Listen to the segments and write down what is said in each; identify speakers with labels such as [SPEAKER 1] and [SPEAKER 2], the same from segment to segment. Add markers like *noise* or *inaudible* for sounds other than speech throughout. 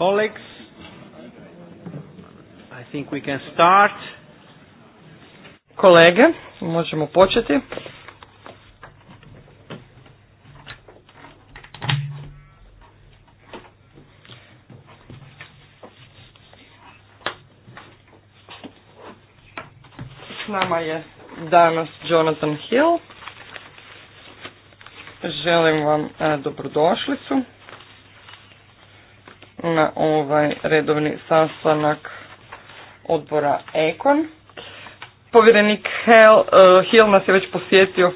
[SPEAKER 1] colleagues,
[SPEAKER 2] I think we can start. Kolege, možemo početi. S nama je danas Jonathan Hill. Želim vam e, dobrodošlicu na ovaj redovni sastanak odbora Ekon. Povjerenik Hel eh, nas je već posjetio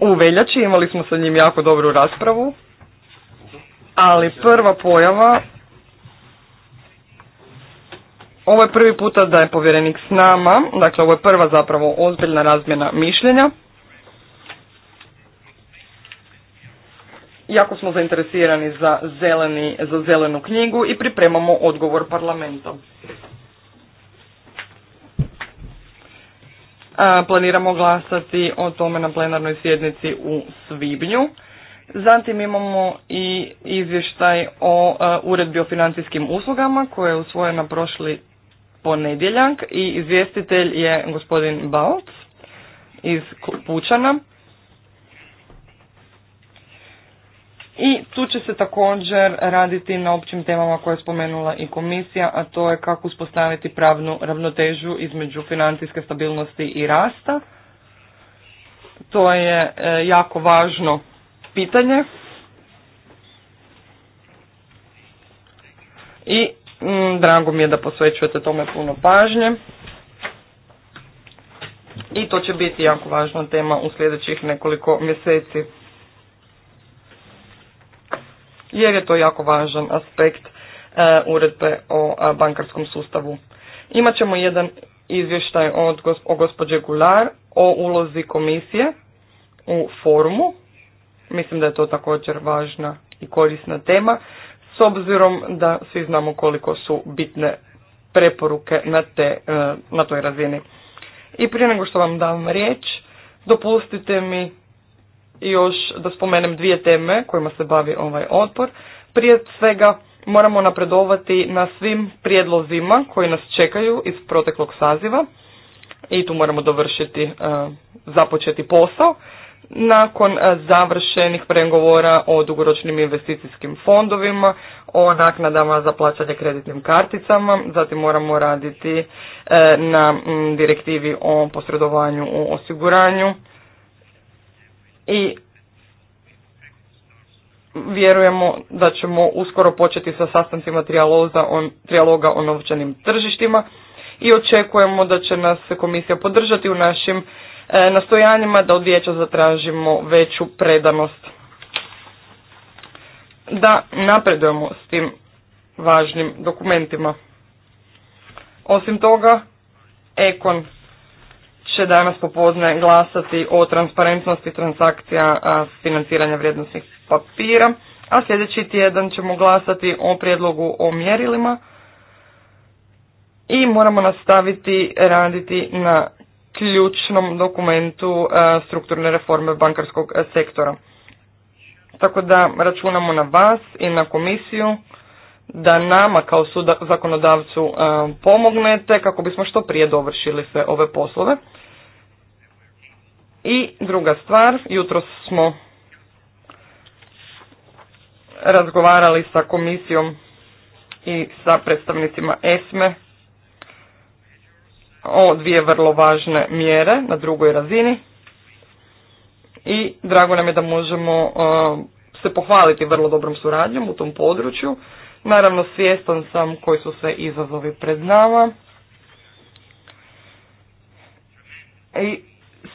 [SPEAKER 2] u veljači, imali smo sa njim jako dobru raspravu, ali prva pojava, ovo je prvi puta da je povjerenik s nama, dakle ovo je prva zapravo ozbiljna razmjena mišljenja. jako smo zainteresirani za, zeleni, za zelenu knjigu i pripremamo odgovor parlamentom. Planiramo glasati o tome na plenarnoj sjednici u svibnju. Zatim imamo i izvještaj o uredbi o financijskim uslugama koja je usvojena prošli ponedjeljak i izvjestitelj je gospodin Balc iz Pučana. I tu će se također raditi na općim temama koje je spomenula i komisija, a to je kako uspostaviti pravnu ravnotežu između financijske stabilnosti i rasta. To je e, jako važno pitanje. I mm, drago mi je da posvećujete tome puno pažnje. I to će biti jako važna tema u sljedećih nekoliko mjeseci jer je to jako važan aspekt e, uredbe o e, bankarskom sustavu. Imaćemo jedan izvještaj od, o gospođe Gular o ulozi komisije u forumu. Mislim da je to također važna i korisna tema s obzirom da svi znamo koliko su bitne preporuke na, e, na toj razini. I prije nego što vam dam riječ, dopustite mi još da spomenem dvije teme kojima se bavi ovaj odbor. Prije svega moramo napredovati na svim prijedlozima koji nas čekaju iz proteklog saziva i tu moramo dovršiti e, započeti posao. Nakon e, završenih pregovora o dugoročnim investicijskim fondovima, o naknadama za plaćanje kreditnim karticama, zatim moramo raditi e, na direktivi o posredovanju u osiguranju, i vjerujemo da ćemo uskoro početi sa sastancima trijaloga o novčanim tržištima i očekujemo da će nas komisija podržati u našim e, nastojanjima da od vijeća zatražimo veću predanost da napredujemo s tim važnim dokumentima. Osim toga, Ekon će danas popodne glasati o transparentnosti transakcija financiranja vrijednosnih papira, a sljedeći tjedan ćemo glasati o prijedlogu o mjerilima i moramo nastaviti raditi na ključnom dokumentu strukturne reforme bankarskog sektora. Tako da računamo na vas i na komisiju da nama kao zakonodavcu pomognete kako bismo što prije dovršili sve ove poslove. I druga stvar, jutro smo razgovarali sa komisijom i sa predstavnicima ESME o dvije vrlo važne mjere na drugoj razini i drago nam je da možemo e, se pohvaliti vrlo dobrom suradnjom u tom području. Naravno svjestan sam koji su sve izazovi pred nama i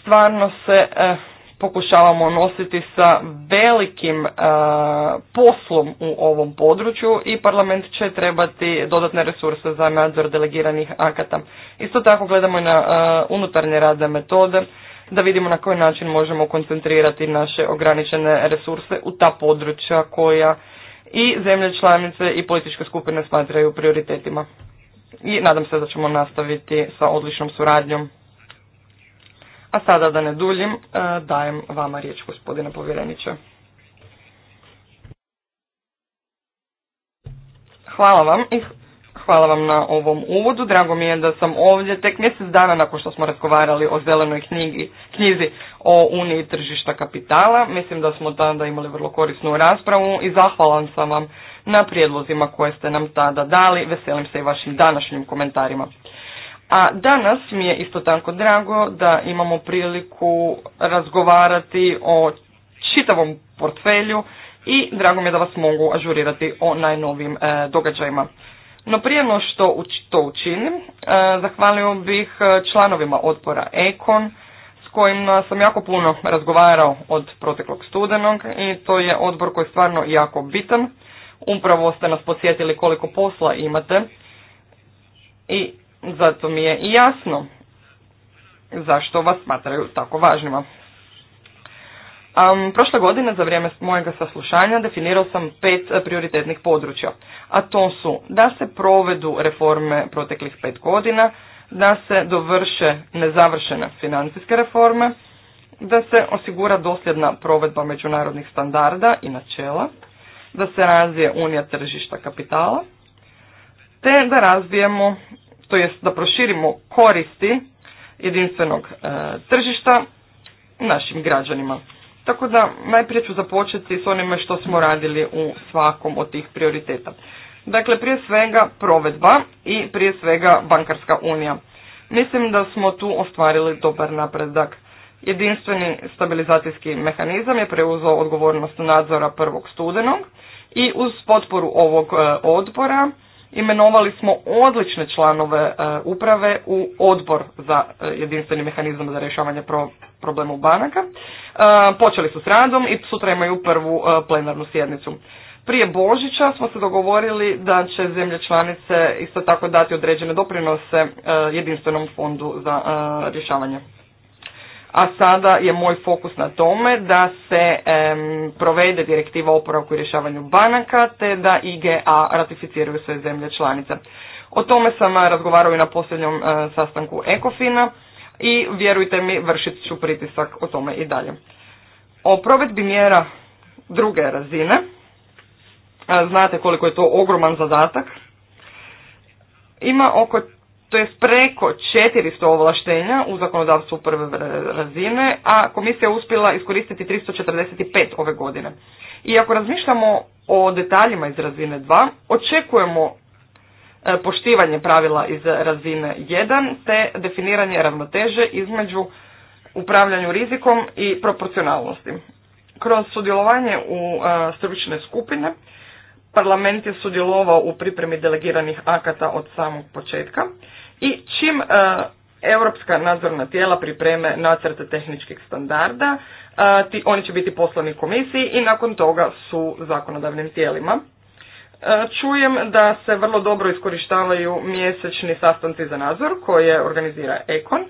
[SPEAKER 2] stvarno se eh, pokušavamo nositi sa velikim eh, poslom u ovom području i parlament će trebati dodatne resurse za nadzor delegiranih akata. Isto tako gledamo i na eh, unutarnje radne metode da vidimo na koji način možemo koncentrirati naše ograničene resurse u ta područja koja i zemlje članice i političke skupine smatraju prioritetima. I nadam se da ćemo nastaviti sa odličnom suradnjom a sada da ne duljim, e, dajem vama riječ gospodine povjereniče. Hvala vam i eh. hvala vam na ovom uvodu. Drago mi je da sam ovdje tek mjesec dana nakon što smo razgovarali o zelenoj knjigi, knjizi o Uniji tržišta kapitala. Mislim da smo tada imali vrlo korisnu raspravu i zahvalan sam vam na prijedlozima koje ste nam tada dali. Veselim se i vašim današnjim komentarima. A danas mi je isto tako drago da imamo priliku razgovarati o čitavom portfelju i drago mi je da vas mogu ažurirati o najnovim e, događajima. No prije no što uč, to učinim, e, zahvalio bih e, članovima odbora Ekon s kojim sam jako puno razgovarao od proteklog studenog i to je odbor koji je stvarno jako bitan. Upravo ste nas podsjetili koliko posla imate i zato mi je i jasno zašto vas smatraju tako važnima. prošle godine za vrijeme mojega saslušanja definirao sam pet prioritetnih područja, a to su da se provedu reforme proteklih pet godina, da se dovrše nezavršene financijske reforme, da se osigura dosljedna provedba međunarodnih standarda i načela, da se razvije unija tržišta kapitala, te da razvijemo to jest da proširimo koristi jedinstvenog e, tržišta našim građanima. Tako da najprije ću započeti s onime što smo radili u svakom od tih prioriteta. Dakle, prije svega provedba i prije svega bankarska unija. Mislim da smo tu ostvarili dobar napredak. Jedinstveni stabilizacijski mehanizam je preuzeo odgovornost nadzora prvog studenog i uz potporu ovog e, odbora imenovali smo odlične članove e, uprave u odbor za e, jedinstveni mehanizam za rješavanje pro problema banaka. E, počeli su s radom i sutra imaju prvu plenarnu sjednicu. Prije Božića smo se dogovorili da će zemlje članice isto tako dati određene doprinose jedinstvenom fondu za rješavanje a sada je moj fokus na tome da se provede direktiva o oporavku i rješavanju banaka te da IGA ratificiraju sve zemlje članice. O tome sam eh, razgovarao i na posljednjom eh, sastanku ECOFINA i vjerujte mi vršit ću pritisak o tome i dalje. O provedbi mjera druge razine, eh, znate koliko je to ogroman zadatak, ima oko to je preko 400 ovlaštenja u zakonodavstvu prve razine, a komisija je uspjela iskoristiti 345 ove godine. I ako razmišljamo o detaljima iz razine 2, očekujemo e, poštivanje pravila iz razine 1 te definiranje ravnoteže između upravljanju rizikom i proporcionalnosti. Kroz sudjelovanje u e, stručne skupine parlament je sudjelovao u pripremi delegiranih akata od samog početka i čim europska nadzorna tijela pripreme nacrte tehničkih standarda, e, ti, oni će biti poslani komisiji i nakon toga su zakonodavnim tijelima. E, čujem da se vrlo dobro iskorištavaju mjesečni sastanci za nadzor koje organizira Ekon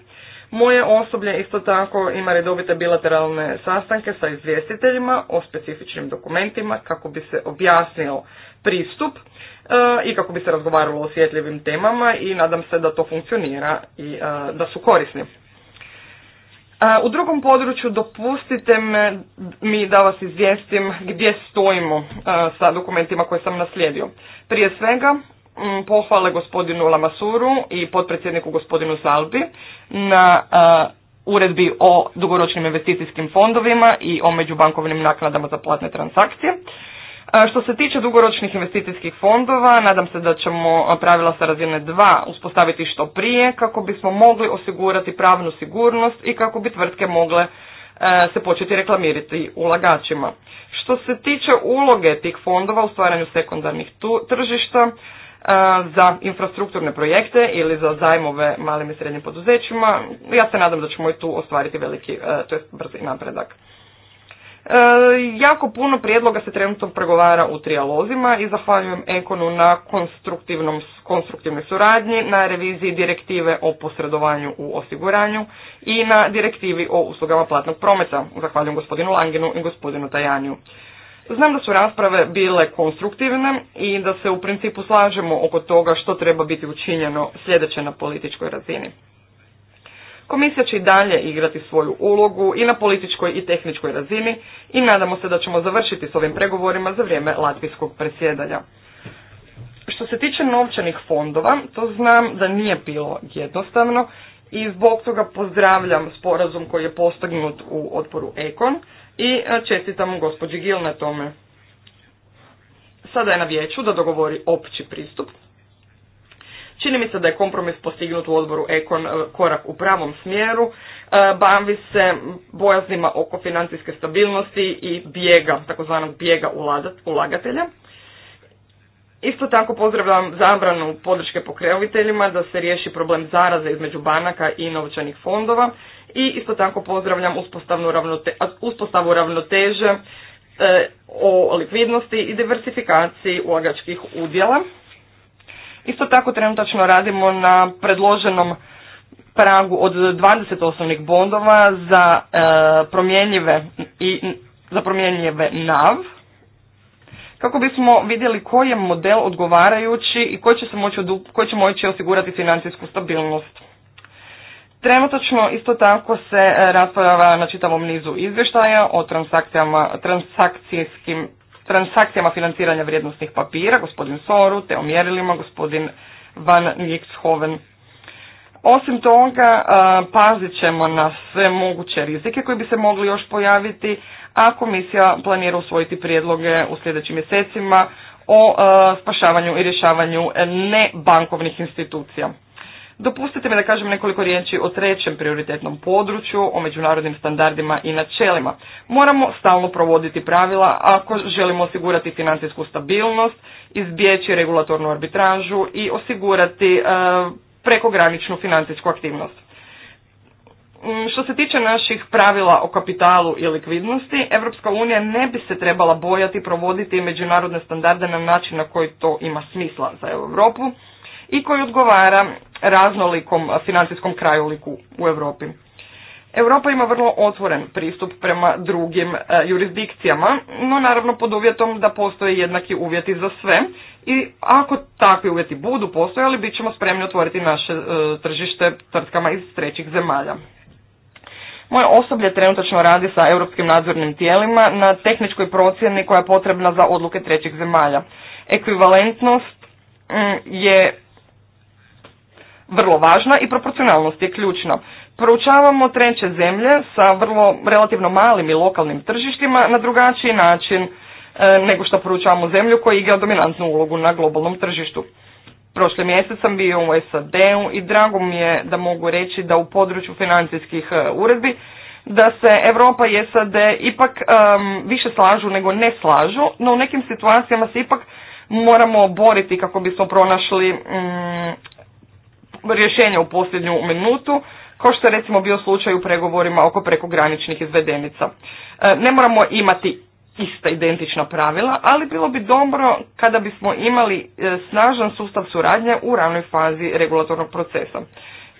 [SPEAKER 2] moje osoblje isto tako ima redovite bilateralne sastanke sa izvjestiteljima o specifičnim dokumentima kako bi se objasnio pristup e, i kako bi se razgovaralo o osjetljivim temama i nadam se da to funkcionira i e, da su korisni. E, u drugom području dopustite mi da vas izvijestim gdje stojimo sa dokumentima koje sam naslijedio. Prije svega Mm, pohvale gospodinu Lamasuru i potpredsjedniku gospodinu Salbi na uredbi o dugoročnim investicijskim fondovima i o međubankovnim nakladama za platne transakcije. Što se tiče dugoročnih investicijskih fondova, nadam se da ćemo pravila sa razine 2 uspostaviti što prije kako bismo mogli osigurati pravnu sigurnost i kako bi tvrtke mogle se početi reklamirati ulagačima. Što se tiče uloge tih fondova u stvaranju sekundarnih tržišta, za infrastrukturne projekte ili za zajmove malim i srednjim poduzećima. Ja se nadam da ćemo i tu ostvariti veliki, e, to je brzi napredak. E, jako puno prijedloga se trenutno pregovara u trijalozima i zahvaljujem Ekonu na konstruktivnoj suradnji, na reviziji direktive o posredovanju u osiguranju i na direktivi o uslugama platnog prometa. Zahvaljujem gospodinu Langenu i gospodinu Tajanju. Znam da su rasprave bile konstruktivne i da se u principu slažemo oko toga što treba biti učinjeno sljedeće na političkoj razini. Komisija će i dalje igrati svoju ulogu i na političkoj i tehničkoj razini i nadamo se da ćemo završiti s ovim pregovorima za vrijeme latvijskog predsjedanja. Što se tiče novčanih fondova, to znam da nije bilo jednostavno i zbog toga pozdravljam sporazum koji je postignut u odporu Ekon i e, čestitam gospođi Gil na tome. Sada je na vijeću da dogovori opći pristup. Čini mi se da je kompromis postignut u odboru Ekon e, korak u pravom smjeru, e, bavi se bojaznima oko financijske stabilnosti i bijega, takozvanog bijega ulagatelja. Isto tako pozdravljam zabranu podrške pokreoviteljima da se riješi problem zaraze između banaka i novčanih fondova i isto tako pozdravljam uspostavu ravnoteže e, o likvidnosti i diversifikaciji ulagačkih udjela. Isto tako trenutačno radimo na predloženom pragu od 20 osnovnih bondova za e, promjenjive i za promjenjive NAV kako bismo vidjeli koji je model odgovarajući i koji će moći osigurati financijsku stabilnost. Trenutačno isto tako se e, raspravlja na čitavom nizu izvještaja o transakcijama, transakcijskim, transakcijama financiranja vrijednostnih papira, gospodin Soru, te o mjerilima, gospodin Van Nijekshoven. Osim toga, e, pazit ćemo na sve moguće rizike koji bi se mogli još pojaviti, a komisija planira usvojiti prijedloge u sljedećim mjesecima o e, spašavanju i rješavanju nebankovnih institucija. Dopustite mi da kažem nekoliko riječi o trećem prioritetnom području, o međunarodnim standardima i načelima. Moramo stalno provoditi pravila ako želimo osigurati financijsku stabilnost, izbjeći regulatornu arbitražu i osigurati e, prekograničnu financijsku aktivnost. Mm, što se tiče naših pravila o kapitalu i likvidnosti, Europska unija ne bi se trebala bojati provoditi međunarodne standarde na način na koji to ima smisla za Europu i koji odgovara raznolikom financijskom krajoliku u Europi. Europa ima vrlo otvoren pristup prema drugim e, jurisdikcijama, no naravno pod uvjetom da postoje jednaki uvjeti za sve i ako takvi uvjeti budu postojali, bit ćemo spremni otvoriti naše e, tržište tvrtkama iz trećih zemalja. Moje osoblje trenutačno radi sa europskim nadzornim tijelima na tehničkoj procjeni koja je potrebna za odluke trećih zemalja. Ekvivalentnost mm, je vrlo važna i proporcionalnost je ključna. Proučavamo treće zemlje sa vrlo relativno malim i lokalnim tržištima na drugačiji način e, nego što proučavamo zemlju koja igra dominantnu ulogu na globalnom tržištu. Prošli mjesec sam bio u SAD-u i drago mi je da mogu reći da u području financijskih e, uredbi da se Europa i SAD ipak više slažu nego ne slažu, no u nekim situacijama se ipak moramo boriti kako bismo pronašli mm, rješenja u posljednju minutu, kao što je recimo bio slučaj u pregovorima oko prekograničnih izvedenica. E, ne moramo imati ista identična pravila, ali bilo bi dobro kada bismo imali e, snažan sustav suradnje u ravnoj fazi regulatornog procesa.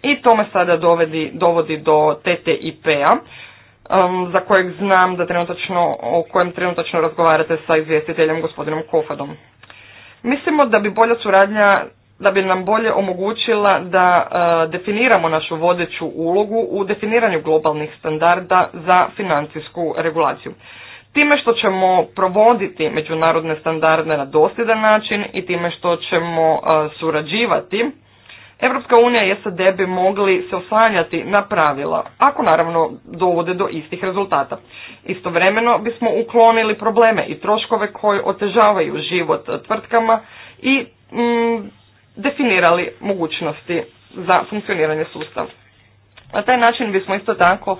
[SPEAKER 2] I to me sada dovodi do TTIP-a, e, za kojeg znam da trenutačno, o kojem trenutačno razgovarate sa izvjestiteljem gospodinom Kofadom. Mislimo da bi bolja suradnja da bi nam bolje omogućila da e, definiramo našu vodeću ulogu u definiranju globalnih standarda za financijsku regulaciju. Time što ćemo provoditi međunarodne standarde na dosljedan način i time što ćemo e, surađivati, Europska unija i SAD bi mogli se oslanjati na pravila, ako naravno dovode do istih rezultata. Istovremeno bismo uklonili probleme i troškove koji otežavaju život tvrtkama i mm, definirali mogućnosti za funkcioniranje sustava. Na taj način bismo isto tako e,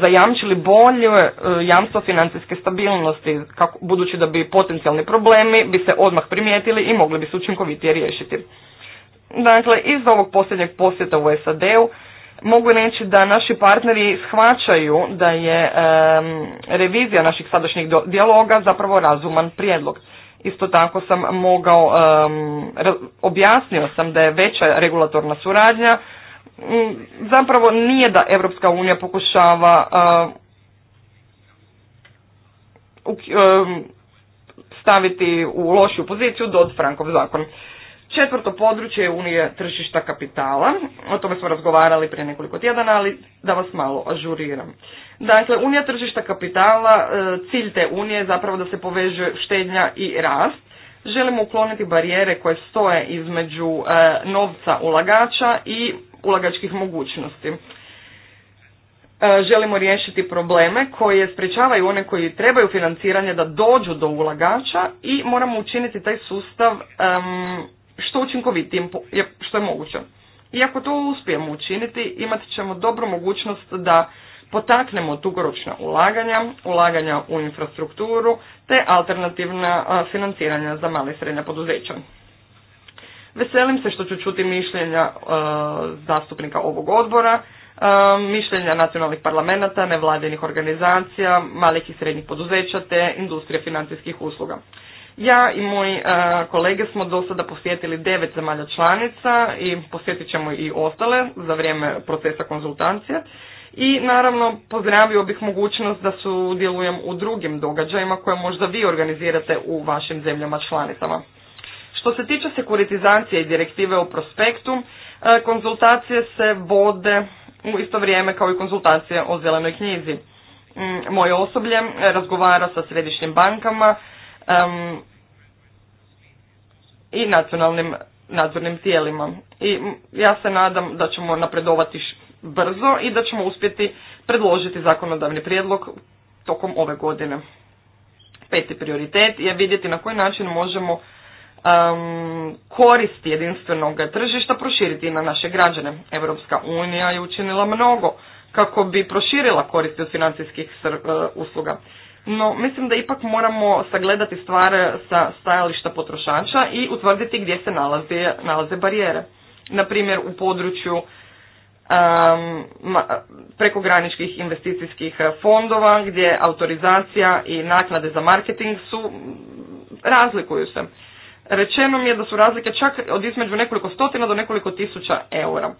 [SPEAKER 2] zajamčili bolje e, jamstvo financijske stabilnosti, kako, budući da bi potencijalni problemi bi se odmah primijetili i mogli bi se učinkovitije riješiti. Dakle, iz ovog posljednjeg posjeta u SAD-u mogu reći da naši partneri shvaćaju da je revizija naših sadašnjih dijaloga zapravo razuman prijedlog. Isto tako sam mogao, um, objasnio sam da je veća regulatorna suradnja, mm, zapravo nije da Europska unija pokušava staviti u lošiju poziciju dod Frankov zakon. Četvrto područje je Unije tržišta kapitala. O tome smo razgovarali prije nekoliko tjedana, ali da vas malo ažuriram. Dakle, unija tržišta kapitala, e, cilj te unije je zapravo da se poveže štednja i rast. Želimo ukloniti barijere koje stoje između e, novca ulagača i ulagačkih mogućnosti. E, želimo riješiti probleme koje sprečavaju one koji trebaju financiranje da dođu do ulagača i moramo učiniti taj sustav što učinkovitijim što je moguće. I ako to uspijemo učiniti, imat ćemo dobru mogućnost da potaknemo dugoročna ulaganja, ulaganja u infrastrukturu te alternativna financiranja za male i srednja poduzeća. Veselim se što ću čuti mišljenja zastupnika ovog odbora, mišljenja nacionalnih parlamenta, nevladinih organizacija, malih i srednjih poduzeća te industrije financijskih usluga. Ja i moji kolege smo do sada posjetili devet zemalja članica i posjetit ćemo i ostale za vrijeme procesa konzultancije i naravno pozdravio bih mogućnost da sudjelujem u drugim događajima koje možda vi organizirate u vašim zemljama članicama. Što se tiče sekuritizacije i direktive o prospektu, e, konzultacije se vode u isto vrijeme kao i konzultacije o zelenoj knjizi. Mm, moje osoblje razgovara sa središnjim bankama i nacionalnim nadzornim tijelima. I ja se nadam da ćemo napredovati brzo i da ćemo uspjeti predložiti zakonodavni prijedlog tokom ove godine. Peti prioritet je vidjeti na koji način možemo um, koristi jedinstvenog tržišta proširiti na naše građane. Europska unija je učinila mnogo kako bi proširila koristi od financijskih uh, usluga. No, mislim da ipak moramo sagledati stvari sa stajališta potrošača i utvrditi gdje se nalaze, nalaze barijere. Naprimjer, u području prekograničkih investicijskih e, fondova gdje autorizacija i naknade za marketing su razlikuju se. Rečeno mi je da su razlike čak od između nekoliko stotina do nekoliko tisuća eura.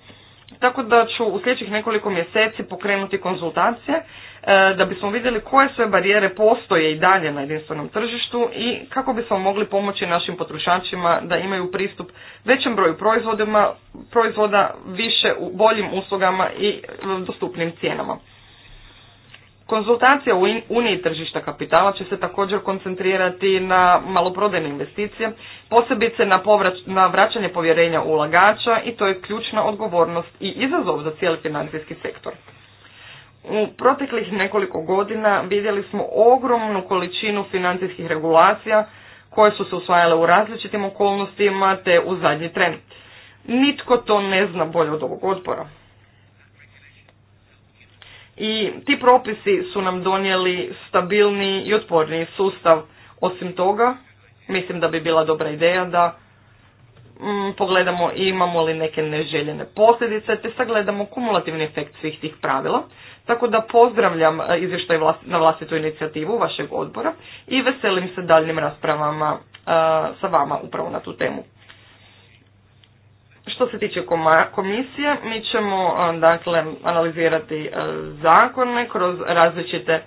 [SPEAKER 2] Tako da ću u sljedećih nekoliko mjeseci pokrenuti konzultacije e, da bismo vidjeli koje sve barijere postoje i dalje na jedinstvenom tržištu i kako bismo mogli pomoći našim potrošačima da imaju pristup većem broju proizvodima, proizvoda, više u boljim uslugama i dostupnim cijenama. Konzultacija u Uniji tržišta kapitala će se također koncentrirati na maloprodajne investicije, posebice na, na vraćanje povjerenja ulagača i to je ključna odgovornost i izazov za cijeli financijski sektor. U proteklih nekoliko godina vidjeli smo ogromnu količinu financijskih regulacija koje su se usvajale u različitim okolnostima te u zadnji tren. Nitko to ne zna bolje od ovog odbora i ti propisi su nam donijeli stabilni i otporniji sustav. Osim toga, mislim da bi bila dobra ideja da mm, pogledamo imamo li neke neželjene posljedice te sagledamo kumulativni efekt svih tih pravila. Tako da pozdravljam e, izvještaj na vlastitu inicijativu vašeg odbora i veselim se daljnim raspravama e, sa vama upravo na tu temu. Što se tiče komisije, mi ćemo dakle analizirati e, zakone kroz različite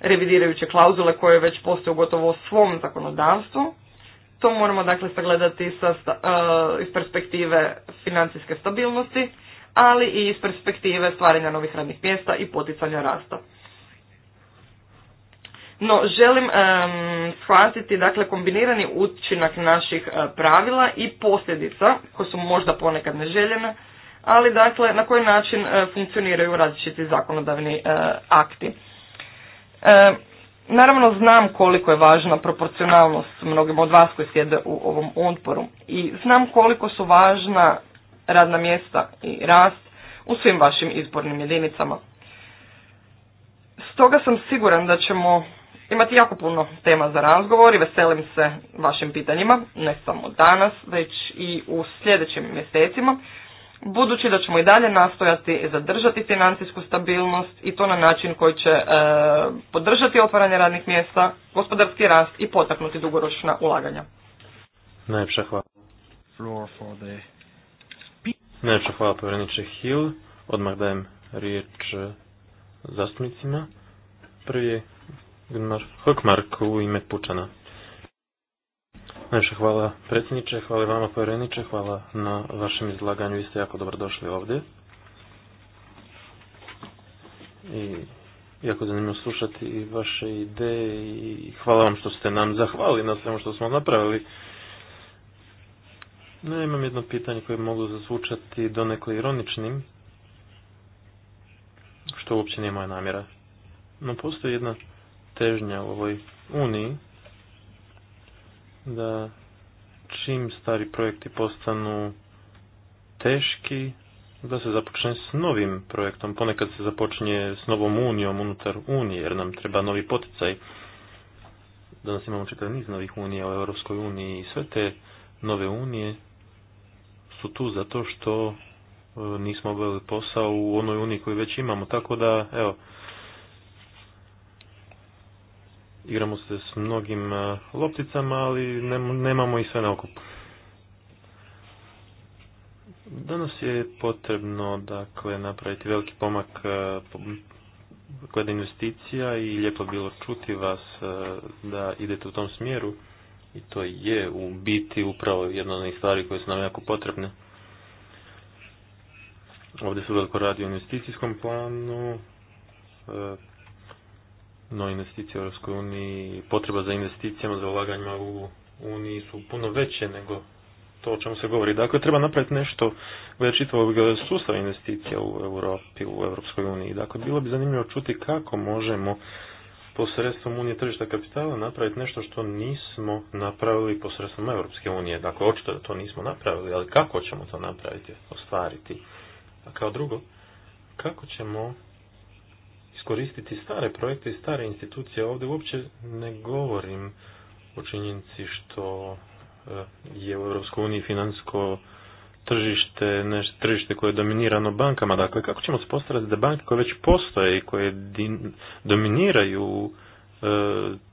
[SPEAKER 2] revidirajuće klauzule koje već postoje u gotovo svom zakonodavstvu. To moramo dakle sagledati sa, e, iz perspektive financijske stabilnosti, ali i iz perspektive stvaranja novih radnih mjesta i poticanja rasta. No, želim um, shvatiti dakle, kombinirani učinak naših e, pravila i posljedica, koje su možda ponekad neželjene, ali dakle na koji način e, funkcioniraju različiti zakonodavni uh, akti. Naravno znam koliko je važna proporcionalnost mnogim od vas koji sjede u ovom odporu i znam koliko su važna radna mjesta i rast u svim vašim izbornim jedinicama. Stoga sam siguran da ćemo Imate jako puno tema za razgovor i veselim se vašim pitanjima, ne samo danas, već i u sljedećim mjesecima, budući da ćemo i dalje nastojati zadržati financijsku stabilnost i to na način koji će e, podržati otvaranje radnih mjesta, gospodarski rast i potaknuti dugoročna ulaganja.
[SPEAKER 3] Najljepša hvala. Najljepša hvala Hill. Odmah dajem riječ e, zastupnicima. Prvi Gunnar u ime Pučana. Najviše hvala predsjedniče, hvala vama povjereniče, hvala na vašem izlaganju, vi ste jako dobro došli ovdje. I jako zanimljivo slušati i vaše ideje i hvala vam što ste nam zahvalili na svemu što smo napravili. ne imam jedno pitanje koje mogu zazvučati donekle ironičnim, što uopće nije moja namjera. No, postoji jedna težnja u ovoj uniji da čim stari projekti postanu teški, da se započne s novim projektom. Ponekad se započne s novom unijom unutar unije, jer nam treba novi poticaj. Danas imamo čitav niz novih unija u Europskoj uniji i sve te nove unije su tu zato što e, nismo obavili posao u onoj uniji koju već imamo. Tako da, evo, igramo se s mnogim eh, lopticama, ali nemamo i sve na okupu. Danas je potrebno dakle, napraviti veliki pomak eh, glede investicija i lijepo bilo čuti vas eh, da idete u tom smjeru i to je u biti upravo jedna od stvari koje su nam jako potrebne. Ovdje se veliko radi o investicijskom planu, no investicije u Europskoj uniji, potreba za investicijama, za ulaganjima u Uniji su puno veće nego to o čemu se govori. Dakle, treba napraviti nešto glede čitavog sustava investicija u Europi, u Europskoj uniji. Dakle, bilo bi zanimljivo čuti kako možemo posredstvom Unije tržišta kapitala napraviti nešto što nismo napravili posredstvom Europske unije. Dakle, očito da to nismo napravili, ali kako ćemo to napraviti, ostvariti? A kao drugo, kako ćemo koristiti stare projekte i stare institucije. Ovdje uopće ne govorim o činjenici što e, je u Europskoj uniji financijsko tržište, neš, tržište koje je dominirano bankama. Dakle, kako ćemo postaviti da banke koje već postoje i koje dominiraju e,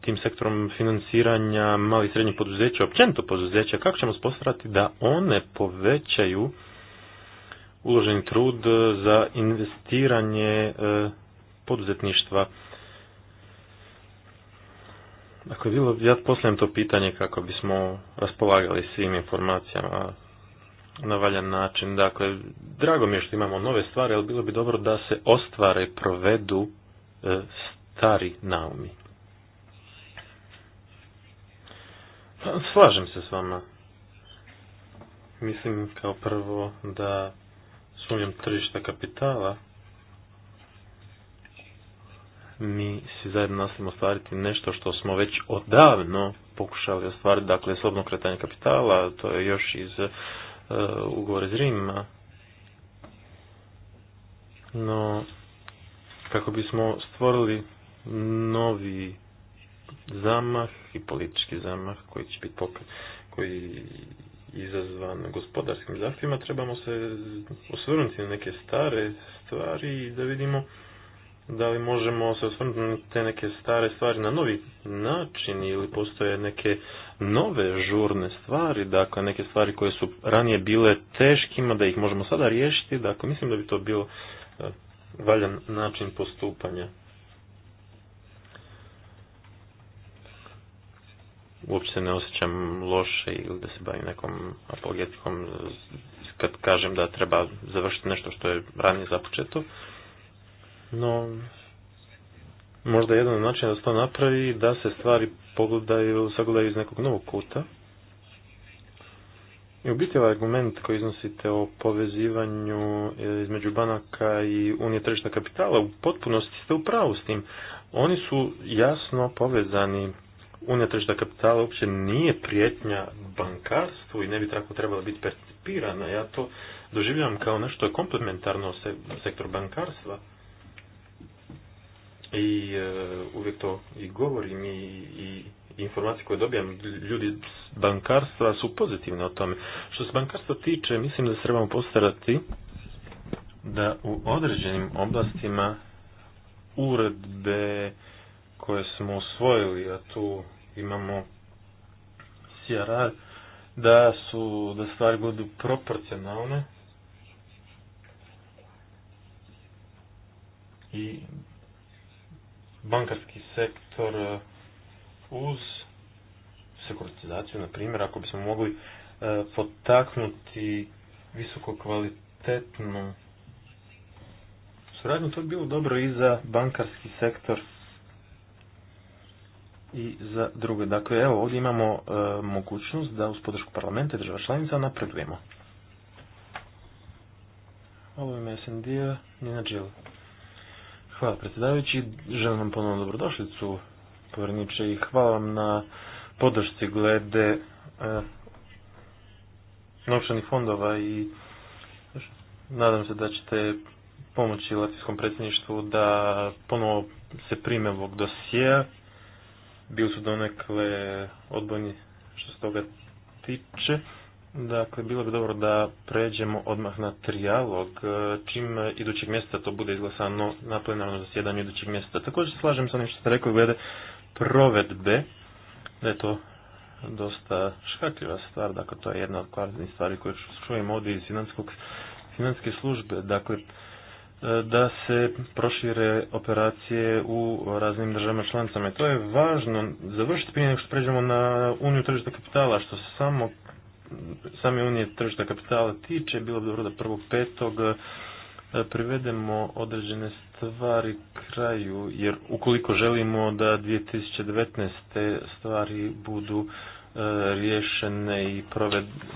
[SPEAKER 3] tim sektorom financiranja malih i srednjih poduzeća, općenito poduzeća, kako ćemo spostaviti da one povećaju uloženi trud za investiranje e, poduzetništva. Dakle, bilo, ja postavljam to pitanje kako bismo raspolagali svim informacijama na valjan način. Dakle, drago mi je što imamo nove stvari, ali bilo bi dobro da se ostvare, provedu e, stari naumi. Pa, slažem se s vama. Mislim kao prvo da sumnjam tržišta kapitala mi si zajedno nastavimo ostvariti nešto što smo već odavno pokušali ostvariti, dakle slobno kretanje kapitala, to je još iz uh, ugovora No, kako bismo stvorili novi zamah i politički zamah koji će biti pokret, koji izazvan gospodarskim zahtjevima, trebamo se osvrnuti na neke stare stvari i da vidimo da li možemo se osvrnuti na te neke stare stvari na novi način ili postoje neke nove žurne stvari, dakle neke stvari koje su ranije bile teškima da ih možemo sada riješiti, dakle mislim da bi to bio e, valjan način postupanja. Uopće se ne osjećam loše ili da se bavim nekom apologetikom kad kažem da treba završiti nešto što je ranije započeto. No, možda jedan način da se to napravi da se stvari pogledaju, sagledaju iz nekog novog kuta. I u biti ovaj argument koji iznosite o povezivanju e, između banaka i unije tržišta kapitala, u potpunosti ste u pravu s tim. Oni su jasno povezani. Unija tržišta kapitala uopće nije prijetnja bankarstvu i ne bi tako trebala biti percipirana. Ja to doživljam kao nešto komplementarno sektor bankarstva i e, uvijek to i govorim i, i informacije koje dobijam ljudi s bankarstva su pozitivne o tome. Što se bankarstva tiče, mislim da se trebamo postarati da u određenim oblastima uredbe koje smo usvojili, a tu imamo CRR, da su, da stvari budu proporcionalne i bankarski sektor e, uz sekuritizaciju, na primjer, ako bismo mogli e, potaknuti visoko kvalitetnu suradnju, to bi bilo dobro i za bankarski sektor i za druge. Dakle, evo, ovdje imamo e, mogućnost da uz podršku parlamenta i država članica napredujemo. Ovo je snd Nina Džilu. Hvala predsjedavajući, želim vam ponovno dobrodošlicu, povrniče i hvala vam na podršci glede e, novčanih fondova i nadam se da ćete pomoći Latvijskom predsjedništvu da ponovo se prime ovog dosija. Bili su donekle odbojni što se toga tiče. Dakle, bilo bi dobro da pređemo odmah na trijalog, e, čim idućeg mjeseca to bude izglasano na plenarnom zasjedanju idućeg mjeseca. Također slažem sa onim što ste rekli glede provedbe, da je to dosta škakljiva stvar, dakle to je jedna od kvalitnih stvari koje čujemo ovdje iz financijske službe, dakle e, da se prošire operacije u raznim državama članicama. I to je važno završiti prije nego što pređemo na uniju tržišta kapitala, što se samo same unije tržišta kapitala tiče, bilo bi dobro da prvog petog e, privedemo određene stvari kraju, jer ukoliko želimo da 2019. stvari budu e, riješene i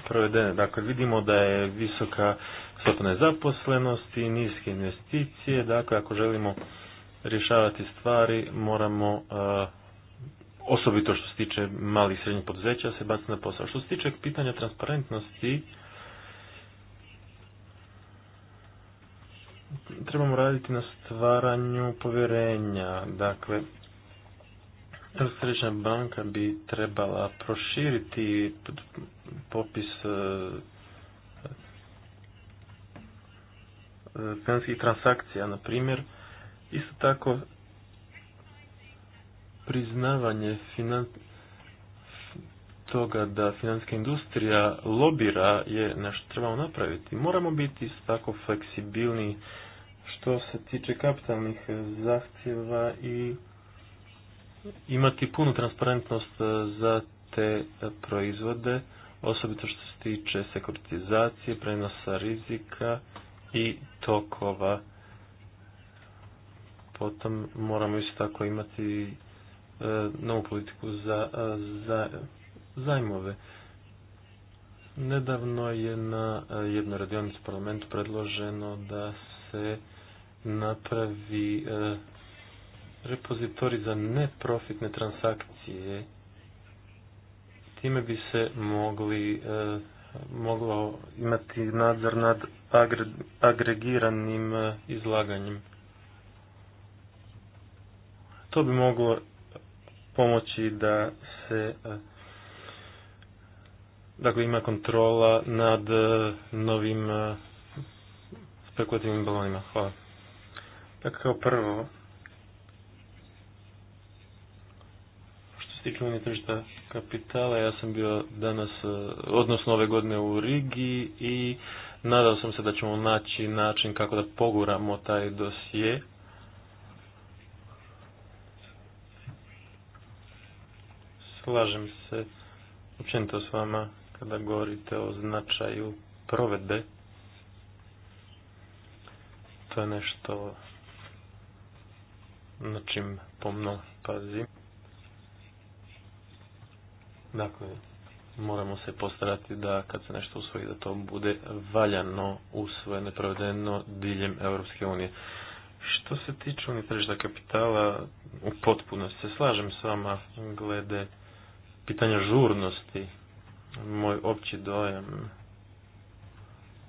[SPEAKER 3] provedene. Dakle, vidimo da je visoka stopa nezaposlenosti, niske investicije, dakle, ako želimo rješavati stvari, moramo e, osobito što se tiče malih i srednjih poduzeća, se baci na posao. Što se tiče pitanja transparentnosti, trebamo raditi na stvaranju povjerenja. Dakle, srednja banka bi trebala proširiti popis e, e, financijskih transakcija, na primjer. Isto tako, priznavanje toga da financijska industrija lobira je nešto trebamo napraviti. Moramo biti tako fleksibilni što se tiče kapitalnih zahtjeva i imati punu transparentnost e, za te e, proizvode, osobito što se tiče sekuritizacije, prenosa rizika i tokova. Potom moramo isto tako imati E, novu politiku za, e, za zajmove. Nedavno je na e, jednoj radionici parlamentu predloženo da se napravi repozitori za neprofitne transakcije. Time bi se mogli moglo imati nadzor nad agregiranim izlaganjem. To bi moglo pomoći da se e, dakle ima kontrola nad e, novim e, spekulativnim balonima. Hvala. Dakle, kao prvo, što se tiče meni tržišta kapitala, ja sam bio danas, odnosno ove godine u Rigi i nadao sam se da ćemo naći način kako da poguramo taj dosje. slažem se općenito s vama kada govorite o značaju provedbe. To je nešto na čim pomno pazim. Dakle, moramo se postarati da kad se nešto usvoji da to bude valjano usvojeno, provedeno diljem Europske unije. Što se tiče da kapitala, u potpunosti se slažem s vama glede pitanja žurnosti, moj opći dojam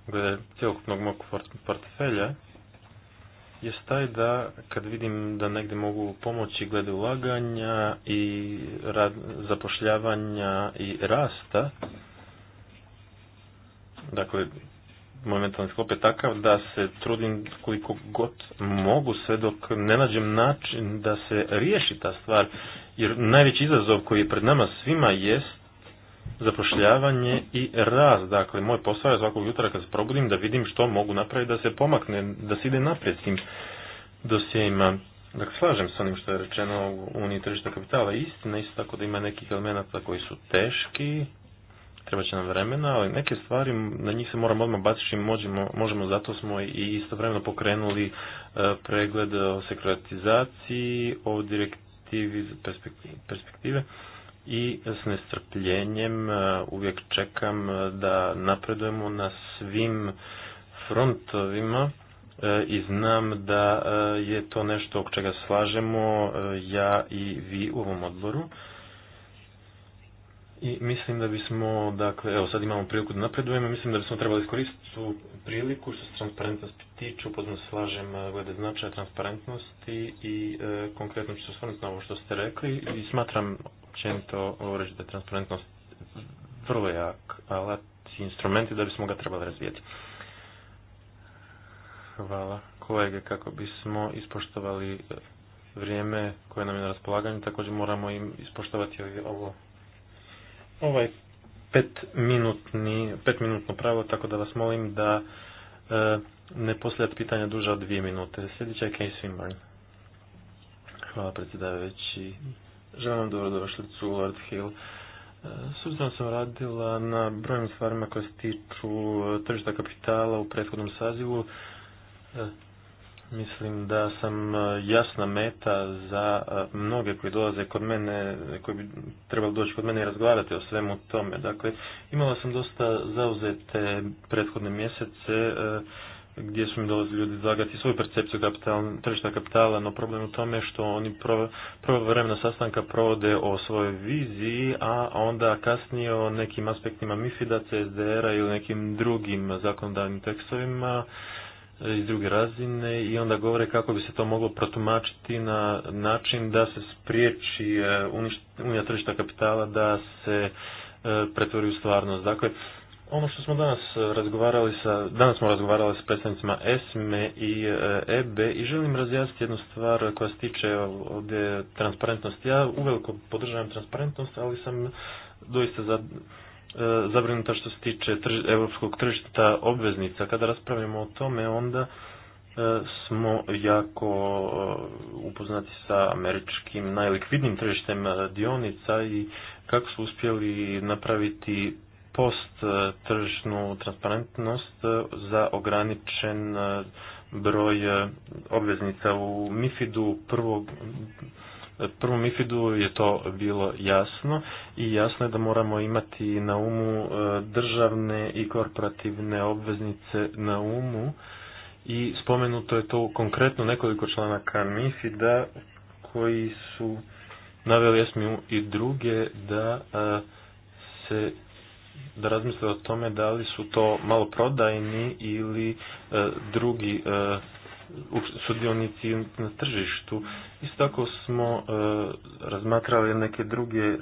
[SPEAKER 3] glede cjelokupnog mog portfelja je taj da kad vidim da negdje mogu pomoći glede ulaganja i rad, zapošljavanja i rasta, dakle moj mentalni sklop je takav da se trudim koliko god mogu sve dok ne nađem način da se riješi ta stvar. Jer najveći izazov koji je pred nama svima jest zapošljavanje i raz. Dakle, moj posao je svakog jutra kad se probudim da vidim što mogu napraviti da se pomakne, da se ide naprijed s tim dosjeima. Dakle, slažem s onim što je rečeno u Uniji tržišta kapitala. Istina, isto tako da ima nekih elemenata koji su teški, treba će nam vremena, ali neke stvari na njih se moramo odmah baciti možemo, možemo, zato smo i istovremeno pokrenuli e, pregled o sekretizaciji o direktivi perspektive i s nestrpljenjem e, uvijek čekam e, da napredujemo na svim frontovima i znam da je to nešto oko čega slažemo ja i vi u ovom odboru i mislim da bismo, dakle, evo sad imamo priliku da napredujemo, mislim da bismo trebali iskoristiti tu priliku što se transparentnosti tiču, upozno slažem e, glede značaja transparentnosti i e, konkretno ću se osvrnuti na ovo što ste rekli i smatram općenito da je transparentnost vrlo jak alat i instrumenti da bismo ga trebali razvijeti. Hvala kolege kako bismo ispoštovali e, vrijeme koje nam je na raspolaganju, također moramo im ispoštovati ovo ovaj pet minutno pravo, tako da vas molim da e, ne postavljate pitanja duža od dvije minute. Sljedeća je Kay Swinburne. Hvala predsjedavajući. Želim vam dobrodošlicu u Lord Hill. E, Suzdano sam radila na brojnim stvarima koje se tiču e, tržišta kapitala u prethodnom sazivu. Mislim da sam e, jasna meta za e, mnoge koji dolaze kod mene, koji bi trebali doći kod mene i razgovarati o svemu tome. Dakle, imala sam dosta zauzete prethodne mjesece e, gdje su mi dolazili ljudi izlagati svoju percepciju kapital, tržišta kapitala, no problem u tome što oni prvo vremena sastanka provode o svojoj viziji, a onda kasnije o nekim aspektima MIFID-a, CSDR-a ili nekim drugim zakonodavnim tekstovima E, iz druge razine i onda govore kako bi se to moglo protumačiti na način da se spriječi e, unija tržišta kapitala da se e, pretvori u stvarnost. Dakle, ono što smo danas razgovarali sa, danas smo razgovarali sa predstavnicima ESME i EBE i želim razjasniti jednu stvar koja se tiče ovdje transparentnosti. Ja uveliko podržavam transparentnost, ali sam doista za E, zabrinuta što se tiče evropskog europskog tržišta obveznica. Kada raspravljamo o tome, onda e, smo jako e, upoznati sa američkim najlikvidnim tržištem dionica i kako su uspjeli napraviti post tržišnu transparentnost za ograničen broj obveznica u MIFID-u prvog prvom ifidu je to bilo jasno i jasno je da moramo imati na umu e, državne i korporativne obveznice na umu i spomenuto je to konkretno nekoliko članaka mifid koji su naveli Esmiju i druge da e, se da razmisle o tome da li su to maloprodajni ili e, drugi sudionici na tržištu. Isto tako smo e, razmatrali neke druge e,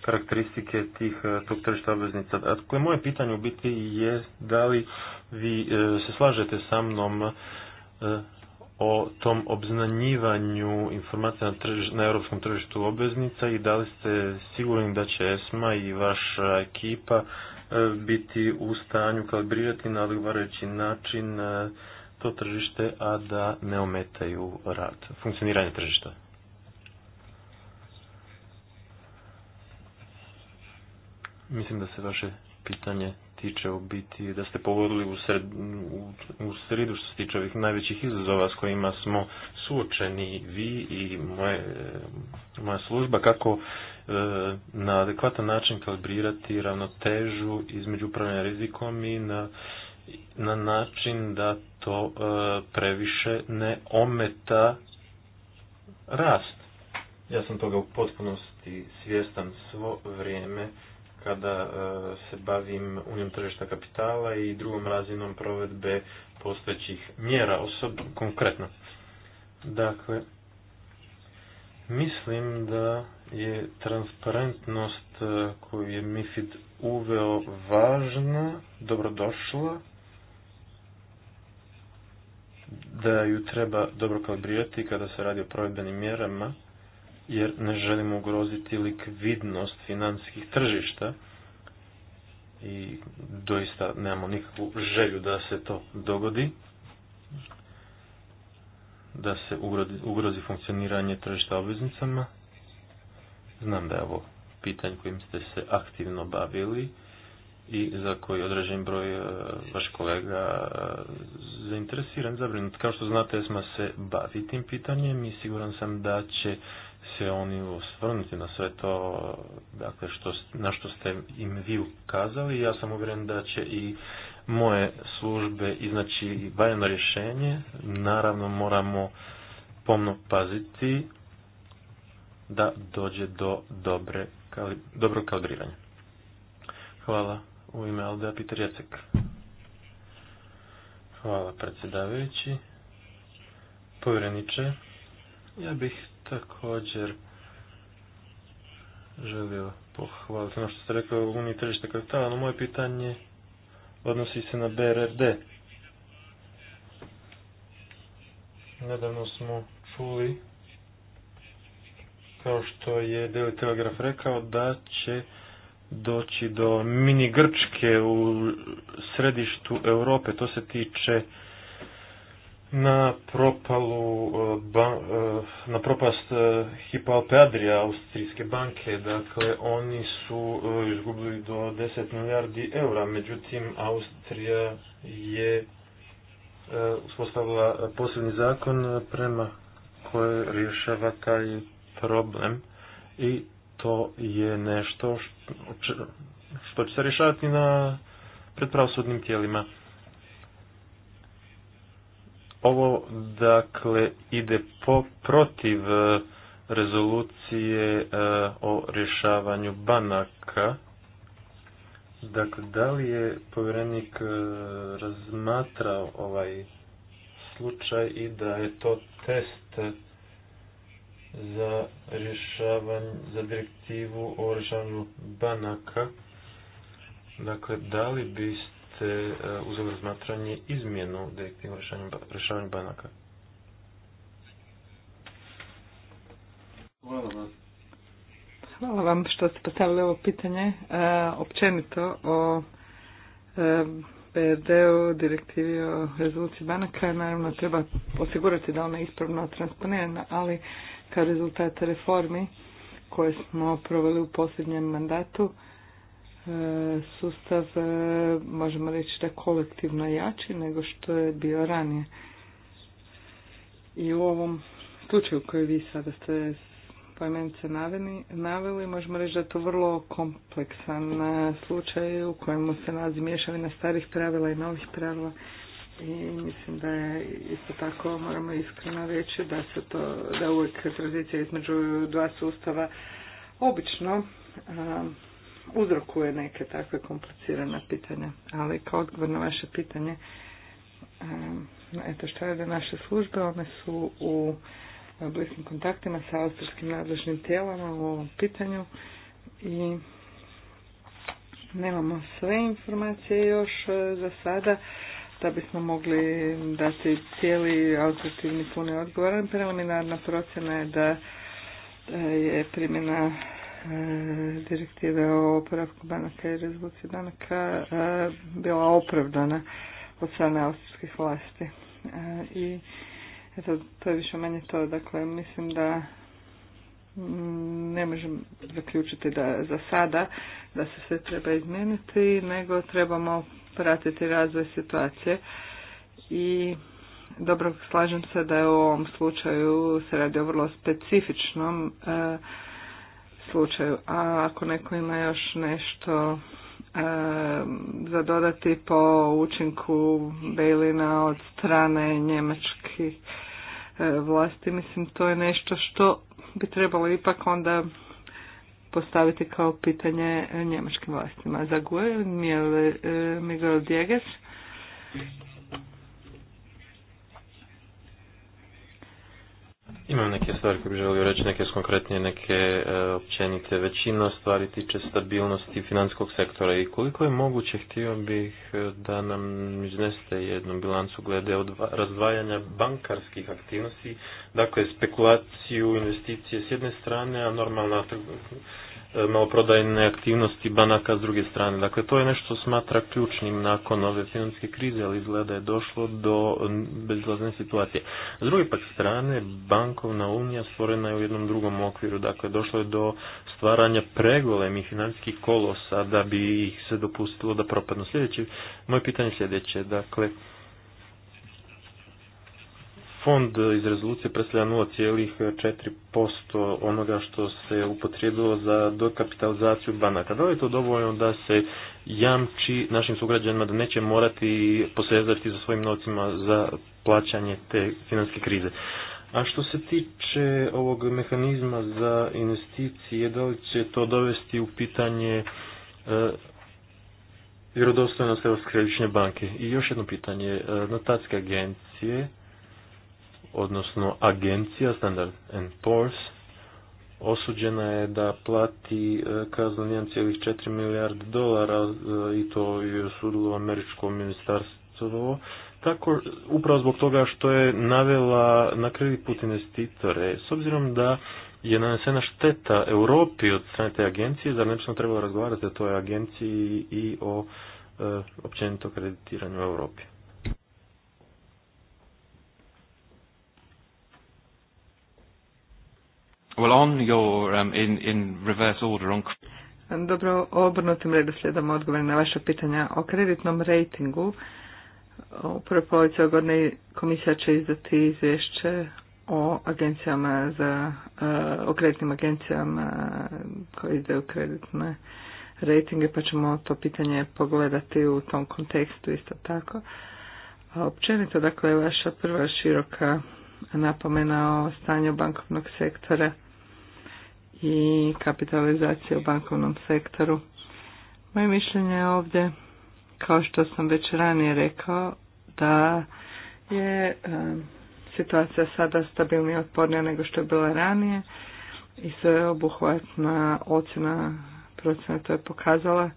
[SPEAKER 3] karakteristike tih e, tog tržišta obveznica. A moje pitanje u biti je da li vi se slažete sa mnom o tom obznanjivanju informacija na, na europskom tržištu obveznica i da li ste sigurni da će ESMA i vaša ekipa biti u stanju kalibrirati na odgovarajući način to tržište, a da ne ometaju rad, funkcioniranje tržišta. Mislim da se vaše pitanje tiče u biti, da ste pogodili u, sred, u, sredu što se tiče ovih najvećih izazova s kojima smo suočeni vi i moje, moja služba, kako e, na adekvatan način kalibrirati ravnotežu između upravljanja rizikom i na, na način da to e, previše ne ometa rast. Ja sam toga u potpunosti svjestan svo vrijeme kada e, se bavim unijom tržišta kapitala i drugom razinom provedbe postojećih mjera osob konkretno. Dakle, mislim da je transparentnost e, koju je MIFID uveo važna, dobrodošla da ju treba dobro kalibrirati kada se radi o provedbenim mjerama, jer ne želimo ugroziti likvidnost financijskih tržišta i doista nemamo nikakvu želju da se to dogodi, da se ugrozi, ugrozi funkcioniranje tržišta obveznicama. Znam da je ovo pitanje kojim ste se aktivno bavili i za koji određen broj e, vaš kolega e, zainteresiran, zabrinut. Kao što znate, smo se bavi tim pitanjem i siguran sam da će se oni osvrnuti na sve to dakle, što, na što ste im vi ukazali. Ja sam uvjeren da će i moje službe iznaći vajeno rješenje. Naravno moramo pomno paziti da dođe do dobre, dobro kalibriranja. Hvala u ime Aldea Peter Jacek. Hvala predsjedavajući. Povjereniče, ja bih također želio pohvaliti ono što ste rekao u Uniji tržišta kapitala, no moje pitanje odnosi se na BRRD. Nedavno smo čuli, kao što je Deli Telegraf rekao, da će doći do mini Grčke u središtu Europe. To se tiče na propalu eh, eh, na propast eh, Hipalpe austrijske banke dakle oni su izgubili do 10 milijardi eura međutim Austrija je uspostavila posebni zakon prema koje rješava taj problem i to je nešto što će se rješavati na predpravosudnim tijelima. Ovo dakle ide po, protiv e, rezolucije e, o rješavanju banaka. Dakle, da li je povjerenik e, razmatrao ovaj slučaj i da je to test za rješavan, za direktivu o rješavanju banaka. Dakle, da li biste eh, uzeli razmatranje izmjenu direktivu o rješavanju banaka?
[SPEAKER 1] Hvala vam. vam što ste postavili ovo pitanje. Eh, općenito o eh, PRD-u, direktivi o rezoluciji banaka, naravno treba osigurati da ona je ispravno transponirana, ali kao rezultat reformi koje smo proveli u posljednjem mandatu, e, sustav e, možemo reći da kolektivno jači nego što je bio ranije. I u ovom slučaju koji vi sada ste pojmenice naveli, možemo reći da je to vrlo kompleksan e, slučaj u kojemu se nalazi mješavina starih pravila i novih pravila i mislim da je isto tako moramo iskreno reći da se to, da uvijek tranzicija između dva sustava obično uzrokuje neke takve komplicirana pitanja. Ali kao odgovor na vaše pitanje, a, eto što je da naše službe, one su u bliskim kontaktima sa austrijskim nadležnim tijelama u ovom pitanju i nemamo sve informacije još e, za sada, da bismo mogli dati cijeli alternativni puni odgovor. Preliminarna procjena je da e, je primjena e, direktive o oporavku banaka i rezoluciji banaka e, bila opravdana od strane austrijskih vlasti. I eto, to je više manje to. Dakle, mislim da mm, ne možem zaključiti da za sada da se sve treba izmijeniti, nego trebamo pratiti razvoj situacije i dobro slažem se da je u ovom slučaju se radi o vrlo specifičnom e, slučaju. A ako neko ima još nešto e, za dodati po učinku Bejlina od strane njemačkih e, vlasti, mislim to je nešto što bi trebalo ipak onda postaviti kao pitanje njemačkim vlastima. Za Gue, eh, Miguel Dieges.
[SPEAKER 3] Imam neke stvari koje bih želio reći, neke konkretnije, neke e, općenite. Većina stvari tiče stabilnosti financijskog sektora i koliko je moguće htio bih e, da nam iznesete jednu bilancu glede od razdvajanja bankarskih aktivnosti, dakle spekulaciju, investicije s jedne strane, a normalna E, maloprodajne aktivnosti banaka s druge strane. Dakle, to je nešto smatra ključnim nakon ove financijske krize, ali izgleda je došlo do bezlazne situacije. S druge pak strane, bankovna unija stvorena je u jednom drugom okviru. Dakle, došlo je do stvaranja pregolemih financijskih kolosa da bi ih se dopustilo da propadnu. Sljedeće, moje pitanje je sljedeće. Dakle, fond iz rezolucije predstavlja 0,4% onoga što se upotrijebilo za dokapitalizaciju banaka. Da li je to dovoljno da se jamči našim sugrađanima da neće morati posezati za svojim novcima za plaćanje te financijske krize? A što se tiče ovog mehanizma za investicije, da li će to dovesti u pitanje e, vjerodostojnost Europske središnje banke? I još jedno pitanje, e, notatske agencije odnosno agencija Standard Poor's osuđena je da plati e, kaznu 1,4 milijarde dolara e, i to je osudilo američko ministarstvo tako upravo zbog toga što je navela na kredit put investitore s obzirom da je nanesena šteta Europi od strane te agencije, zar ne bismo trebali razgovarati o toj agenciji i o e, općenito kreditiranju u Europi? Well, on your, um, in, in reverse order, on...
[SPEAKER 1] Dobro, obrnutim odgovor na vaše pitanja o kreditnom rejtingu. U prvoj polovici ogodne komisija će izdati izvješće o agencijama za, e, o kreditnim agencijama koje izdaju kreditne rejtinge, pa ćemo to pitanje pogledati u tom kontekstu isto tako. općenito, dakle, vaša prva široka napomena o stanju bankovnog sektora i kapitalizacije u bankovnom sektoru. Moje mišljenje je ovdje, kao što sam već ranije rekao, da je e, situacija sada stabilnije otpornija nego što je bila ranije i sveobuhvatna ocjena procjena to je pokazala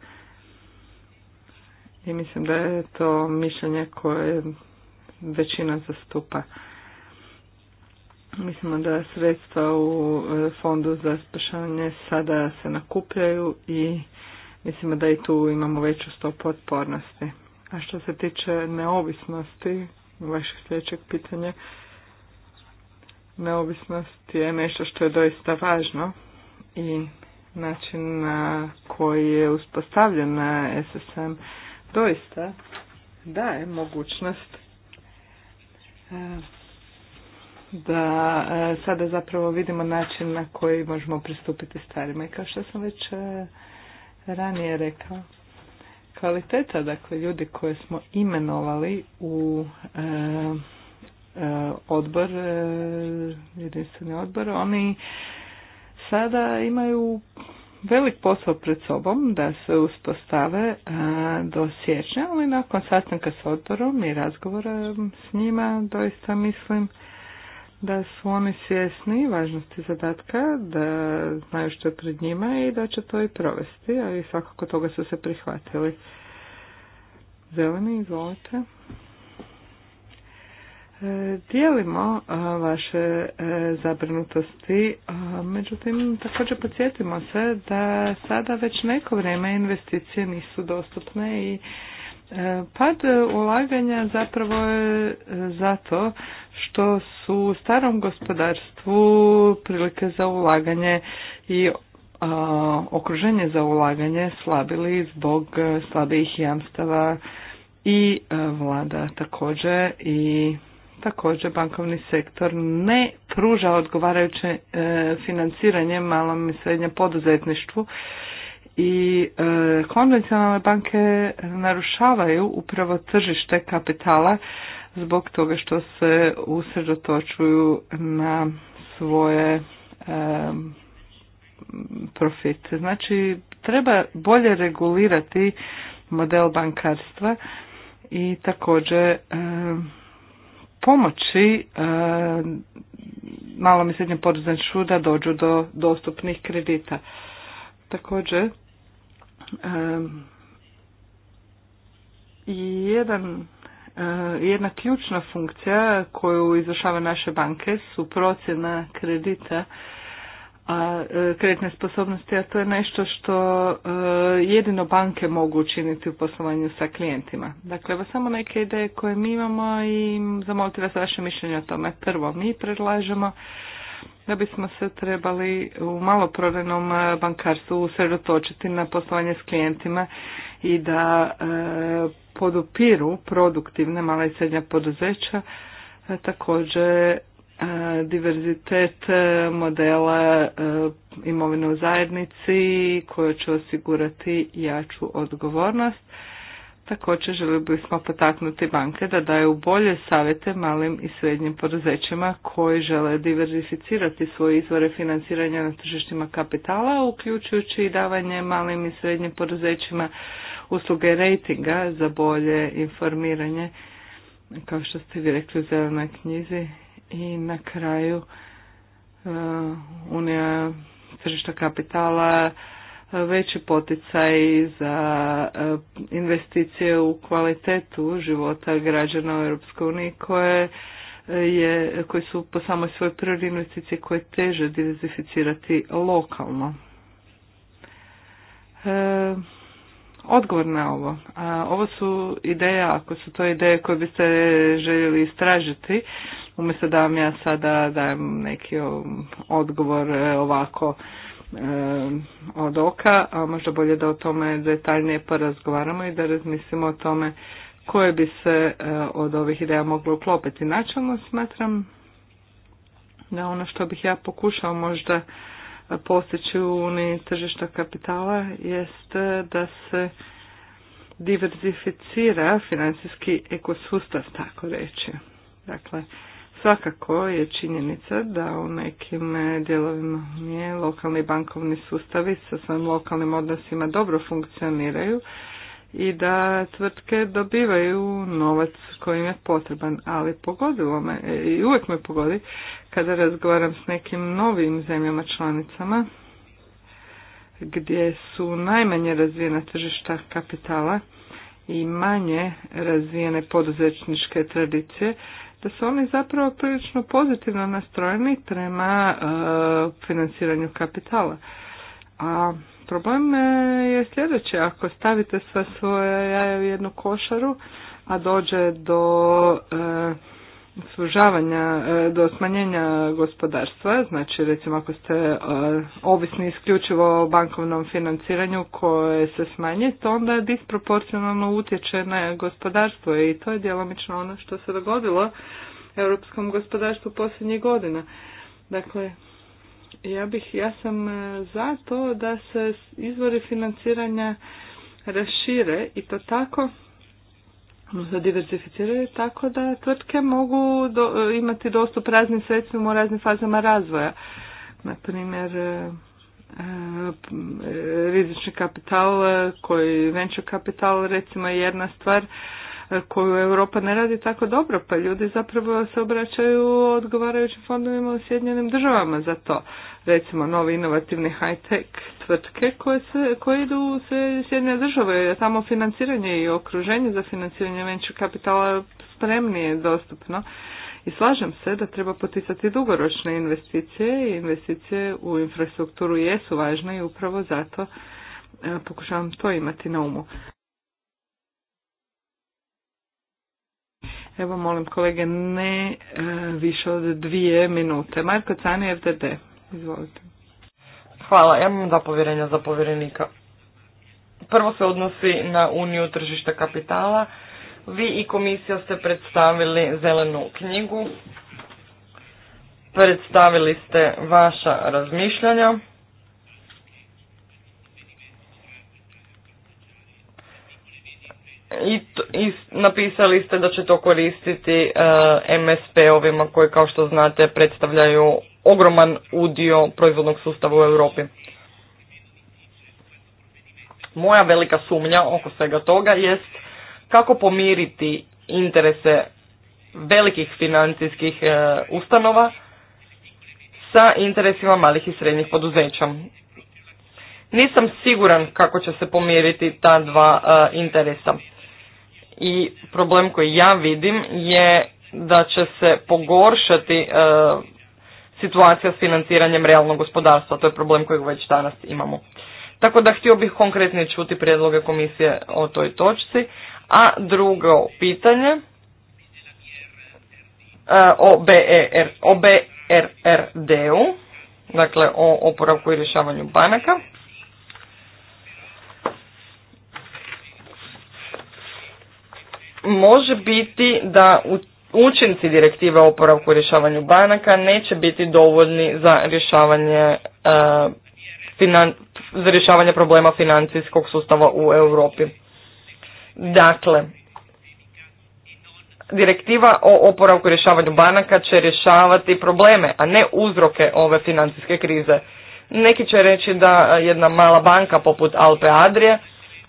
[SPEAKER 1] i mislim da je to mišljenje koje većina zastupa. Mislimo da sredstva u e, fondu za spašavanje sada se nakupljaju i mislimo da i tu imamo veću stopu otpornosti. A što se tiče neovisnosti, vašeg sljedećeg pitanja, neovisnost je nešto što je doista važno i način na koji je uspostavljena SSM doista daje mogućnost e, da e, sada zapravo vidimo način na koji možemo pristupiti stvarima. I kao što sam već e, ranije rekao, kvaliteta, dakle ljudi koje smo imenovali u e, odbor, e, jedinstveni odbor, oni sada imaju velik posao pred sobom da se uspostave do siječnja, ali nakon sastanka s odborom i razgovora s njima doista mislim da su oni svjesni važnosti zadatka, da znaju što je pred njima i da će to i provesti, ali svakako toga su se prihvatili. Zeleni, izvolite. E, dijelimo e, vaše e, zabrinutosti, međutim također podsjetimo se da sada već neko vrijeme investicije nisu dostupne i E, pad e, ulaganja zapravo je e, zato što su u starom gospodarstvu prilike za ulaganje i okruženje za ulaganje slabili zbog slabijih jamstava i vlada također i također bankovni sektor ne pruža odgovarajuće financiranje malom i srednjem poduzetništvu i e, konvencionalne banke narušavaju upravo tržište kapitala zbog toga što se usredotočuju na svoje e, profite. Znači treba bolje regulirati model bankarstva i također e, pomoći e, malom i srednjem poduzetništvu da dođu do dostupnih kredita. Također jedan e, jedna ključna funkcija koju izvršava naše banke su procjena kredita a e, kreditne sposobnosti, a to je nešto što e, jedino banke mogu učiniti u poslovanju sa klijentima. Dakle, evo samo neke ideje koje mi imamo i zamoliti vas vaše mišljenje o tome. Prvo, mi predlažemo da bismo se trebali u maloprodajnom e, bankarstvu usredotočiti na poslovanje s klijentima i da e, podupiru produktivne mala i srednja poduzeća, e, također e, diverzitet modela imovine u zajednici koja će osigurati jaču odgovornost Također želi bismo potaknuti banke da daju bolje savjete malim i srednjim poduzećima koji žele diversificirati svoje izvore financiranja na tržištima kapitala, uključujući i davanje malim i srednjim poduzećima usluge rejtinga za bolje informiranje, kao što ste vi rekli u zelenoj knjizi. I na kraju, e, Unija tržišta kapitala veći poticaj za e, investicije u kvalitetu života građana u EU koje e, je, koji su po samoj svojoj prirodi investicije koje teže diversificirati lokalno. E, odgovor na ovo. ovo su ideje, ako su to ideje koje biste željeli istražiti, umjesto da vam ja sada dajem neki odgovor e, ovako od oka, a možda bolje da o tome detaljnije porazgovaramo i da razmislimo o tome koje bi se e, od ovih ideja moglo uklopiti. Načelno smatram da ono što bih ja pokušao možda e, postići u Uniji tržišta kapitala jest e, da se diverzificira financijski ekosustav, tako reći. Dakle, Svakako je činjenica da u nekim e, dijelovima nije lokalni bankovni sustavi sa svojim lokalnim odnosima dobro funkcioniraju i da tvrtke dobivaju novac koji im je potreban, ali pogodilo me e, i uvijek me pogodi kada razgovaram s nekim novim zemljama članicama gdje su najmanje razvijena tržišta kapitala i manje razvijene poduzetničke tradicije da su oni zapravo prilično pozitivno nastrojeni prema e, financiranju kapitala. A problem e, je sljedeći, ako stavite sva svoje jaja u jednu košaru, a dođe do e, sužavanja e, do smanjenja gospodarstva, znači recimo ako ste e, ovisni isključivo o bankovnom financiranju koje se smanje, to onda disproporcionalno utječe na gospodarstvo i to je djelomično ono što se dogodilo europskom gospodarstvu posljednjih godina. Dakle, ja bih, ja sam e, za to da se izvori financiranja rašire i to tako odnosno diversificiraju tako da tvrtke mogu do, e, imati dostup raznim sredstvima u raznim fazama razvoja. Na primjer, e, e, rizični kapital koji venture kapital recimo je jedna stvar E, koju Europa ne radi tako dobro, pa ljudi zapravo se obraćaju odgovarajućim fondovima u Sjedinjenim državama za to. Recimo novi inovativni high-tech tvrtke koje, se, koje idu u Sjedinjene države, jer tamo financiranje i okruženje za financiranje venture kapitala spremnije dostupno. I slažem se da treba poticati dugoročne investicije i investicije u infrastrukturu jesu važne i upravo zato e, pokušavam to imati na umu. Evo molim kolege ne e, više od dvije minute. Marko Cani, FDD. Izvolite. Hvala, ja imam
[SPEAKER 2] zapovjerenja povjerenja za povjerenika. Prvo se odnosi na Uniju tržišta kapitala. Vi i komisija ste predstavili zelenu knjigu, predstavili ste vaša razmišljanja. i, i napisali ste da će to koristiti eh, MSP-ovima koji kao što znate predstavljaju ogroman udio proizvodnog sustava u Europi. Moja velika sumnja oko svega toga jest kako pomiriti interese velikih financijskih eh, ustanova sa interesima malih i srednjih poduzeća. Nisam siguran kako će se pomiriti ta dva eh, interesa i problem koji ja vidim je da će se pogoršati e, situacija s financiranjem realnog gospodarstva. To je problem kojeg već danas imamo. Tako da htio bih konkretnije čuti prijedloge komisije o toj točci. A drugo pitanje e, o, e o BRRD-u, e dakle o oporavku i rješavanju banaka. može biti da učinci direktive o oporavku i rješavanju banaka neće biti dovoljni za rješavanje e, za rješavanje problema financijskog sustava u Europi. Dakle, direktiva o oporavku i rješavanju banaka će rješavati probleme, a ne uzroke ove financijske krize. Neki će reći da jedna mala banka poput Alpe Adrije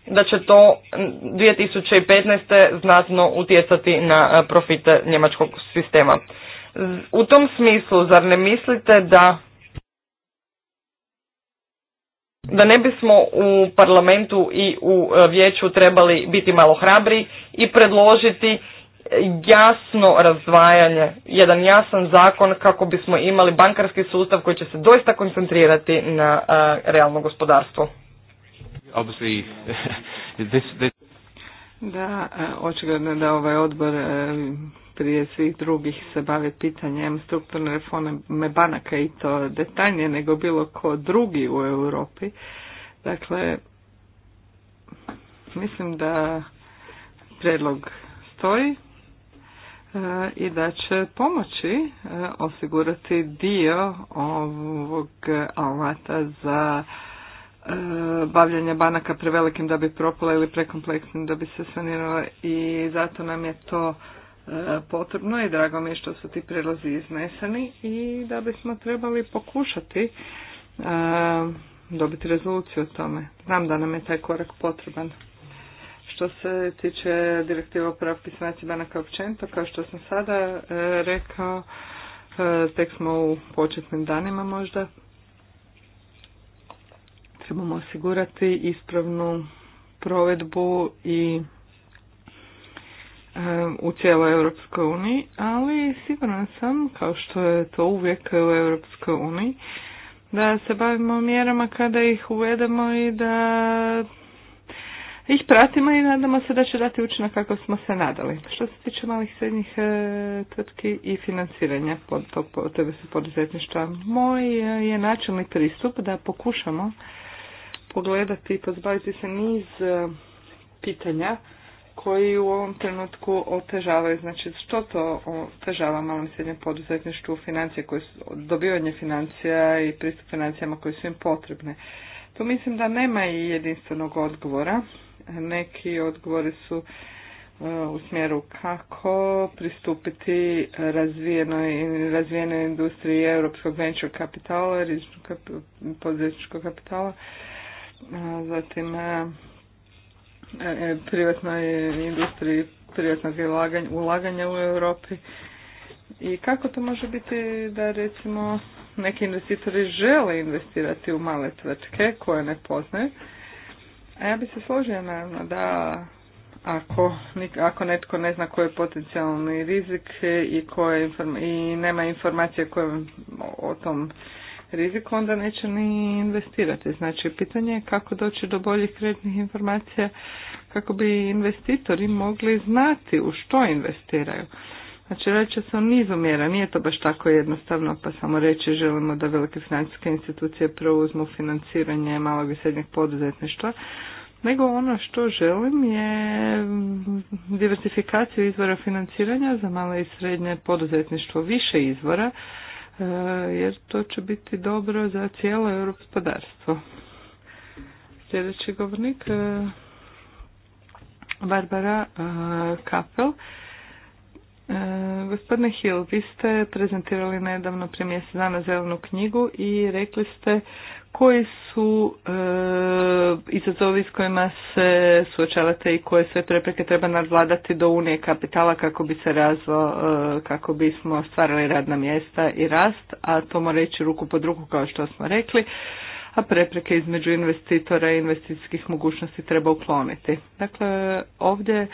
[SPEAKER 2] da će to 2015. znatno utjecati na e, profite njemačkog sistema. U tom smislu, zar ne mislite da da ne bismo u parlamentu i u e, vijeću trebali biti malo hrabri i predložiti jasno razdvajanje, jedan jasan zakon kako bismo imali bankarski sustav koji će se doista koncentrirati na e, realno
[SPEAKER 3] gospodarstvo obviously *laughs* this, this...
[SPEAKER 1] Da, e, očigledno da ovaj odbor e, prije svih drugih se bave pitanjem strukturne reforme banaka i to detaljnije nego bilo ko drugi u Europi. Dakle, mislim da predlog stoji e, i da će pomoći osigurati dio ovog alata za bavljanja banaka prevelikim da bi propala ili prekompleksnim da bi se sanirala i zato nam je to e, potrebno i drago mi je što su ti prilozi izneseni i da bismo trebali pokušati e, dobiti rezoluciju o tome. Znam da nam je taj korak potreban. Što se tiče direktiva o pravu banaka općenito, kao što sam sada e, rekao, tek smo u početnim danima možda, Trebamo osigurati ispravnu provedbu i e, u cijeloj Europskoj uniji, ali sigurna sam, kao što je to uvijek u Europskoj uniji, da se bavimo mjerama kada ih uvedemo i da ih pratimo i nadamo se da će dati učinak kako smo se nadali. Što se tiče malih srednjih e, tvrtki i financiranja tog tebe se poduzetništva, moj je načelni pristup da pokušamo pogledati i pozbaviti se niz e, pitanja koji u ovom trenutku otežavaju. Znači što to otežava malom i srednjem poduzetništvu financije koje dobivanje financija i pristup financijama koji su im potrebne. Tu mislim da nema i jedinstvenog odgovora. Neki odgovori su e, u smjeru kako pristupiti razvijenoj, razvijenoj industriji europskog venture kapitala, rizičnog poduzetničkog kapitala, zatim e, e, e, privatnoj industriji privatnog ulaganja u Europi. I kako to može biti da recimo neki investitori žele investirati u male tvrtke koje ne poznaju? A ja bi se složio naravno da ako, ako netko ne zna koji je potencijalni rizik i, koje, i nema informacije koje o tom rizik, onda neće ni investirati. Znači, pitanje je kako doći do boljih kreditnih informacija, kako bi investitori mogli znati u što investiraju. Znači, reći se o nizu mjera, nije to baš tako jednostavno, pa samo reći želimo da velike financijske institucije preuzmu financiranje malog i srednjeg poduzetništva, nego ono što želim je diversifikaciju izvora financiranja za male i srednje poduzetništvo više izvora, E, jer to će biti dobro za cijelo gospodarstvo Sljedeći govornik e, Barbara e, Kapel. Gospodine Hill, vi ste prezentirali nedavno prije mjesec dana zelenu knjigu i rekli ste koji su e, izazovi s kojima se suočavate i koje sve prepreke treba nadvladati do unije kapitala kako bi se razvao, e, kako bismo stvarali radna mjesta i rast, a to mora reći ruku pod ruku kao što smo rekli a prepreke između investitora i investicijskih mogućnosti treba ukloniti. Dakle, ovdje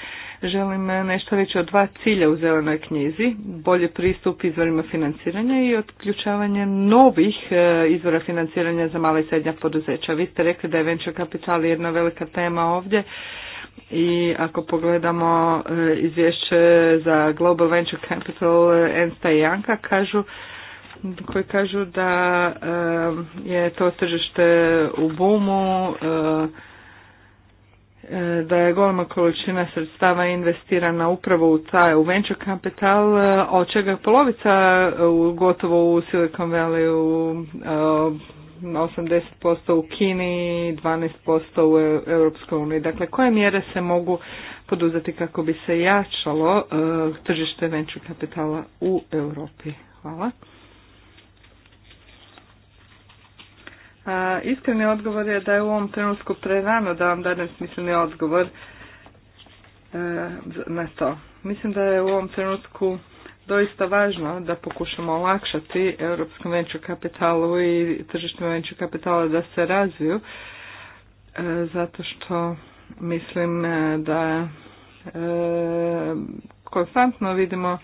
[SPEAKER 1] želim nešto reći o dva cilja u zelenoj knjizi, bolji pristup izvorima financiranja i otključavanje novih e, izvora financiranja za mala i srednja poduzeća. Vi ste rekli da je venture capital jedna velika tema ovdje i ako pogledamo e, izvješće za Global Venture Capital Ensta i Janka kažu koji kažu da eh, je to tržište u bumu, eh, da je golema količina sredstava investirana upravo u taj u venture capital, eh, od čega polovica gotovo u Silicon Valley, u, 80% u Kini, 12% u Europskoj uniji. Dakle, koje mjere se mogu poduzeti kako bi se jačalo tržište venture kapitala u Europi? Hvala. A, iskreni odgovor je da je u ovom trenutku prerano da vam dadem smisleni odgovor e, na to. Mislim da je u ovom trenutku doista važno da pokušamo olakšati europskom venture kapitalu i tržišnom venture kapitala da se razviju, e, zato što mislim e, da e, konstantno vidimo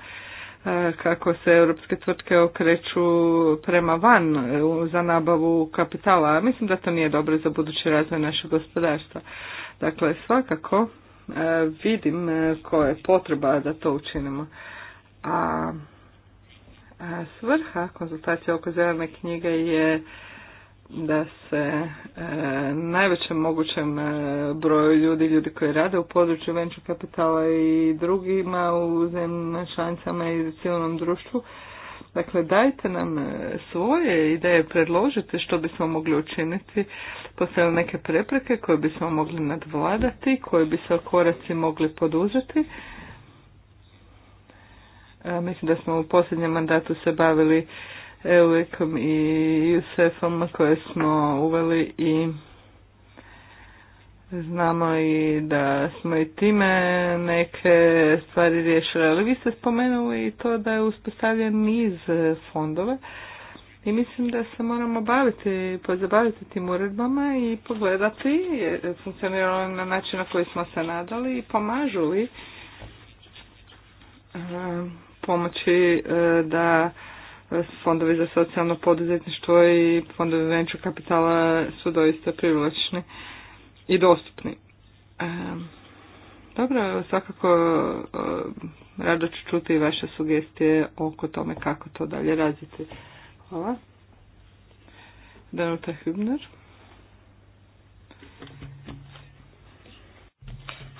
[SPEAKER 1] E, kako se europske tvrtke okreću prema van e, za nabavu kapitala. Mislim da to nije dobro za budući razvoj našeg gospodarstva. Dakle, svakako e, vidim koja je potreba da to učinimo. A svrha konzultacije oko zelene knjige je da se e, najvećem mogućem e, broju ljudi, ljudi koji rade u području venture kapitala i drugima u zemljama članicama i civilnom društvu. Dakle, dajte nam e, svoje ideje, predložite što bismo mogli učiniti, postoje neke prepreke koje bismo mogli nadvladati, koje bi se koraci mogli poduzeti. mislim da smo u posljednjem mandatu se bavili evo i Josefom koje smo uveli i znamo i da smo i time neke stvari riješili. Ali vi ste spomenuli i to da je uspostavljen niz fondova i mislim da se moramo baviti, pozabaviti tim uredbama i pogledati funkcionirali na način na koji smo se nadali i pomažu li pomoći e, da fondovi za socijalno poduzetništvo i fondovi venture kapitala su doista privlačni i dostupni. Dobro, svakako rado ću čuti i vaše sugestije oko tome kako to dalje raditi. Hvala. Danuta Hübner.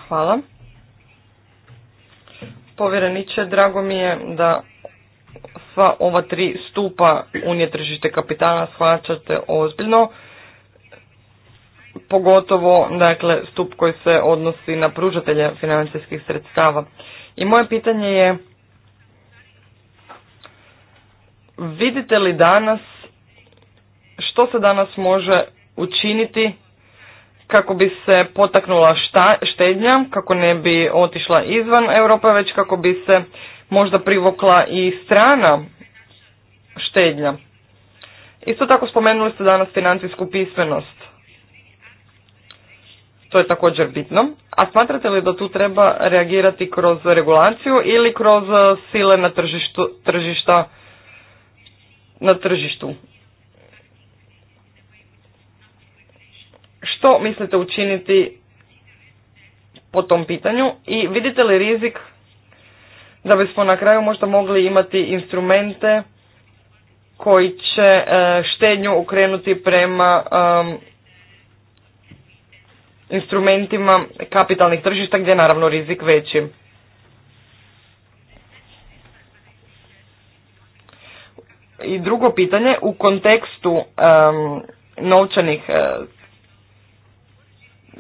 [SPEAKER 1] Hvala.
[SPEAKER 2] Povjereniče, drago mi je da sva ova tri stupa unije tržište kapitala shvaćate ozbiljno, pogotovo dakle, stup koji se odnosi na pružatelje financijskih sredstava. I moje pitanje je, vidite li danas, što se danas može učiniti kako bi se potaknula štednja, kako ne bi otišla izvan Europe, već kako bi se možda privukla i strana štednja. Isto tako spomenuli ste danas financijsku pismenost. To je također bitno. A smatrate li da tu treba reagirati kroz regulaciju ili kroz e, sile na tržištu, tržišta na tržištu? Što mislite učiniti po tom pitanju i vidite li rizik da bismo na kraju možda mogli imati instrumente koji će e, štednju ukrenuti prema instrumentima kapitalnih tržišta gdje je naravno rizik veći. I drugo pitanje, u kontekstu novčanih uh,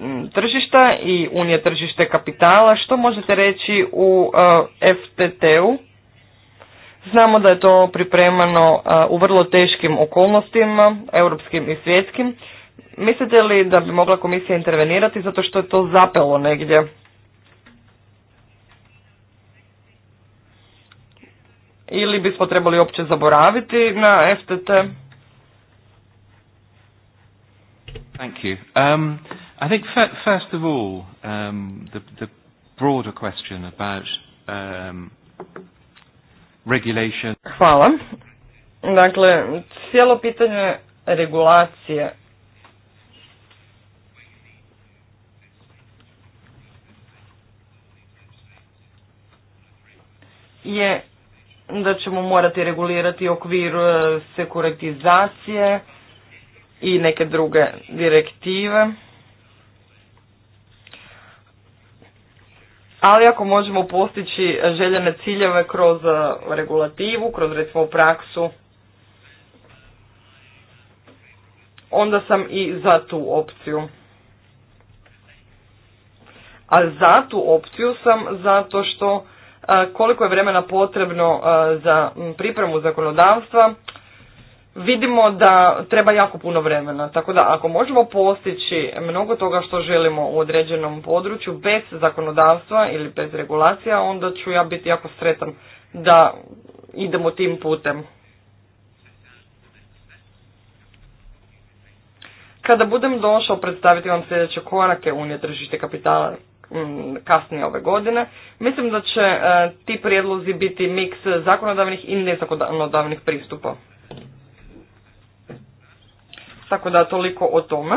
[SPEAKER 2] Mm, tržišta i unije tržište kapitala. Što možete reći u eh, FTT-u? Znamo da je to pripremano eh, u vrlo teškim okolnostima, europskim i svjetskim. Mislite li da bi mogla komisija intervenirati zato što je to zapelo negdje? Ili bismo trebali uopće zaboraviti na FTT?
[SPEAKER 4] Thank you. Um, i think first of all, um, the, the broader question about um, regulation. Hvala.
[SPEAKER 2] Dakle, cijelo pitanje regulacije je da ćemo morati regulirati okvir e, sekuritizacije i neke druge direktive. ali ako možemo postići željene ciljeve kroz e, regulativu, kroz recimo praksu, onda sam i za tu opciju. A za tu opciju sam zato što e, koliko je vremena potrebno e, za pripremu zakonodavstva, vidimo da treba jako puno vremena. Tako da ako možemo postići mnogo toga što želimo u određenom području bez zakonodavstva ili bez regulacija, onda ću ja biti jako sretan da idemo tim putem. Kada budem došao predstaviti vam sljedeće korake Unije tržište kapitala mm, kasnije ove godine, mislim da će e, ti prijedlozi biti miks zakonodavnih i nezakonodavnih pristupa. Tako da toliko o tome.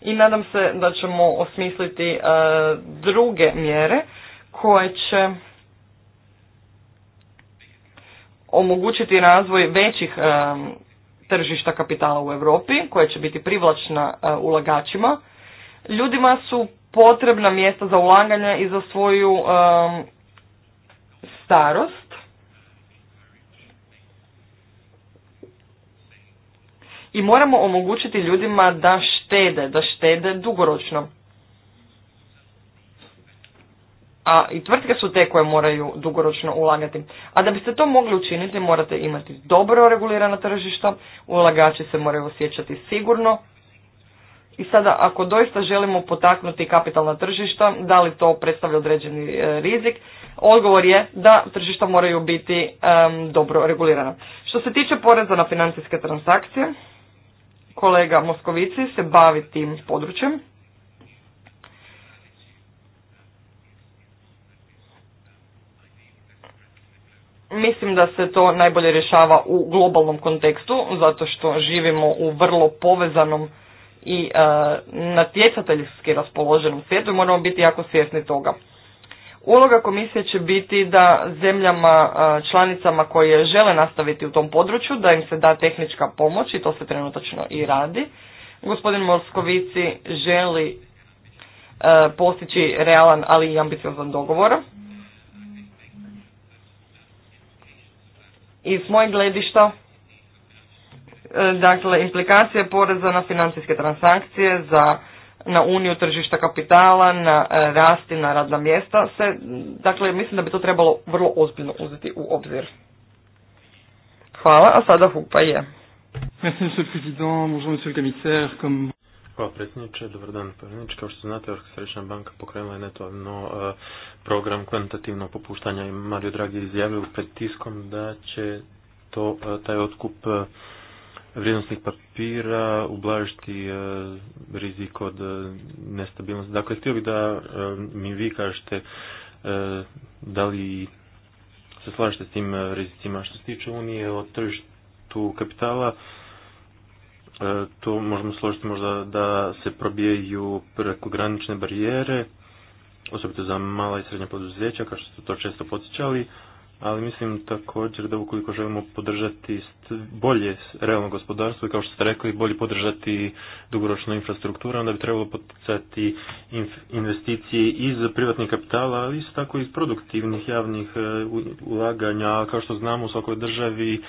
[SPEAKER 2] I nadam se da ćemo osmisliti e, druge mjere koje će omogućiti razvoj većih e, tržišta kapitala u Europi koje će biti privlačna e, ulagačima. Ljudima su potrebna mjesta za ulaganje i za svoju um, starost. I moramo omogućiti ljudima da štede, da štede dugoročno. A i tvrtke su te koje moraju dugoročno ulagati. A da biste to mogli učiniti morate imati dobro regulirana tržišta, ulagači se moraju osjećati sigurno, i sada, ako doista želimo potaknuti kapitalna tržišta, da li to predstavlja određeni e, rizik, odgovor je da tržišta moraju biti dobro regulirana. Što se tiče poreza na financijske transakcije, kolega Moskovici se bavi tim područjem. Mislim da se to najbolje rješava u globalnom kontekstu, zato što živimo u vrlo povezanom i e, natjecateljski u svijetu i moramo biti jako svjesni toga. Uloga komisije će biti da zemljama e, članicama koje žele nastaviti u tom području, da im se da tehnička pomoć i to se trenutačno i radi. Gospodin Morskovici želi e, postići realan ali i ambiciozan dogovor. I s mojeg gledišta E, dakle implikacije poreza na financijske transakcije za na uniju tržišta kapitala, na e, rasti, na radna mjesta se, dakle mislim da bi to trebalo vrlo ozbiljno uzeti u obzir. Hvala, a sada Hupa je.
[SPEAKER 3] Hvala predsjedniče, dobar dan predsjedniče. Kao što znate, Europska središnja banka pokrenula je netovno e, program kvantitativnog popuštanja i Mario Draghi izjavio pred tiskom da će to, taj otkup vrijednostnih papira, ublažiti e, rizik od e, nestabilnosti. Dakle, htio bih da e, mi vi kažete da li se slažete s tim rizicima. Što se tiče Unije o tržištu kapitala, to možemo složiti možda da se probijaju prekogranične barijere, osobito za mala i srednja poduzeća, kao što ste to često podsjećali, ali mislim također da ukoliko želimo podržati bolje realno gospodarstvo i kao što ste rekli bolje podržati dugoročnu infrastrukturu, onda bi trebalo poticati investicije iz privatnih kapitala, ali isto tako iz produktivnih javnih e, ulaganja. Kao što znamo u svakoj državi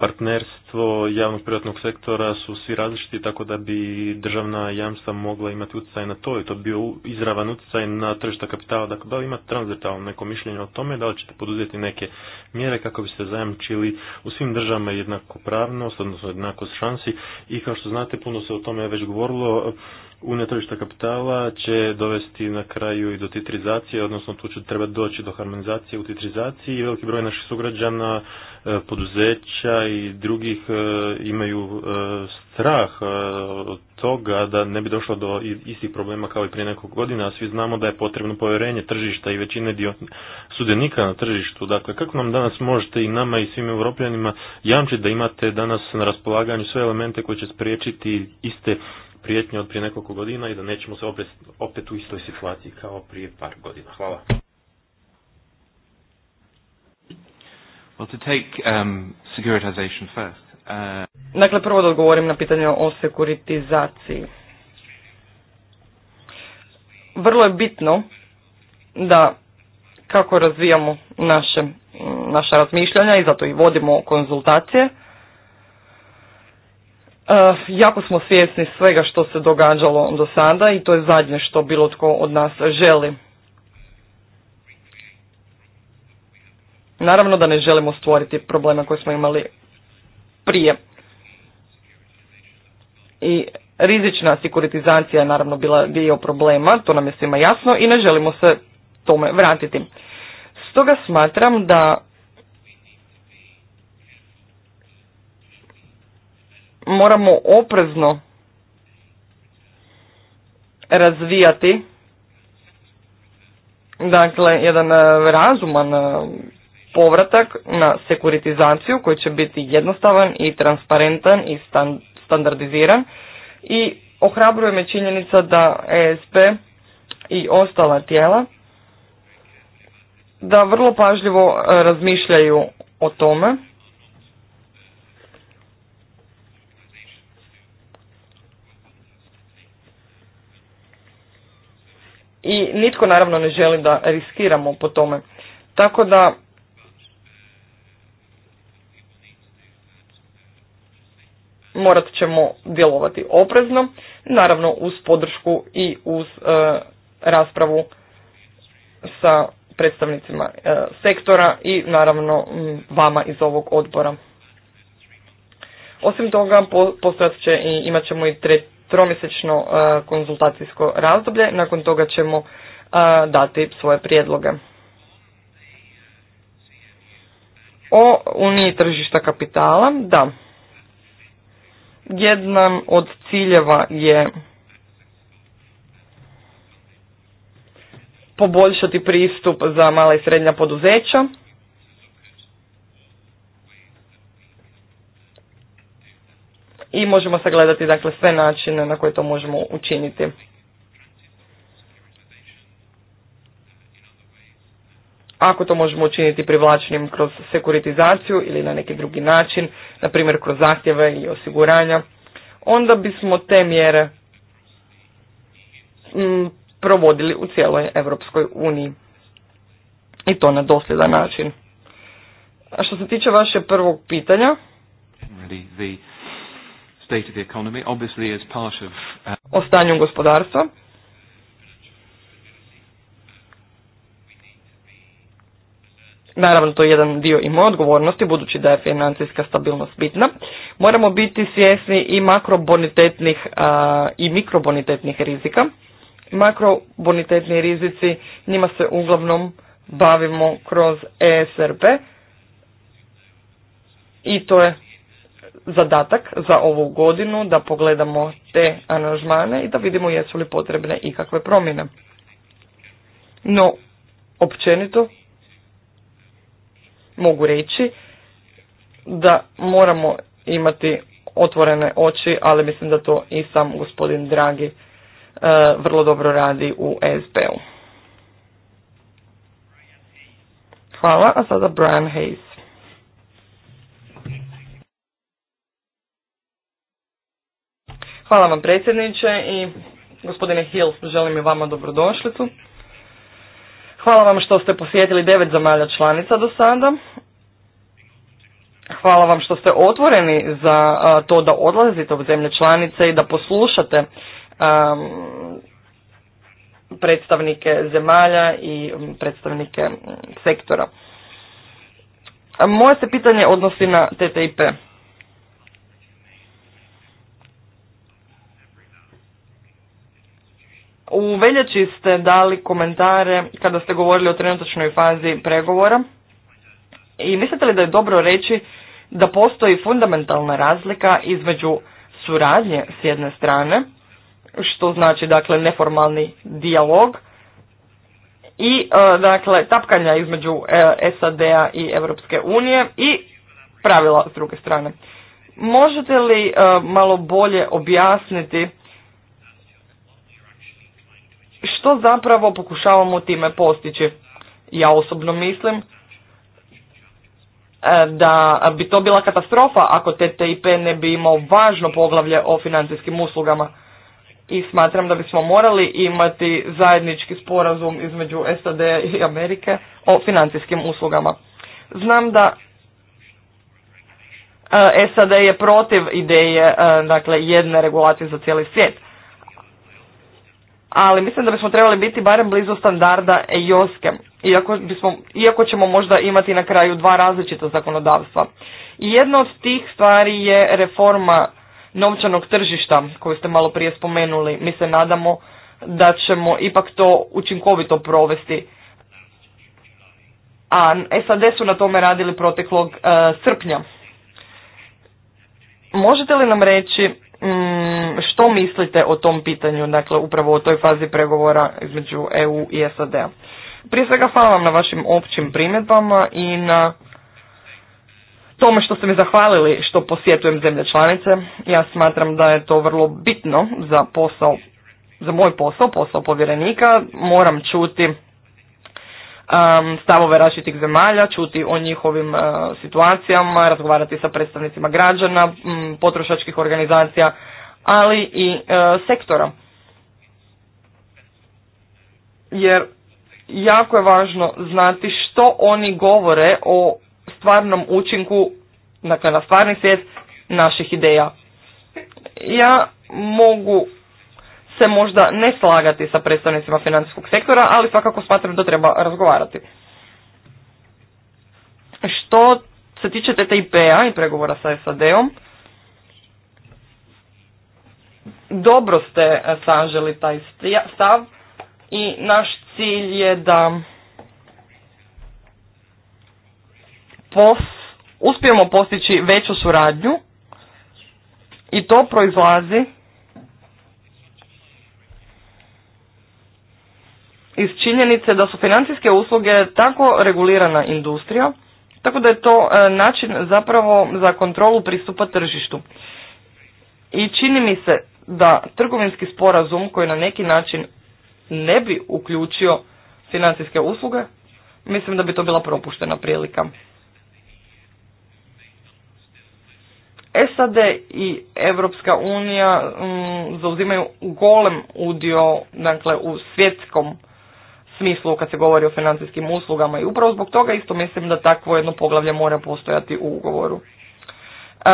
[SPEAKER 3] partnerstvo javnog privatnog sektora su svi različiti, tako da bi državna jamstva mogla imati utjecaj na to i to bi bio izravan utjecaj na tržišta kapitala. Dakle, da li imate transvertalno neko mišljenje o tome, da li ćete poduzeti neke mjere kako bi zajamčili u svim državama jednakopravnost, odnosno jednakost šansi i kao što znate, puno se o tome već govorilo, unija tržišta kapitala će dovesti na kraju i do titrizacije, odnosno tu će treba doći do harmonizacije u titrizaciji i veliki broj naših sugrađana, e, poduzeća i drugih e, imaju e, strah od toga da ne bi došlo do istih problema kao i prije nekog godina, a svi znamo da je potrebno povjerenje tržišta i većine dio sudionika na tržištu. Dakle, kako nam danas možete i nama i svim europljanima jamčiti da imate danas na raspolaganju sve elemente koji će spriječiti iste prijetnje od prije nekoliko godina i da nećemo se opet, u istoj situaciji kao prije par godina. Hvala. Um, uh, dakle,
[SPEAKER 2] prvo da odgovorim na pitanje o sekuritizaciji. Vrlo je bitno da kako razvijamo naše, naša razmišljanja i zato i vodimo konzultacije E, jako smo svjesni svega što se događalo do sada i to je zadnje što bilo tko od nas želi. Naravno da ne želimo stvoriti probleme koje smo imali prije. I rizična sekuritizacija je naravno bila dio problema, to nam je svima jasno i ne želimo se tome vratiti. Stoga smatram da moramo oprezno razvijati dakle jedan e, razuman e, povratak na sekuritizaciju koji će biti jednostavan i transparentan i standardiziran i ohrabruje me činjenica da ESP i ostala tijela da vrlo pažljivo e, razmišljaju o tome i nitko naravno ne želi da riskiramo po tome. Tako da morat ćemo djelovati oprezno, naravno uz podršku i uz e, raspravu sa predstavnicima e, sektora i naravno vama iz ovog odbora. Osim toga, će i imat ćemo i tre, tromjesečno e, konzultacijsko razdoblje. Nakon toga ćemo e, dati svoje prijedloge. O uniji tržišta kapitala, da. Jedan od ciljeva je poboljšati pristup za mala i srednja poduzeća i možemo sagledati dakle sve načine na koje to možemo učiniti. Ako to možemo učiniti privlačenjem kroz sekuritizaciju ili na neki drugi način, na primjer kroz zahtjeve i osiguranja, onda bismo te mjere mm, provodili u cijeloj Europskoj uniji. I to na dosljedan način. A što se tiče vaše prvog pitanja,
[SPEAKER 3] state of the economy, obviously part of...
[SPEAKER 4] Uh, o
[SPEAKER 2] stanju gospodarstva. Naravno, to je jedan dio i moje odgovornosti, budući da je financijska stabilnost bitna. Moramo biti svjesni i makrobonitetnih a, i mikrobonitetnih rizika. Makrobonitetni rizici, njima se uglavnom bavimo kroz ESRB i to je zadatak za ovu godinu da pogledamo te aranžmane i da vidimo jesu li potrebne ikakve promjene. No, općenito mogu reći da moramo imati otvorene oči, ali mislim da to i sam gospodin Dragi e, vrlo dobro radi u SB-u. Hvala, a sada Brian Hayes. Hvala vam predsjedniče i gospodine Hill, želim i vama dobrodošlicu. Hvala vam što ste posjetili devet zemalja članica do sada. Hvala vam što ste otvoreni za to da odlazite u zemlje članice i da poslušate predstavnike zemalja i predstavnike sektora. Moje se pitanje odnosi na TTIP. U veljači ste dali komentare kada ste govorili o trenutačnoj fazi pregovora i mislite li da je dobro reći da postoji fundamentalna razlika između suradnje s jedne strane, što znači dakle neformalni dijalog i e, dakle tapkanja između e, SAD-a i Europske unije i pravila s druge strane. Možete li e, malo bolje objasniti što zapravo pokušavamo time postići. Ja osobno mislim e, da bi to bila katastrofa ako TTIP ne bi imao važno poglavlje o financijskim uslugama. I smatram da bismo morali imati zajednički sporazum između SAD i Amerike o financijskim uslugama. Znam da e, SAD je protiv ideje e, dakle, jedne regulacije za cijeli svijet ali mislim da bismo trebali biti barem blizu standarda EIOSKE, iako, bismo, iako ćemo možda imati na kraju dva različita zakonodavstva. I jedna od tih stvari je reforma novčanog tržišta koju ste malo prije spomenuli. Mi se nadamo da ćemo ipak to učinkovito provesti. A SAD su na tome radili proteklog e, srpnja. Možete li nam reći Mm, što mislite o tom pitanju, dakle upravo o toj fazi pregovora između EU i SAD-a. Prije svega hvala vam na vašim općim primjedbama i na tome što ste mi zahvalili što posjetujem zemlje članice. Ja smatram da je to vrlo bitno za posao, za moj posao, posao povjerenika. Moram čuti stavove različitih zemalja, čuti o njihovim e, situacijama, razgovarati sa predstavnicima građana, potrošačkih organizacija, ali i e, sektora. Jer jako je važno znati što oni govore o stvarnom učinku, dakle na stvarni svijet naših ideja. Ja mogu se možda ne slagati sa predstavnicima financijskog sektora, ali svakako smatram da treba razgovarati. Što se tiče TTIP-a i pregovora sa SAD-om, dobro ste e, saželi taj stav i naš cilj je da pos, uspijemo postići veću suradnju i to proizlazi iz činjenice da su financijske usluge tako regulirana industrija, tako da je to e, način zapravo za kontrolu pristupa tržištu. I čini mi se da trgovinski sporazum koji na neki način ne bi uključio financijske usluge, mislim da bi to bila propuštena prilika. SAD i Europska unija mm, zauzimaju golem udio dakle, u svjetskom smislu kad se govori o financijskim uslugama i upravo zbog toga isto mislim da takvo jedno poglavlje mora postojati u ugovoru. E,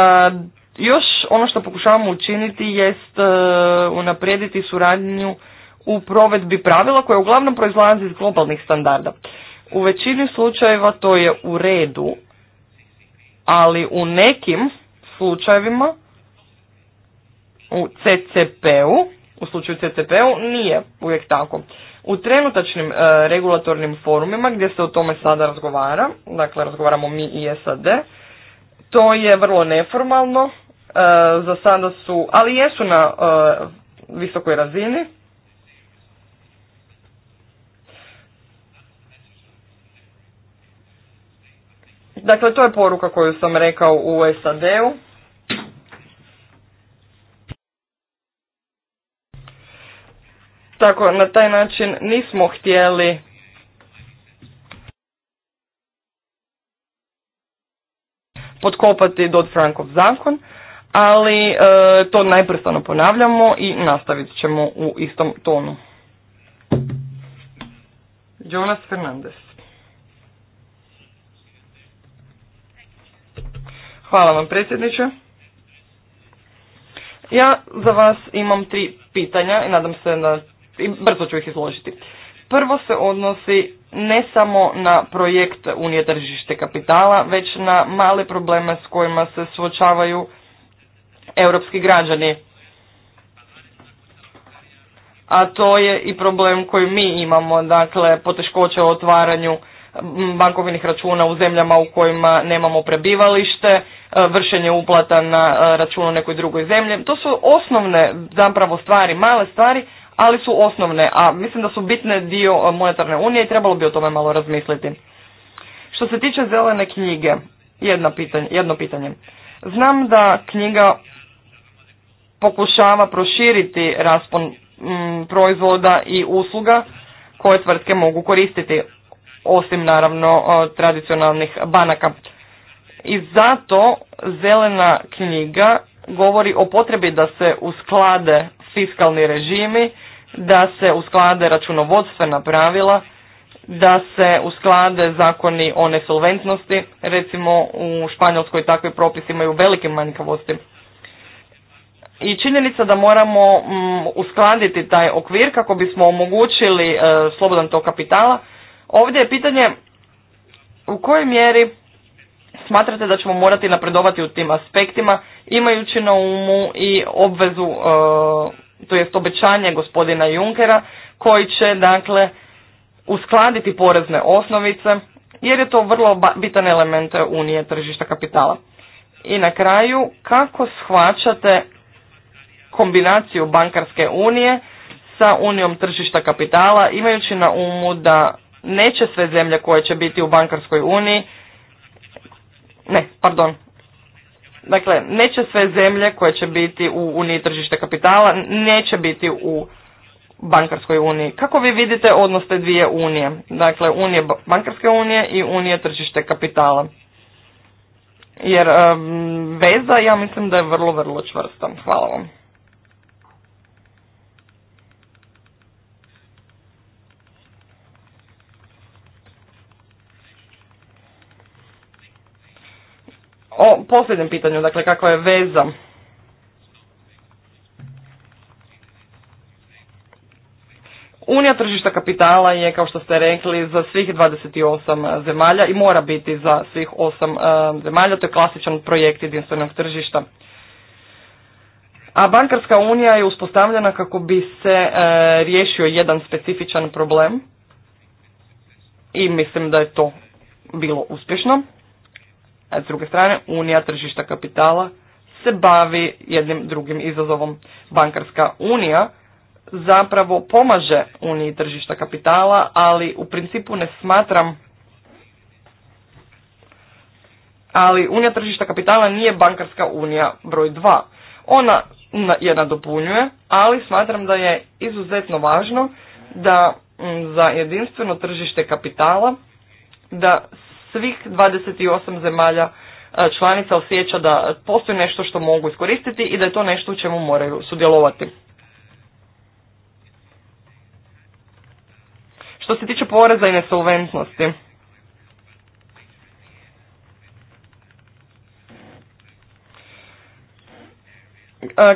[SPEAKER 2] još ono što pokušavamo učiniti jest e, unaprijediti suradnju u provedbi pravila koja uglavnom proizlazi iz globalnih standarda. U većini slučajeva to je u redu, ali u nekim slučajevima u CCP-u, u slučaju CCP-u nije uvijek tako. U trenutačnim e, regulatornim forumima gdje se o tome sada razgovara, dakle razgovaramo mi i SAD, to je vrlo neformalno, e, za sada su, ali jesu na e, visokoj razini. Dakle, to je poruka koju sam rekao u SAD-u. Tako, na taj način nismo htjeli potkopati Dodd-Frankov zakon, ali e, to najprestano ponavljamo i nastavit ćemo u istom tonu. Jonas Fernandez. Hvala vam predsjedniče. Ja za vas imam tri pitanja i nadam se da i brzo ću ih izložiti. Prvo se odnosi ne samo na projekt Unije tržište kapitala, već na male probleme s kojima se suočavaju europski građani. A to je i problem koji mi imamo, dakle poteškoće u otvaranju bankovnih računa u zemljama u kojima nemamo prebivalište, e, vršenje uplata na e, račun u nekoj drugoj zemlji. To su osnovne zapravo stvari, male stvari, ali su osnovne, a mislim da su bitne dio monetarne unije i trebalo bi o tome malo razmisliti. Što se tiče zelene knjige, jedno pitanje, jedno pitanje. Znam da knjiga pokušava proširiti raspon proizvoda i usluga koje tvrtke mogu koristiti, osim naravno tradicionalnih banaka. I zato zelena knjiga govori o potrebi da se usklade fiskalni režimi da se usklade računovodstvena pravila, da se usklade zakoni o nesolventnosti, recimo u Španjolskoj takvi propisi imaju velike manjkavosti. I činjenica da moramo mm, uskladiti taj okvir kako bismo omogućili e, slobodan tog kapitala. Ovdje je pitanje u kojoj mjeri smatrate da ćemo morati napredovati u tim aspektima imajući na umu i obvezu e, to jest obećanje gospodina Junkera koji će dakle uskladiti porezne osnovice jer je to vrlo bitan element unije tržišta kapitala. I na kraju kako shvaćate kombinaciju bankarske unije sa unijom tržišta kapitala imajući na umu da neće sve zemlje koje će biti u bankarskoj uniji ne, pardon, Dakle, neće sve zemlje koje će biti u Uniji tržište kapitala, neće biti u bankarskoj uniji. Kako vi vidite odnos te dvije unije? Dakle, unije bankarske unije i unije tržište kapitala. Jer veza ja mislim da je vrlo, vrlo čvrsta. Hvala vam. o posljednjem pitanju, dakle kakva je veza Unija tržišta kapitala je, kao što ste rekli, za svih 28 eh, zemalja i mora biti za svih 8 eh, zemalja. To je klasičan projekt jedinstvenog tržišta. A bankarska unija je uspostavljena kako bi se eh, riješio jedan specifičan problem i mislim da je to bilo uspješno. A s druge strane, Unija tržišta kapitala se bavi jednim drugim izazovom. Bankarska unija zapravo pomaže Uniji tržišta kapitala, ali u principu ne smatram ali Unija tržišta kapitala nije bankarska unija broj 2. Ona je nadopunjuje, ali smatram da je izuzetno važno da za jedinstveno tržište kapitala da svih 28 zemalja e, članica osjeća da postoji nešto što mogu iskoristiti i da je to nešto u čemu moraju sudjelovati. Što se tiče poreza i nesolventnosti, e,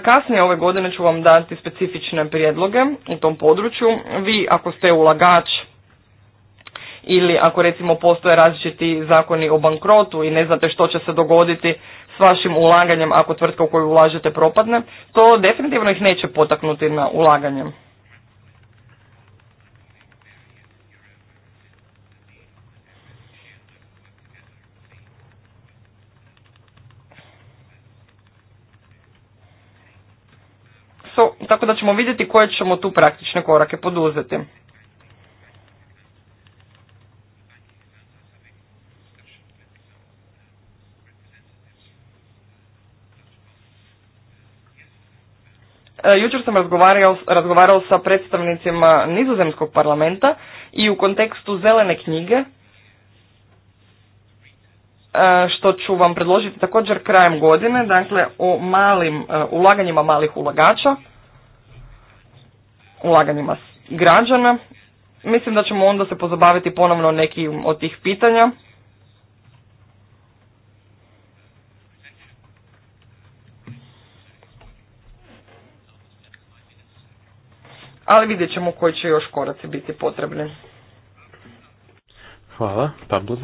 [SPEAKER 2] Kasnije ove godine ću vam dati specifične prijedloge u tom području. Vi ako ste ulagač ili ako recimo postoje različiti zakoni o bankrotu i ne znate što će se dogoditi s vašim ulaganjem ako tvrtka u koju ulažete propadne, to definitivno ih neće potaknuti na ulaganje. So, tako da ćemo vidjeti koje ćemo tu praktične korake poduzeti. E, jučer sam razgovarao, razgovarao sa predstavnicima nizozemskog parlamenta i u kontekstu zelene knjige, e, što ću vam predložiti također krajem godine, dakle o malim e, ulaganjima malih ulagača, ulaganjima građana. Mislim da ćemo onda se pozabaviti ponovno nekim od tih pitanja ali vidjet ćemo koji će još koraci
[SPEAKER 3] biti potrebni. Hvala, Pablo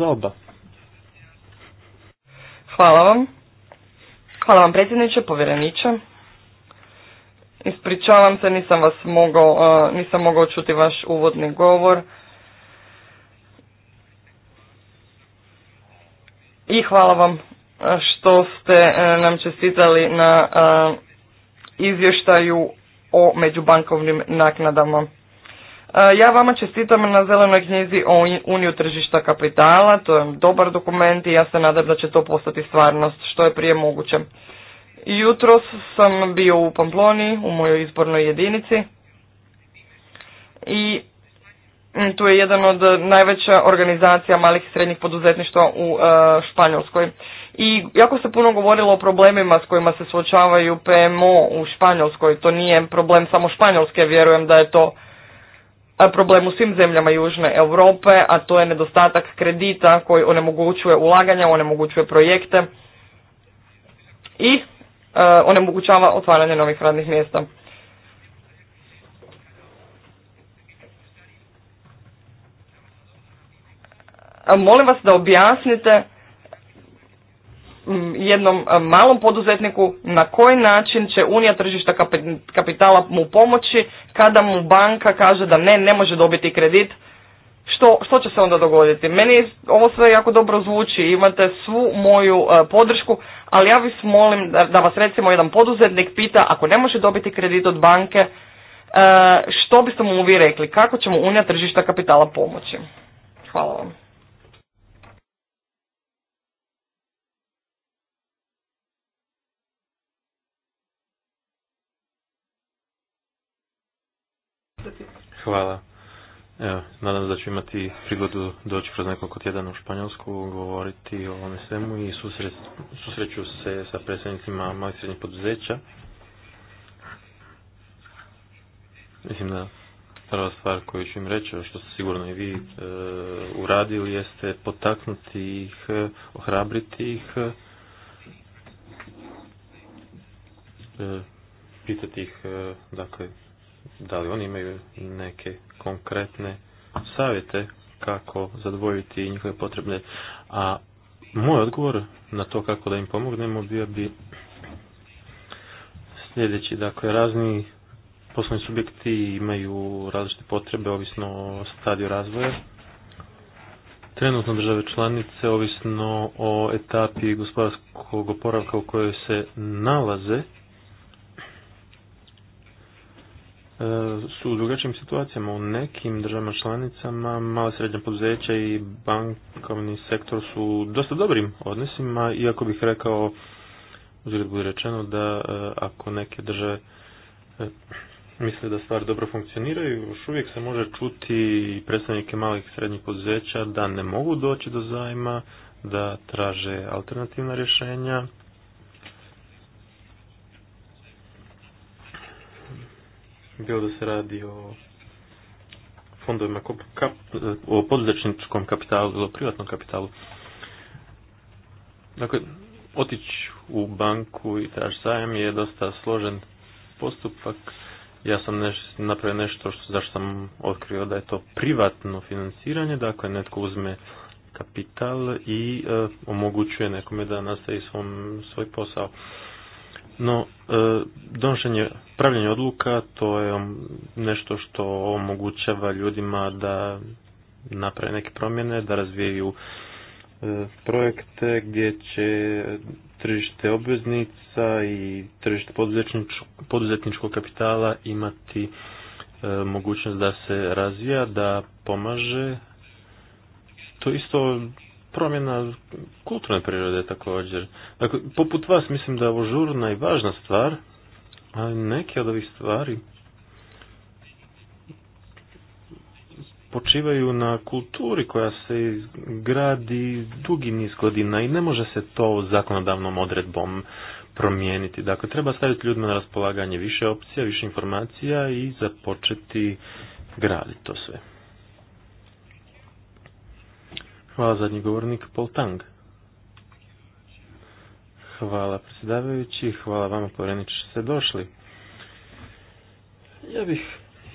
[SPEAKER 2] Hvala vam. Hvala vam predsjedniče, povjereniče. Ispričavam se, nisam vas mogao, nisam mogao čuti vaš uvodni govor. I hvala vam što ste e, nam čestitali na izvještaju o međubankovnim naknadama. E, ja vama čestitam na zelenoj knjizi o uniju tržišta kapitala, to je dobar dokument i ja se nadam da će to postati stvarnost što je prije moguće. Jutros sam bio u Pamploni, u mojoj izbornoj jedinici i mm, tu je jedan od najveća organizacija malih i srednjih poduzetništva u e, Španjolskoj. I jako se puno govorilo o problemima s kojima se suočavaju PMO u Španjolskoj. To nije problem samo Španjolske, vjerujem da je to e, problem u svim zemljama Južne Europe, a to je nedostatak kredita koji onemogućuje ulaganja, onemogućuje projekte i e, onemogućava otvaranje novih radnih mjesta. E, molim vas da objasnite jednom malom poduzetniku na koji način će unija tržišta kapitala mu pomoći kada mu banka kaže da ne, ne može dobiti kredit, što, što će se onda dogoditi? Meni ovo sve jako dobro zvuči, imate svu moju e, podršku, ali ja vas molim da, da vas recimo jedan poduzetnik pita ako ne može dobiti kredit od banke, e, što biste mu vi rekli, kako ćemo unija tržišta kapitala pomoći? Hvala vam.
[SPEAKER 3] Hvala. Evo, nadam se da ću imati prigodu doći kroz nekoliko tjedana u Španjolsku, govoriti o ovome svemu i susret, susreću se sa predstavnicima malih srednjih poduzeća. Mislim da prva stvar koju ću im reći, što ste sigurno i vi e, uradili, jeste potaknuti ih, e, ohrabriti ih, e, pitati ih, e, dakle, da li oni imaju neke konkretne savjete kako zadvojiti njihove potrebne, a moj odgovor na to kako da im pomognemo bio bi sljedeći, dakle razni poslovni subjekti imaju različite potrebe ovisno o stadiju razvoja. Trenutno države članice, ovisno o etapi gospodarskog oporavka u kojoj se nalaze, su u drugačijim situacijama. U nekim državama članicama mala srednja poduzeća i bankovni sektor su u dosta dobrim odnosima, iako bih rekao, uzgled bude rečeno, da e, ako neke države e, misle da stvari dobro funkcioniraju, još uvijek se može čuti i predstavnike malih srednjih poduzeća da ne mogu doći do zajma, da traže alternativna rješenja bilo da se radi o fondovima o poduzetničkom kapitalu ili o privatnom kapitalu. Dakle, otići u banku i traži zajem je dosta složen postupak. Ja sam neš, napravio nešto što, zašto sam otkrio da je to privatno financiranje, dakle netko uzme kapital i e, omogućuje nekome da nastavi svom, svoj posao. No, e, donošenje, pravljanje odluka, to je nešto što omogućava ljudima da naprave neke promjene, da razvijaju e, projekte gdje će tržište obveznica i tržište poduzetničkog kapitala imati e, mogućnost da se razvija, da pomaže. To isto promjena kulturne prirode također. Dakle, poput vas mislim da je ovo žurna i važna stvar, ali neke od ovih stvari počivaju na kulturi koja se gradi dugi niz godina i ne može se to zakonodavnom odredbom promijeniti. Dakle, treba staviti ljudima na raspolaganje više opcija, više informacija i započeti graditi to sve. Hvala zadnji govornik Paul Tang. Hvala predsjedavajući, hvala vama povjereniče što ste došli. Ja bih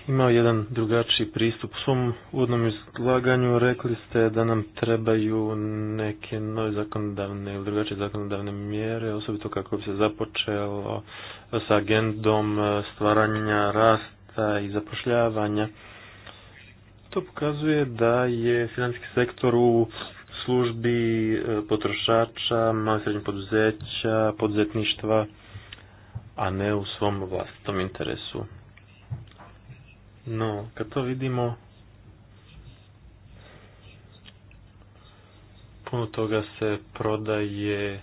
[SPEAKER 3] imao jedan drugačiji pristup. U svom uvodnom izlaganju rekli ste da nam trebaju neke nove zakonodavne ili drugačije zakonodavne mjere, osobito kako bi se započelo sa agendom stvaranja rasta i zapošljavanja. To pokazuje da je financijski sektor u službi e, potrošača, malih poduzeća, poduzetništva, a ne u svom vlastitom interesu. No, kad to vidimo, puno toga se prodaje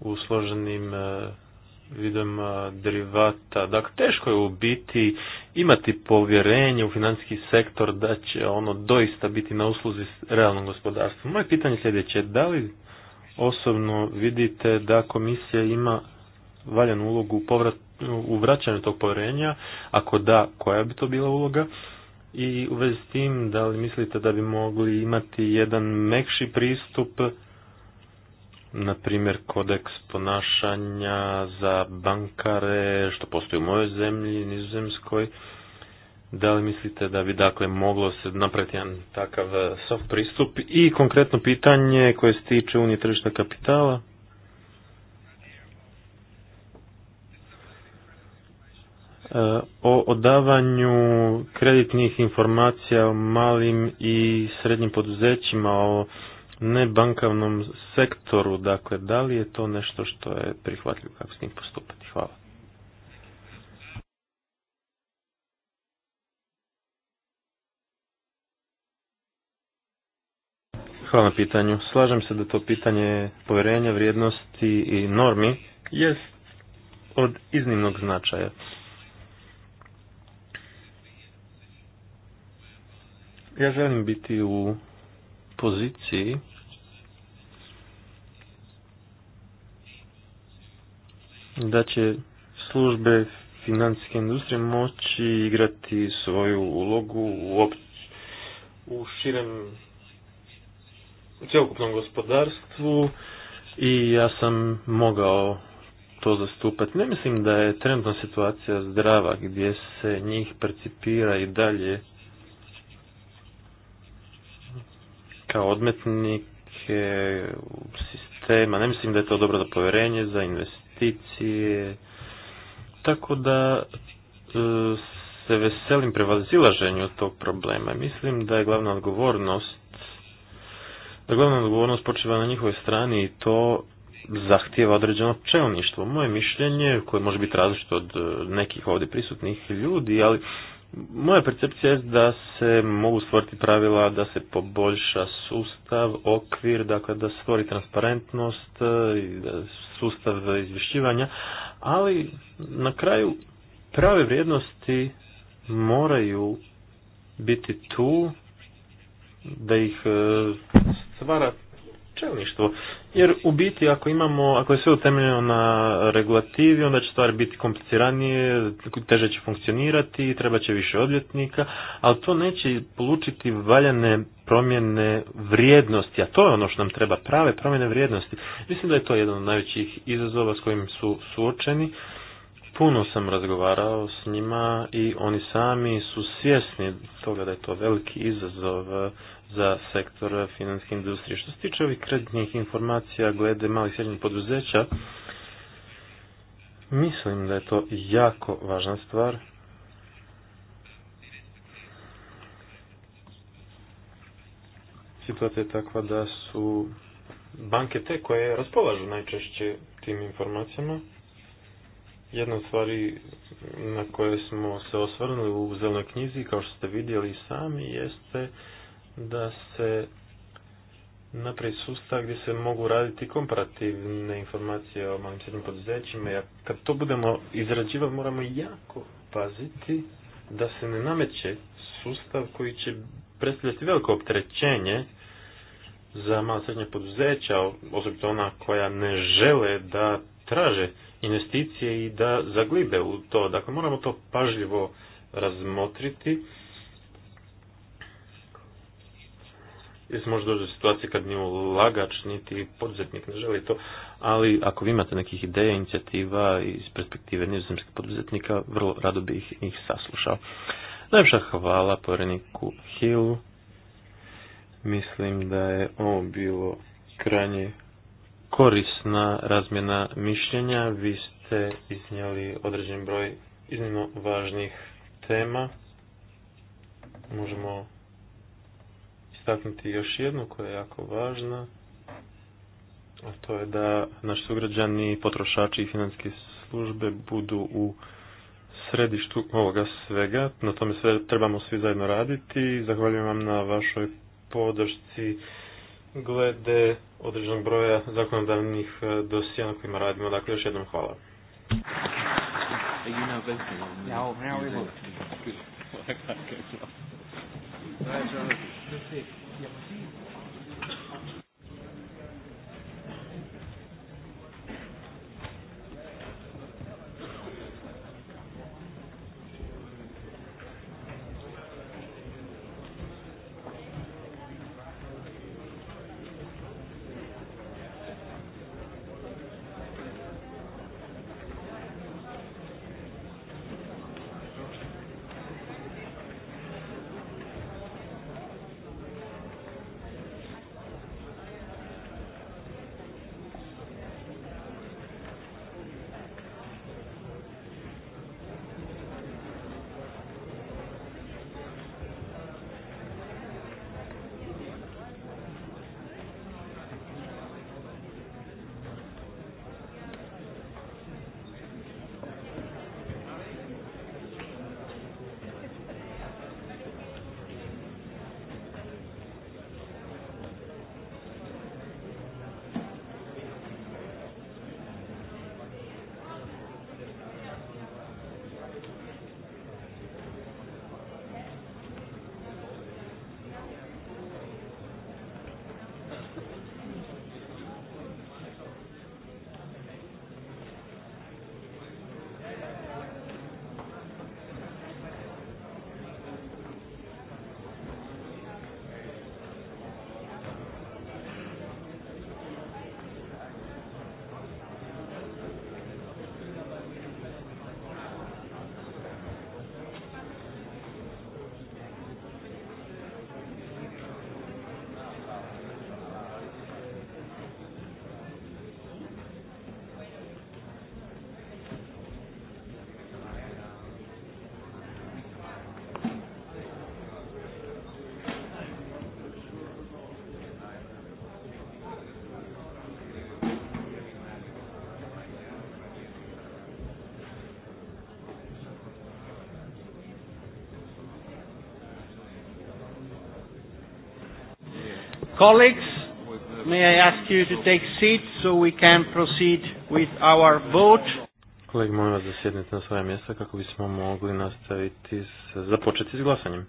[SPEAKER 3] u složenim e, vidom derivata. Dakle, teško je u biti imati povjerenje u financijski sektor da će ono doista biti na usluzi realnom gospodarstvu. Moje pitanje sljedeće, da li osobno vidite da komisija ima valjanu ulogu povrat, u vraćanju tog povjerenja, ako da, koja bi to bila uloga? I u vezi s tim, da li mislite da bi mogli imati jedan mekši pristup na primjer kodeks ponašanja za bankare što postoji u mojoj zemlji, nizozemskoj. Da li mislite da bi dakle moglo se napraviti jedan takav e, soft pristup i konkretno pitanje koje se tiče unije tržišta kapitala? E, o odavanju kreditnih informacija o malim i srednjim poduzećima, o nebankavnom sektoru, dakle da li je to nešto što je prihvatljivo kako s njim postupati? Hvala. Hvala na pitanju. Slažem se da to pitanje povjerenja, vrijednosti i normi jest od iznimnog značaja. Ja želim biti u poziciji da će službe financijske industrije moći igrati svoju ulogu u, op... u širem u cjelokupnom gospodarstvu i ja sam mogao to zastupati. Ne mislim da je trenutna situacija zdrava gdje se njih percipira i dalje kao odmetnike sistema. Ne mislim da je to dobro za povjerenje, za investicije investicije. Tako da e, se veselim prevazilaženju tog problema. Mislim da je glavna odgovornost da glavna odgovornost počiva na njihovoj strani i to zahtijeva određeno čelništvo. Moje mišljenje, koje može biti različito od e, nekih ovdje prisutnih ljudi, ali moja percepcija je da se mogu stvoriti pravila da se poboljša sustav, okvir, dakle da stvori transparentnost, e, sustav izvješćivanja, ali na kraju prave vrijednosti moraju biti tu da ih e, stvara čelništvo. Jer u biti ako imamo, ako je sve utemeljeno na regulativi, onda će stvari biti kompliciranije, teže će funkcionirati, treba će više odvjetnika, ali to neće polučiti valjane promjene vrijednosti, a to je ono što nam treba, prave promjene vrijednosti. Mislim da je to jedan od najvećih izazova s kojim su suočeni. Puno sam razgovarao s njima i oni sami su svjesni toga da je to veliki izazov za sektor financijske industrije. Što se tiče ovih kreditnih informacija glede malih srednjih poduzeća, mislim da je to jako važna stvar. Situacija je takva da su banke te koje raspolažu najčešće tim informacijama. Jedna od stvari na koje smo se osvrnuli u zelenoj knjizi, kao što ste vidjeli sami, jeste da se napravi sustav gdje se mogu raditi komparativne informacije o malim srednjim poduzećima. Ja, kad to budemo izrađivati, moramo jako paziti da se ne nameće sustav koji će predstavljati veliko opterećenje za malo srednje poduzeća, osobito ona koja ne žele da traže investicije i da zaglibe u to. Dakle, moramo to pažljivo razmotriti možda se može doći do situacije kad ni ulagač, niti poduzetnik ne želi to, ali ako vi imate nekih ideja, inicijativa iz perspektive nizozemskih poduzetnika, vrlo rado bih ih ih saslušao. Najviša hvala povjereniku Hillu. Mislim da je ovo bilo krajnje korisna razmjena mišljenja. Vi ste iznijeli određen broj iznimno važnih tema. Možemo istaknuti još jednu koja je jako važna, a to je da naši sugrađani, potrošači i financijske službe budu u središtu ovoga svega. Na tome sve trebamo svi zajedno raditi. Zahvaljujem vam na vašoj podršci glede određenog broja zakonodavnih e, dosija na kojima radimo. Dakle, još jednom hvala.
[SPEAKER 4] Hvala. Colleagues, may I ask you to take seats so we can proceed with our vote?
[SPEAKER 3] molim vas da sjednete na svoje mjesta kako bismo mogli nastaviti s, započeti s glasanjem.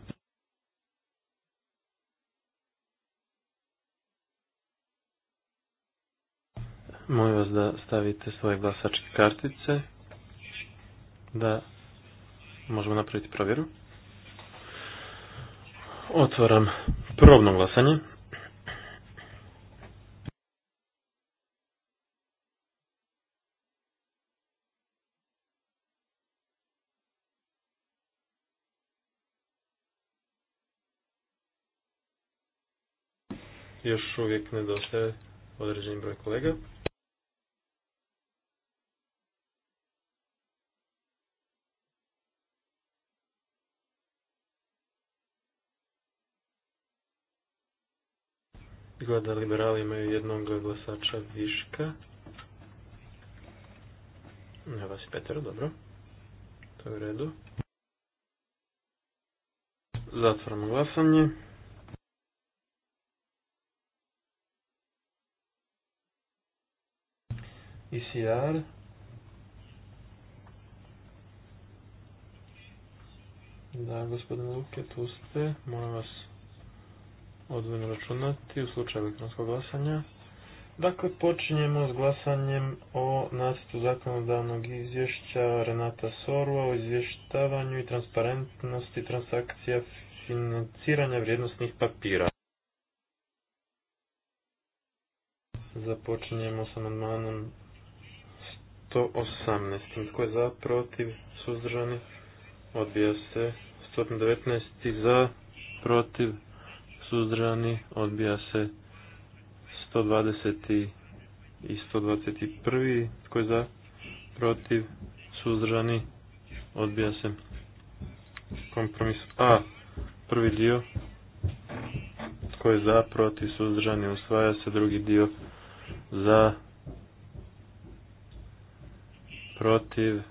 [SPEAKER 3] Molim vas da stavite svoje glasačke kartice da možemo napraviti provjeru. Otvaram probno glasanje. još uvijek nedostaje određeni broj kolega. Izgleda liberali imaju jednog glasača viška. ne vas Petar, dobro. To je u redu. Zatvorimo glasanje. ICR. Da, gospodine Luke, tu ste. Molim vas odvojno računati u slučaju elektronskog glasanja. Dakle, počinjemo s glasanjem o nacrtu zakonodavnog izvješća Renata Sorva o izvještavanju i transparentnosti transakcija financiranja vrijednostnih papira. Započinjemo s amandmanom 118. Tko je za, protiv, suzdržani? Odbija se. 119. Za, protiv, suzdržani? Odbija se. 120. i 121. Tko je za, protiv, suzdržani? Odbija se. Kompromis A. Prvi dio. Tko je za, protiv, suzdržani? Usvaja se. Drugi dio. Za, protiv,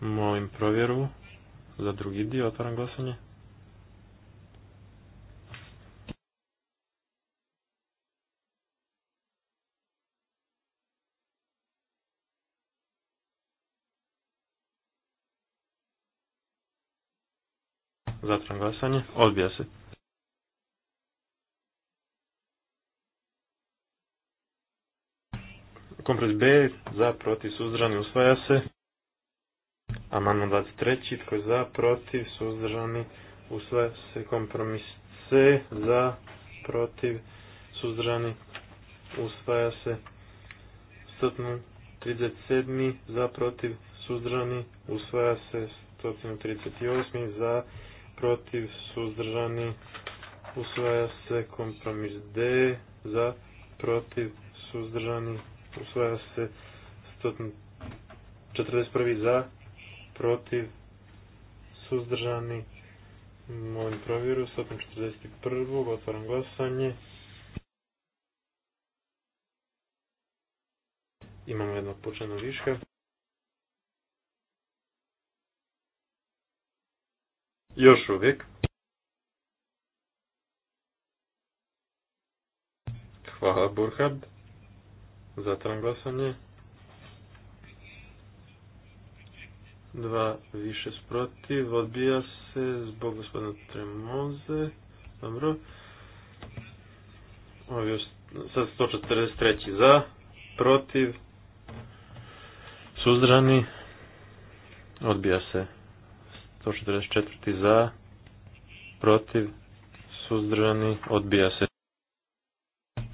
[SPEAKER 3] molim provjeru za drugi dio, otvaram glasanje. Zatvaram glasanje, odbija se. Kompromis B za protiv suzdržani usvaja se. Amandman 23. Tko je za protiv suzdržani usvaja se. Kompromis C za protiv suzdržani usvaja se. Stotno 37. za protiv suzdržani usvaja se. 38, za protiv suzdržani usvaja se. Kompromis D za protiv suzdržani usvaja se 141. za, protiv, suzdržani, molim provjeru, 141. otvaram glasanje. Imamo jednog
[SPEAKER 4] počena viška.
[SPEAKER 3] Još uvijek. Hvala Burhard. Zatvaram glasanje. Dva više protiv. Odbija se zbog gospodina Tremoze. Dobro. Ovo je sad 143. za, protiv, suzdrani, odbija se. 144. za, protiv, suzdrani, odbija se.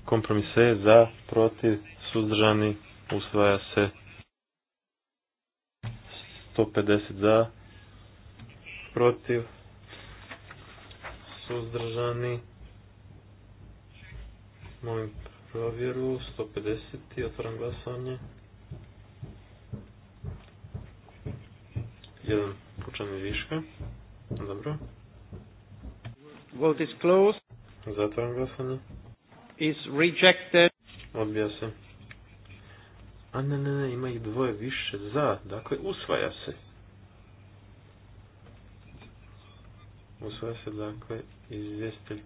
[SPEAKER 3] Kompromise za, protiv, suzdržani, usvaja se 150 za, protiv, suzdržani, molim provjeru, 150, otvoram glasovanje. Jedan pučan viška, dobro. Vote is closed. Zatvoram glasovanje. Is rejected. Odbija se. A ne, ne, ne, ima ih dvoje više za. Dakle, usvaja se. Usvaja se, dakle, izvjestelj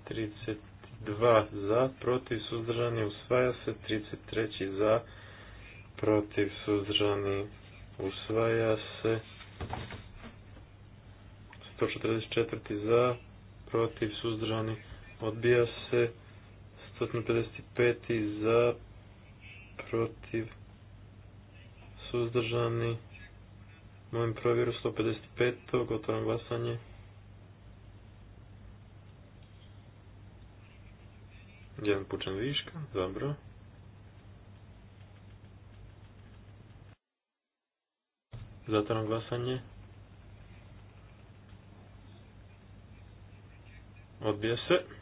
[SPEAKER 3] 32 za, protiv suzdržani, usvaja se, 33 za, protiv suzdržani, usvaja se, 144 za, protiv suzdržani, odbija se, 155 za, protiv suzdržani. Mojim provjeru 155. Otvaram glasanje. Jedan pučan viška, dobro. Zatvaram glasanje. Odbija se.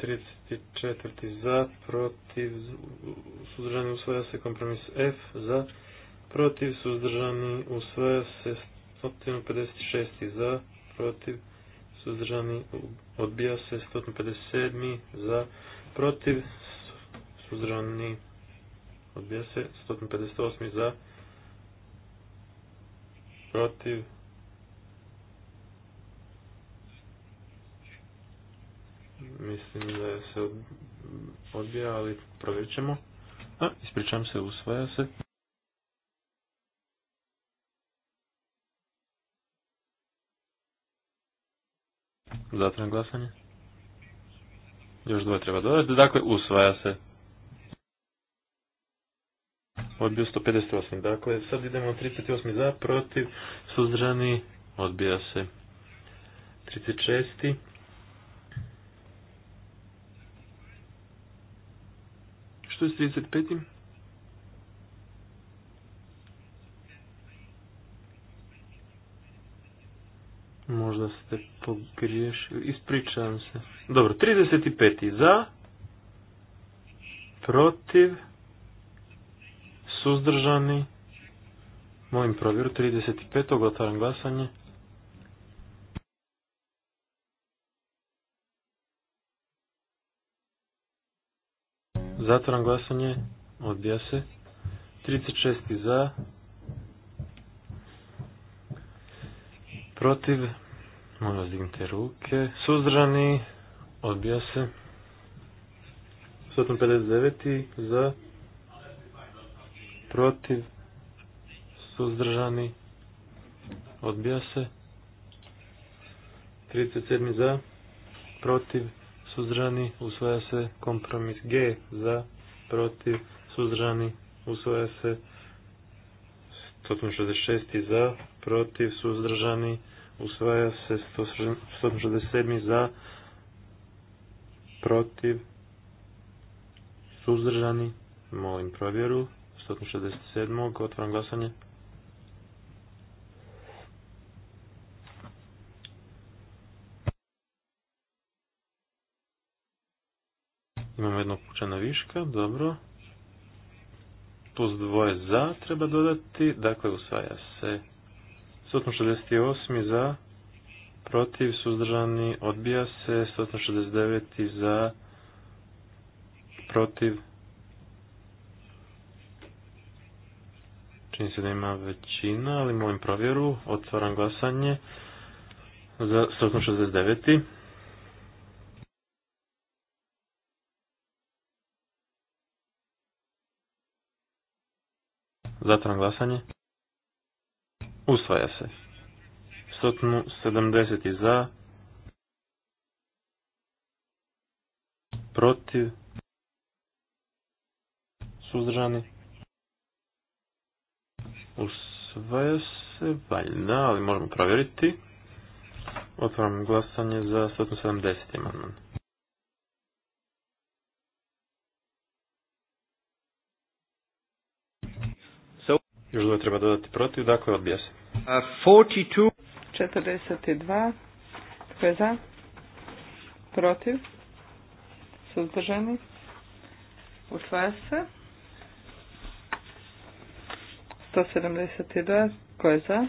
[SPEAKER 3] 34. za, protiv, suzdržani usvaja se kompromis F, za, protiv, suzdržani usvaja se 156. za, protiv, suzdržani odbija se 157. za, protiv, suzdržani odbija se 158. za, protiv, Mislim da se odbija, ali provjerit ćemo. A, ispričam se, usvaja se. Zatran glasanje. Još dvoje treba dodati. Dakle, usvaja se. Odbio 158. Dakle, sad idemo 38. za, protiv, suzdržani, odbija se. 36. Što je s 35. Možda ste pogriješili. Ispričavam se. Dobro, 35. za. Protiv. Suzdržani. mojim provjeru 35. Otvaram glasanje. Zatvoram glasanje. Odbija se. 36. za. Protiv. Molim vas dignite ruke. Suzdržani. Odbija se. 159. za. Protiv. Suzdržani. Odbija se. 37. za. Protiv suzdržani, usvaja se kompromis G za, protiv, suzdržani, usvaja se 166 za, protiv, suzdržani, usvaja se 167 za, protiv, suzdržani, molim provjeru, 167. otvaram glasanje. jednog viška, dobro. Plus dvoje za treba dodati, dakle usvaja se. 168 za, protiv, suzdržani, odbija se. 169 za, protiv. Čini se da ima većina, ali molim provjeru. Otvaram glasanje za 169. Zatvaram glasanje. Usvaja se. 170 za. Protiv. Suzdržani. Usvaja se valjda, ali možemo provjeriti. Otvaram glasanje za 170 imam. Još dvoje treba dodati protiv, dakle odbija se.
[SPEAKER 1] 42. 42. Tko je za? Protiv? Suzdržani? Usvaja se. 172. Tko je za?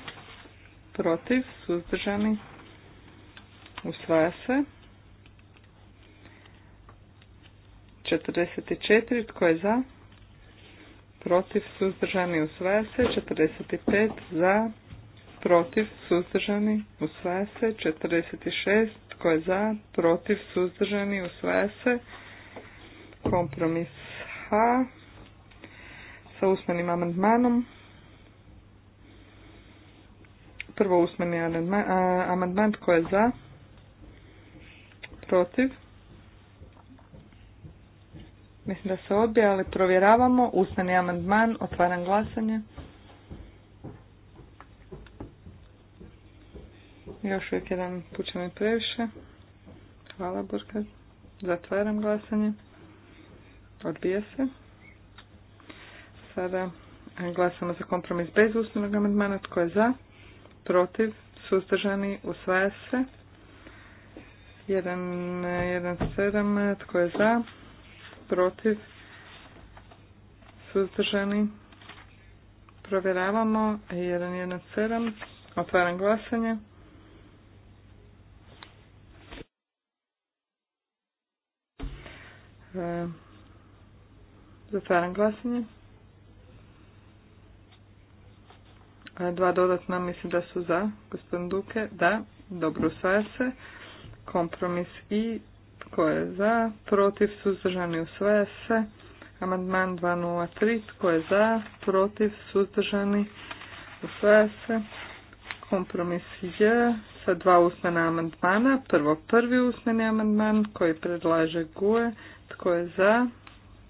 [SPEAKER 1] Protiv? Suzdržani? Usvaja se. 44. Tko je za? protiv, suzdržani, usvaja se. 45 za, protiv, suzdržani, usvaja se. 46 tko je za, protiv, suzdržani, usvaja se. Kompromis H sa usmenim amandmanom. Prvo usmeni amandman, tko je za, protiv, Mislim da se odbija, ali provjeravamo. Ustani amandman, otvaram glasanje. Još uvijek jedan je previše. Hvala Burka. Zatvaram glasanje. Odbija se. Sada glasamo za kompromis bez ustavnog amandmana. Tko je za? Protiv? Suzdržani? Usvaja se. sedam, Tko je za? protiv, suzdržani. Provjeravamo 117. Otvaram glasanje. E, zatvaram glasanje. E, dva dodatna mislim da su za. Gospodin Duke, da. Dobro usvaja se. Kompromis i tko je za? Protiv? Suzdržani? Usvaja se. Amandman 203. Tko je za? Protiv? Suzdržani? Usvaja se. Kompromis je sa dva usmena amandmana. Prvo prvi usmeni amandman koji predlaže guje, Tko je za?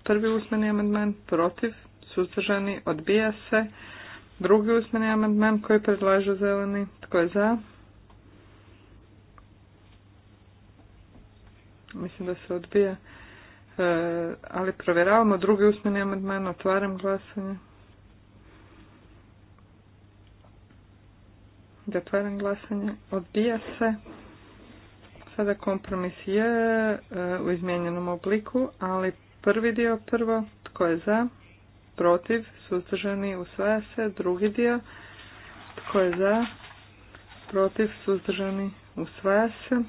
[SPEAKER 1] Prvi usmeni amandman protiv, suzdržani, odbija se. Drugi usmeni amandman koji predlaže zeleni. Tko je za? Mislim da se odbija. E, ali provjeravamo drugi usmeni amandman. Otvaram glasanje. otvaram glasanje. Odbija se. Sada kompromis je e, u izmijenjenom obliku, ali prvi dio prvo, tko je za, protiv, suzdržani, usvaja se. Drugi dio, tko je za, protiv, suzdržani, usvaja se.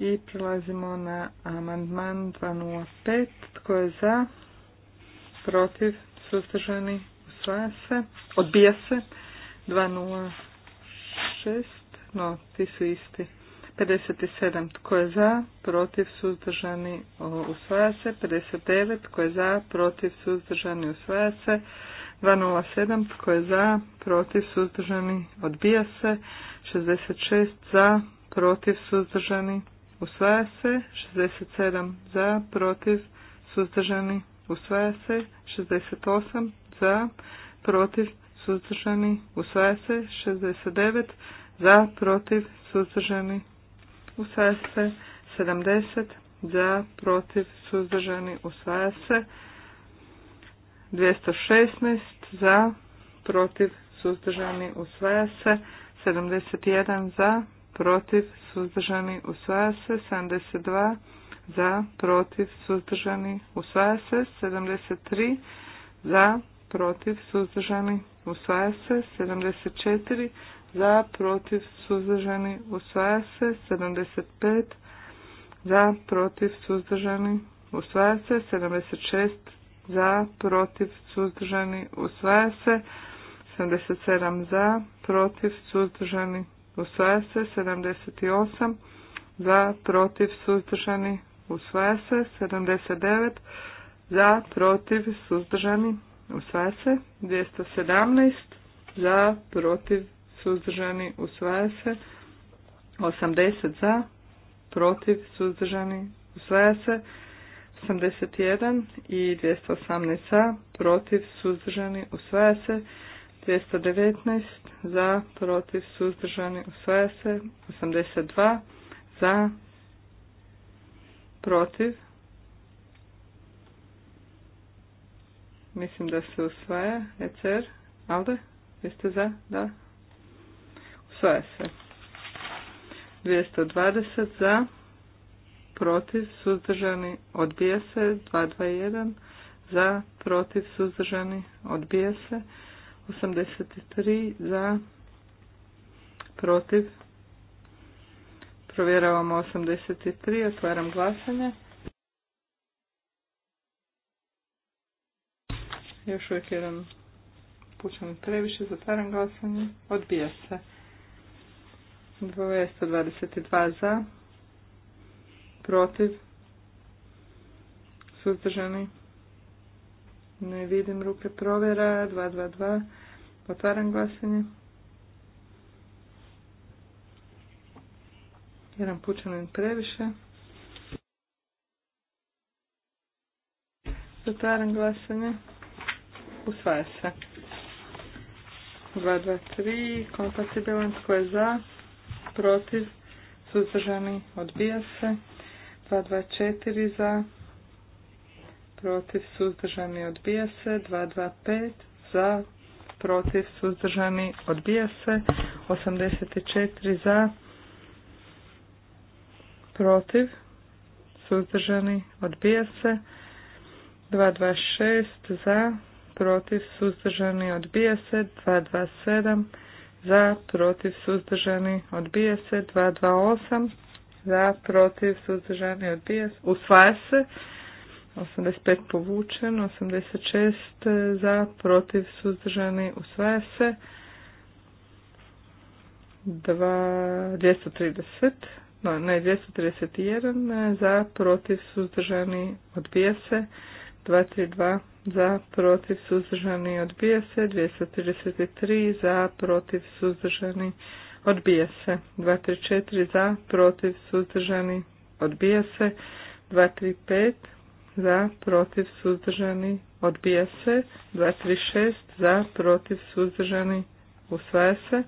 [SPEAKER 1] I prelazimo na amandman 205. Tko je za? Protiv? Suzdržani? Usvaja se? Odbija se? 206. No, ti su isti. 57. Tko je za? Protiv? Suzdržani? Usvaja se? 59. Tko je za? Protiv? Suzdržani? Usvaja se? 207. Tko je za? Protiv? Suzdržani? Odbija se? 66. Za? Protiv? Suzdržani? usvaja se, 67 za, protiv, suzdržani, usvaja se, 68 za, protiv, suzdržani, usvaja se, 69 za, protiv, suzdržani, usvaja se, 70 za, protiv, suzdržani, usvaja se, 216 za, protiv, suzdržani, usvaja se, 71 za, protiv, suzdržani, usvaja se. 72 za, protiv, suzdržani, usvaja se. 73 za, protiv, suzdržani, usvaja se. 74 za, protiv, suzdržani, usvaja se. 75 za, protiv, suzdržani, usvaja se. 76 za, protiv, suzdržani, usvaja se. 77 za, protiv, suzdržani, usvaja se 78 za protiv suzdržani usvaja se 79 za protiv suzdržani usvaja se 217 za protiv suzdržani usvaja se 80 za protiv suzdržani usvaja se 81 i 218 za protiv suzdržani usvaja se 219 za, protiv, suzdržani, usvaja se. 82 za, protiv. Mislim da se usvaja. ECR, Alde, jeste za? Da. Usvaja se. 220 za, protiv, suzdržani, odbija se. 221 za, protiv, suzdržani, odbija se. 83 za, protiv. Provjeravamo 83, otvaram glasanje. Još uvijek jedan pućan previše, zatvaram glasanje. Odbija se. 222 za, protiv, suzdržani. Ne vidim ruke provjera. 222. Otvaram glasanje. Jedan pučanin previše. Otvaram glasanje. Usvaja se. 2.2.3. Kompatibilan tko je za, protiv, suzdržani, odbija se. 2.2.4. za, protiv, suzdržani, odbija se. 225 za, protiv, suzdržani, odbija se. 84 za, protiv, suzdržani, odbija se. 226 za, protiv, suzdržani, odbija se. 227 za, protiv, suzdržani, odbija se. 228 za, protiv, suzdržani, odbija se. Usvaja se. 85 povučen, 86 za, protiv, suzdržani, usvaja se. 230, no, ne, 231 e, za, protiv, suzdržani, odbija se. 232 za, protiv, suzdržani, odbija se. 233 za, protiv, suzdržani, odbija se. 234 za, protiv, suzdržani, odbija se. 235 za, protiv, suzdržani, odbija se. 236 za, protiv, suzdržani, usvaja se.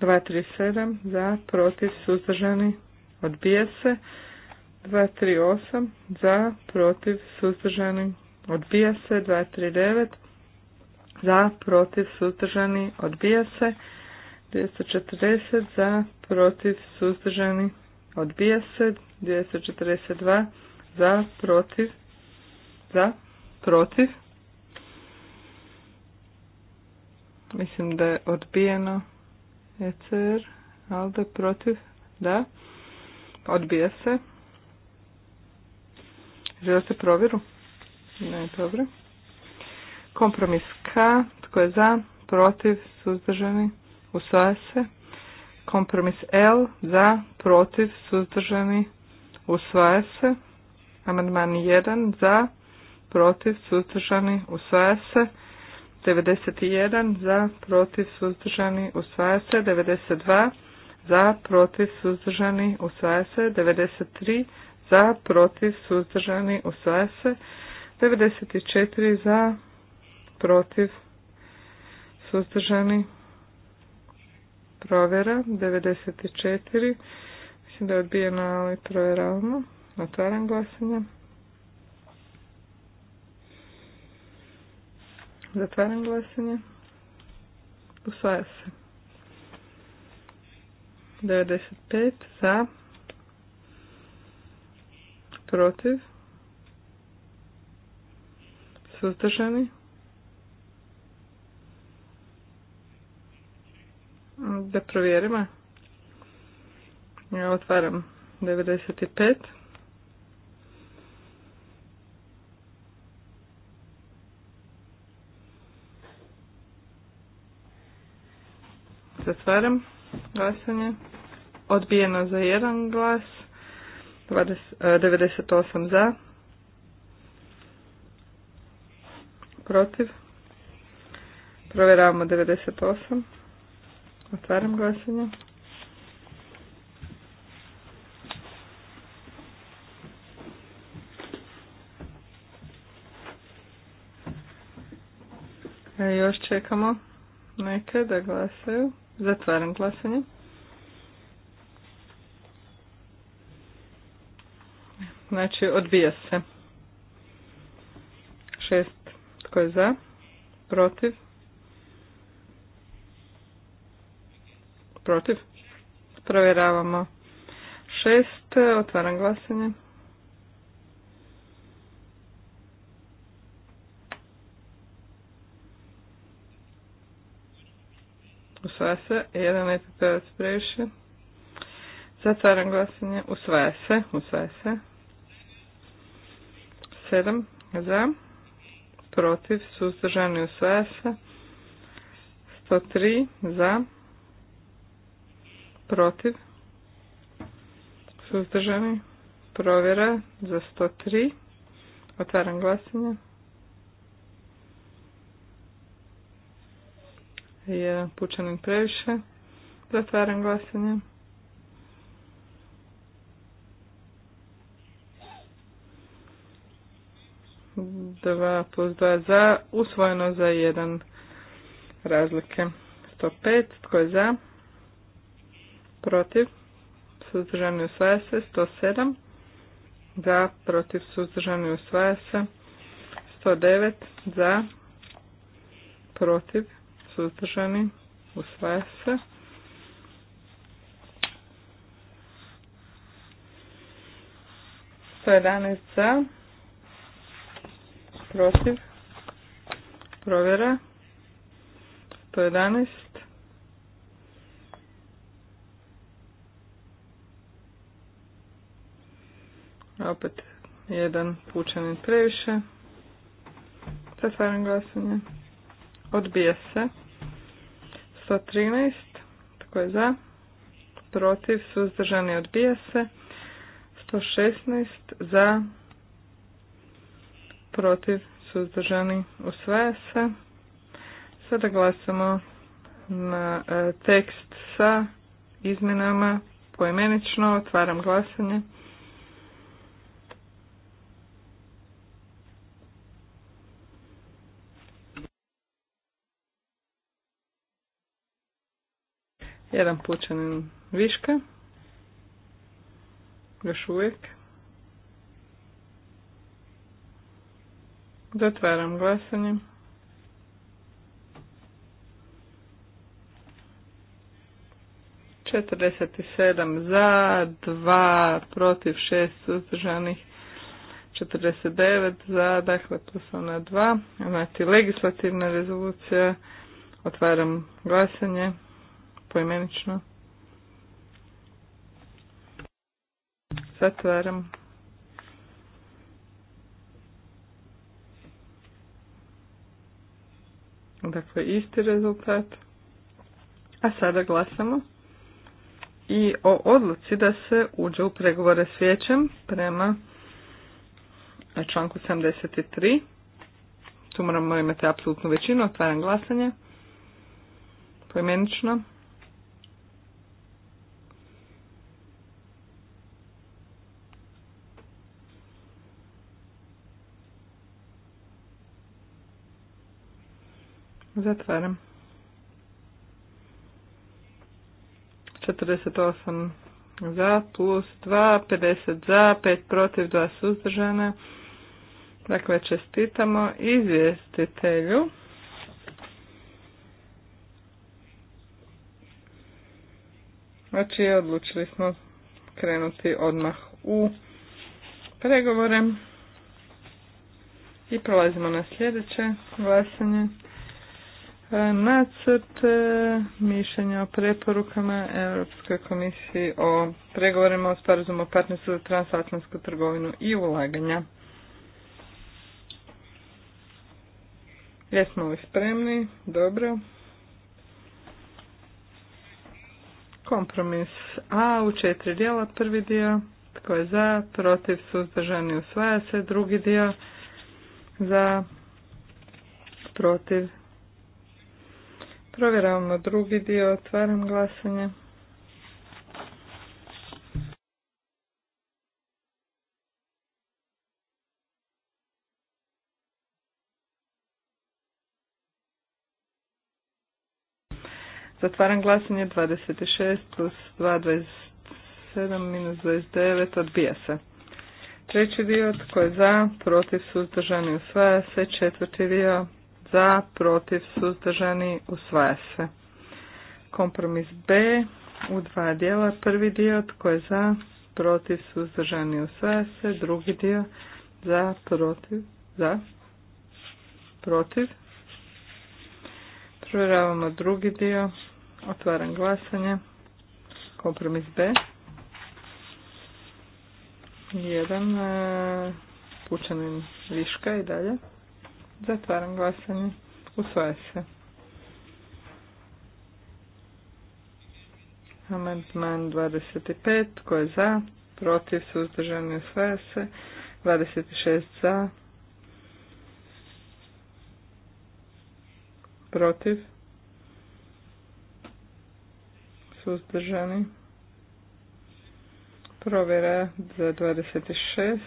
[SPEAKER 1] 237 za, protiv, suzdržani, odbija se. 238 za, protiv, suzdržani, odbija se. 239 za, protiv, suzdržani, odbija se. 240 za, protiv, suzdržani, odbija se. 242 za, protiv, za? Protiv? Mislim da je odbijeno. ECR? Alde? Protiv? Da. Odbija se. Želite provjeru? Ne, dobro. Kompromis K. Tko je za? Protiv? Suzdržani? Usvaja se. Kompromis L. Za? Protiv? Suzdržani? Usvaja se. Amandman 1. Za? protiv, suzdržani, usvaja se. 91 za, protiv, suzdržani, usvaja se. 92 za, protiv, suzdržani, usvaja se. 93 za, protiv, suzdržani, usvaja se. 94 za, protiv, suzdržani, provjera. 94, mislim da je odbijeno, ali provjeravamo. Otvaram glasanje. Zatvaram glasanje. Usvaja se. 95 za. Protiv. Suzdržani. Da provjerimo. Ja otvaram 95. Zatvaram glasanje. Odbijeno za jedan glas. E, devedeset 98 za. Protiv. Provjeravamo 98. Otvaram glasanje. E, još čekamo neke da glasaju. Zatvaram glasanje. Znači, odbija se. Šest. Tko je za? Protiv? Protiv? Provjeravamo. Šest. Otvaram glasanje. usvaja se. Jedan EPP-ovac previše. Zatvaram glasanje. Usvaja se. Usvaja se. 7. Za. Protiv. Suzdržani. Usvaja se. 103. Za. Protiv. Suzdržani. Provjera za 103. Otvaram glasanje. Jedan pučanin previše. Zatvaram glasanje. 2 plus 2 za, usvojeno za jedan razlike. 105, tko je za? Protiv, suzdržani usvaja se. 107, za, protiv, suzdržani usvaja se. 109, za, protiv, suzdržani, usvaja se. Sto jedanaest za, protiv, provjera, sto jedanaest. Opet jedan pučanin previše. stvarnim glasanje. Odbija se. 113. Tko je za? Protiv. Suzdržani odbija se. 116. Za. Protiv. Suzdržani usvaja se. Sada glasamo na e, tekst sa izmjenama poimenično. Otvaram glasanje. Jedan pučanin viška. Još uvijek. Dotvaram glasanje. Četrdeset sedam za, dva protiv, šest suzdržanih, četrdeset devet za, dakle plus ona dva. Znači, legislativna rezolucija, otvaram glasanje poimenično. Zatvaram. Dakle, isti rezultat. A sada glasamo i o odluci da se uđe u pregovore s vijećem prema članku 73. Tu moramo imati apsolutnu većinu, otvaram glasanje. Pojmenično. Zatvaram. 48 za, plus 2, 50 za, 5 protiv, 2 suzdržana. Dakle, čestitamo izvjestitelju. Znači, odlučili smo krenuti odmah u pregovore. I prolazimo na sljedeće glasanje nacrt e, mišljenja o preporukama europske komisiji o pregovorima o sporazumu o partnerstvu za transatlantsku trgovinu i ulaganja. Jesmo li spremni? Dobro. Kompromis A u četiri dijela. Prvi dio, tko je za, protiv, suzdržani, usvaja se. Drugi dio, za, protiv, Provjeravamo drugi dio, otvaram glasanje. Zatvaram glasanje 26 plus 2, 27 minus 29, odbija se. Treći dio, tko je za, protiv, suzdržani, usvaja se. Četvrti dio, za, protiv, suzdržani, usvaja se. Kompromis B u dva dijela. Prvi dio tko je za, protiv, suzdržani, usvaja se. Drugi dio za, protiv, za, protiv. Provjeravamo drugi dio. Otvaram glasanje. Kompromis B. Jedan e, pučanin viška i dalje. Zatvaram glasanje. Usvaja se. Amendman 25. Ko je za? Protiv? uzdržani. Usvaja se. 26 za. Protiv? Suzdržani? Provjera za 26.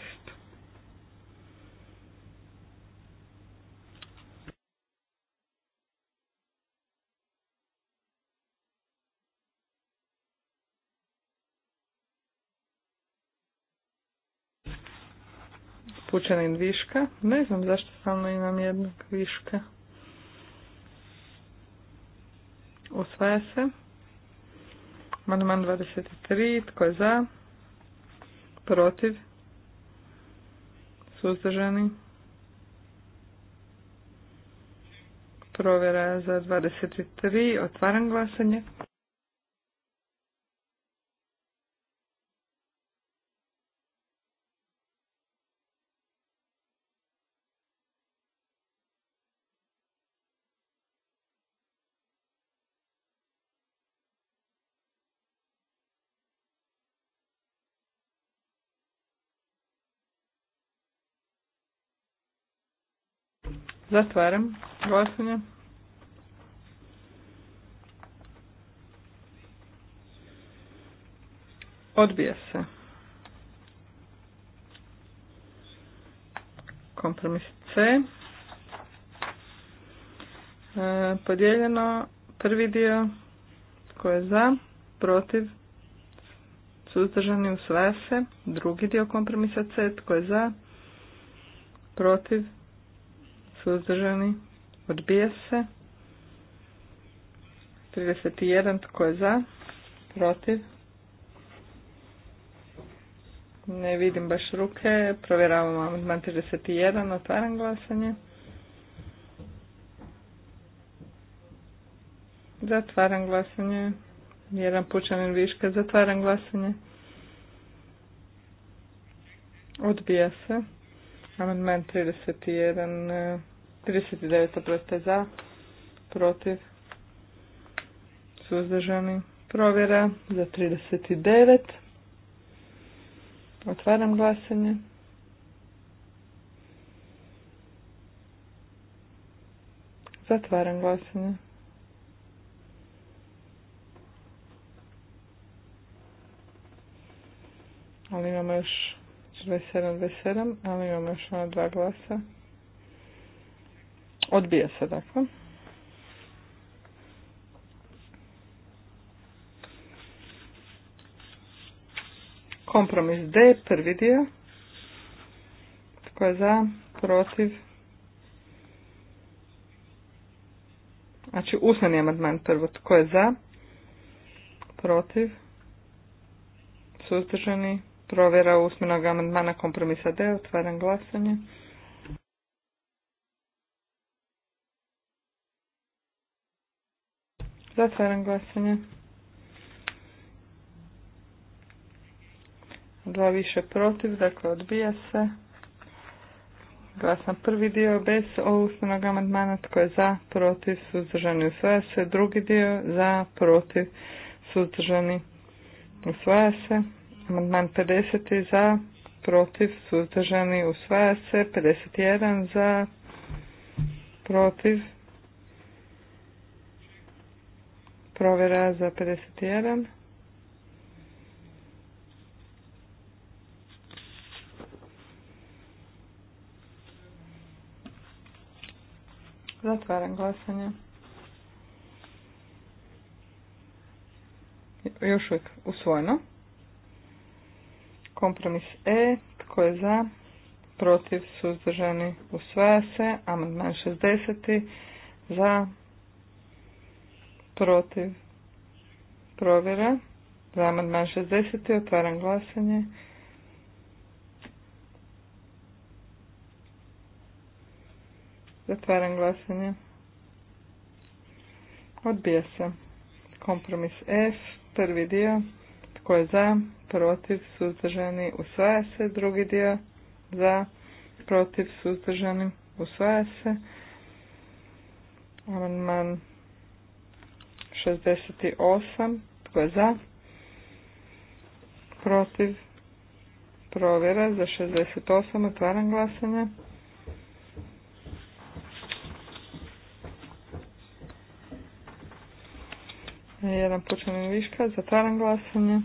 [SPEAKER 1] pučanin viška. Ne znam zašto stalno imam jednog viška. Usvaja se. Manuman 23. Tko je za? Protiv? Suzdržani? Provjera za 23. Otvaram glasanje. Zatvaram glasanje. Odbija se. Kompromis C. E, podijeljeno prvi dio koji je za, protiv, suzdržani u se. Drugi dio kompromisa C tko je za, protiv, suzdržani, odbija se. 31 tko je za, protiv. Ne vidim baš ruke, provjeravamo amandman 31, otvaram glasanje. Zatvaram glasanje. Jedan pučanin viška, zatvaram glasanje. Odbija se. Amandman 31 39. proste za, protiv, suzdržani, provjera za 39. Otvaram glasanje. Zatvaram glasanje. Ali imamo još 27, 27, ali imamo još ona dva glasa. Odbija se, dakle. Kompromis D, prvi dio. Tko je za, protiv. Znači, usmeni amandman prvo. Tko je za, protiv, suzdržani, provjera usmenog amandmana kompromisa D, otvaram glasanje. Zatvaram glasanje. Dva više protiv, dakle odbija se. Glasam prvi dio bez usmenog amandmana, tko je za, protiv, suzdržani, usvaja se. Drugi dio za, protiv, suzdržani, usvaja se. Amandman 50 za, protiv, suzdržani, usvaja se. 51 za, protiv, Provjera za 51. Zatvaram glasanje. Još uvijek usvojeno. Kompromis E. Tko je za? Protiv suzdržani usvaja se. Amandman 60. Za protiv, provjera, za amandman 60. otvaram glasanje. Zatvaram glasanje. Odbija se. Kompromis F, prvi dio, tko je za, protiv, suzdržani, usvaja se. Drugi dio, za, protiv, suzdržani, usvaja se. Amandman 68. Tko je za? Protiv? Provjera za 68. Otvaram glasanje. Jedan počinu viška. Zatvaram glasanje.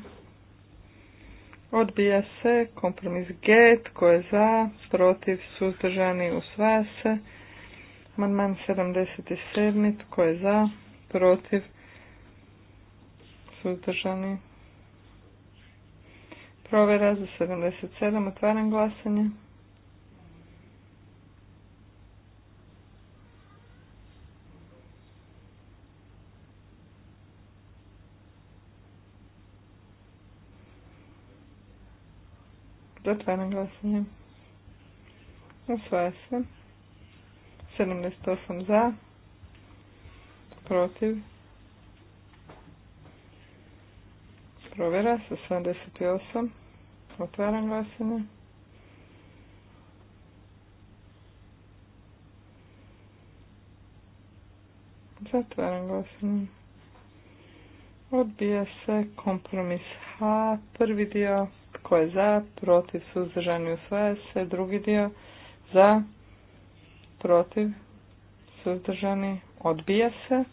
[SPEAKER 1] Odbija se kompromis G. Tko je za? Protiv? Suzdržani? Usvaja se. Amandman 77. Tko je za? Protiv? suzdržani. Provera za 77. Otvaram glasanje. Zatvaram glasanje. Usvaja se. 78 za. Protiv. Provjera sa 78. Otvaram glasanje. Zatvaram glasine Odbija se kompromis H, prvi dio, tko je za, protiv, suzdržani, usvaja se, drugi dio, za, protiv, suzdržani, odbija se.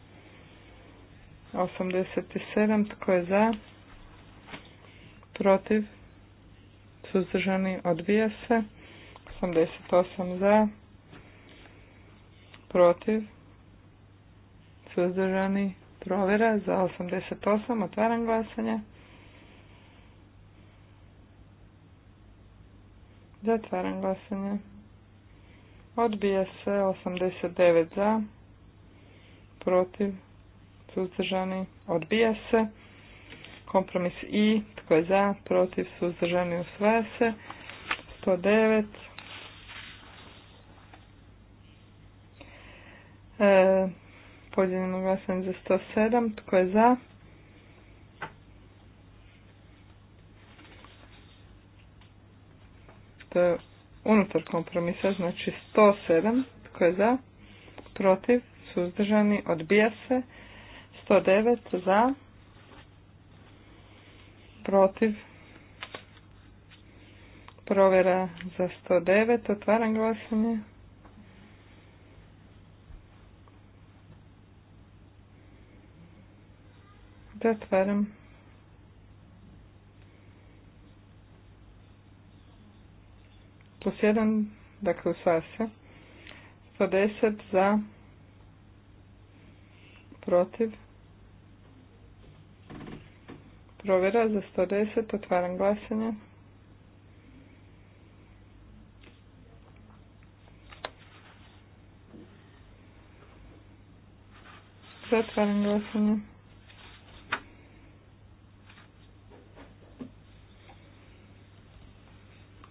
[SPEAKER 1] 87, tko je za, protiv, suzdržani, odbija se. 88 za, protiv, suzdržani, provjera za 88, otvaram glasanje. Zatvaram glasanje. Odbija se 89 za, protiv, suzdržani, odbija se. Kompromis I tko je za? Protiv? Suzdržani? Usvaja se. 109. E, podijeljeno glasanje za 107. Tko je za? To je unutar kompromisa, znači 107. Tko je za? Protiv? Suzdržani? Odbija se. 109. Za? protiv, provjera za 109, otvaram glasanje. Zatvaram. Plus 1, dakle usvaja se. 110 za, protiv, provjera za 110. Otvaram glasanje. Zatvaram glasanje.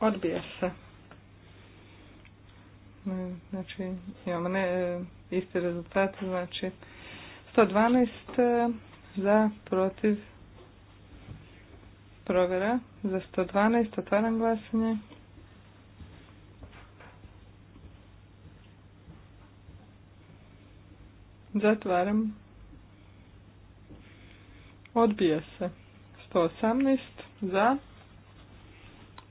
[SPEAKER 1] Odbija se. Znači, imamo ne, iste rezultate, znači 112 za, protiv, Provjera za 112. Otvaram glasanje. Zatvaram. Odbija se. 118 za.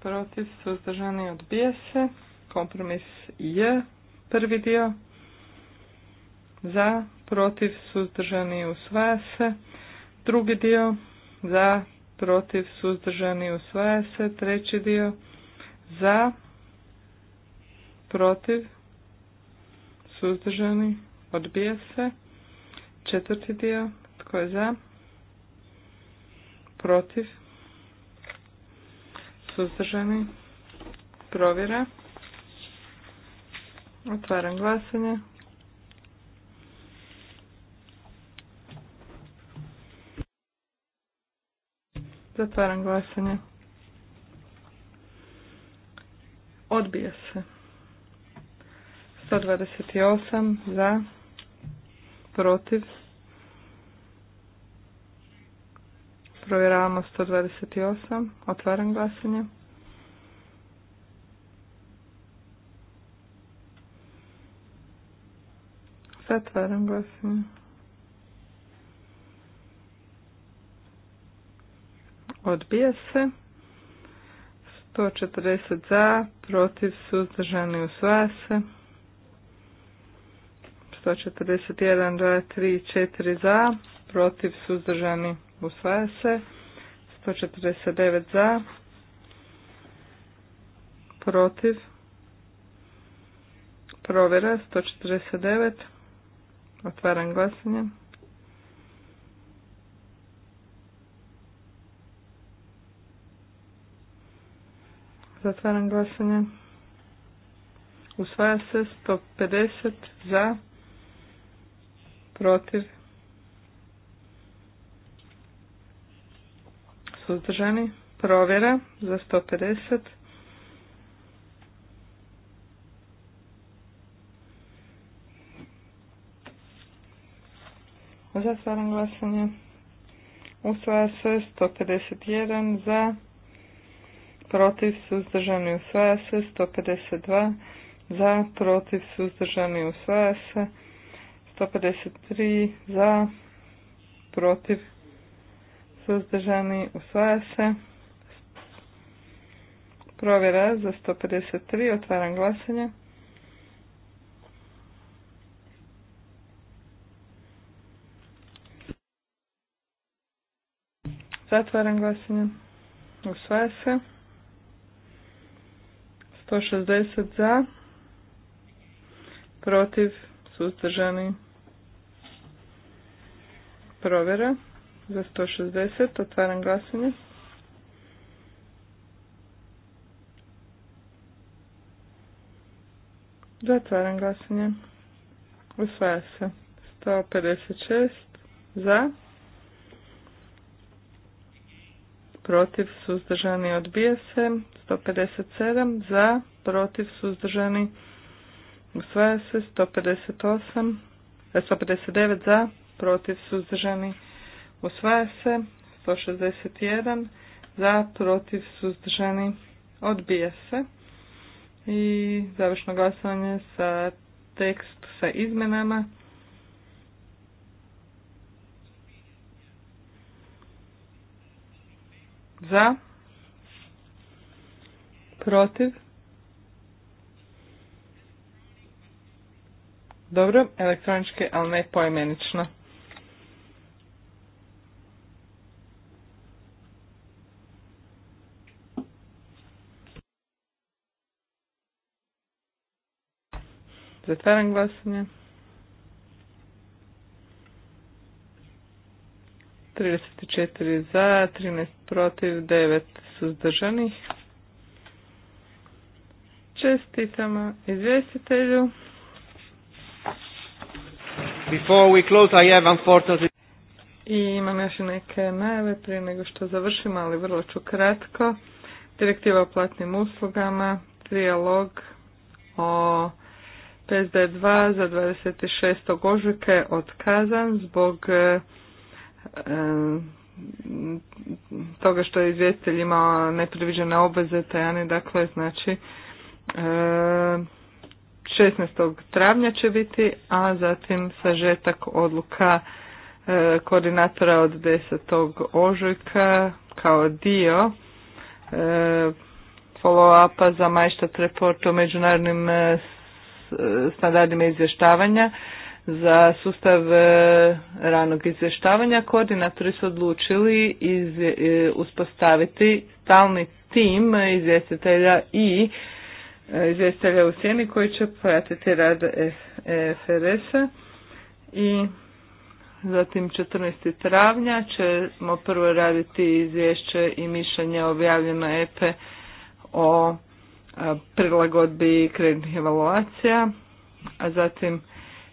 [SPEAKER 1] Protiv suzdržani odbija se. Kompromis je prvi dio. Za, protiv, suzdržani usvaja se. Drugi dio za, protiv, suzdržani, usvaja se. Treći dio za, protiv, suzdržani, odbija se. Četvrti dio, tko je za, protiv, suzdržani, provjera. Otvaram glasanje. Otvaram glasanje. Odbija se. 128 za, protiv. Provjeravamo 128. Otvaram glasanje. Zatvaram glasanje. Odbija se. 140 za, protiv, suzdržani, usvaja se. 141, 2, 3, 4 za, protiv, suzdržani, usvaja se. 149 za, protiv, provera 149, otvaram glasanje. Zatvaram glasanje. Usvaja se 150 za, protiv, suzdržani. Provjera za 150. Zatvaram glasanje. Usvaja se 151 za, protiv, suzdržani, usvaja se. 152 za, protiv, suzdržani, usvaja se. 153 za, protiv, suzdržani, usvaja se. Provjera za 153, otvaram glasanje. Zatvaram glasanje. Usvaja se. 160 za, protiv, suzdržani, provjera za 160, otvaram glasanje. Zatvaram glasanje. Usvaja se. 156 za. protiv, suzdržani, odbija se. 157 za, protiv, suzdržani, usvaja se. 158, 159 e, za, protiv, suzdržani, usvaja se. 161 za, protiv, suzdržani, odbija se. I završno glasovanje sa tekst sa izmenama. Za. Protiv. Dobro, elektroničke ali ne poimenično. Zatvaram glasanje. 34 za, 13 protiv, 9 suzdržanih. Čestitamo izvjestitelju. Before we close, I have unfortunately... I imam još neke najave prije nego što završim, ali vrlo ću kratko. Direktiva o platnim uslugama, trijalog o PSD2 za 26. ožujka je otkazan zbog E, toga što je izvjestitelj imao nepredviđene obveze Tajani, dakle znači 16. E, travnja će biti, a zatim sažetak odluka e, koordinatora od 10. ožujka kao dio follow-upa za majštat report o međunarodnim standardima izvještavanja za sustav e, ranog izvještavanja koordinatori su odlučili iz, e, uspostaviti stalni tim izvjestitelja i e, izvjestitelja u sjeni koji će pratiti rad FRS-a i zatim 14. travnja ćemo prvo raditi izvješće i mišljenje objavljeno EPE o prilagodbi kreditnih evaluacija, a zatim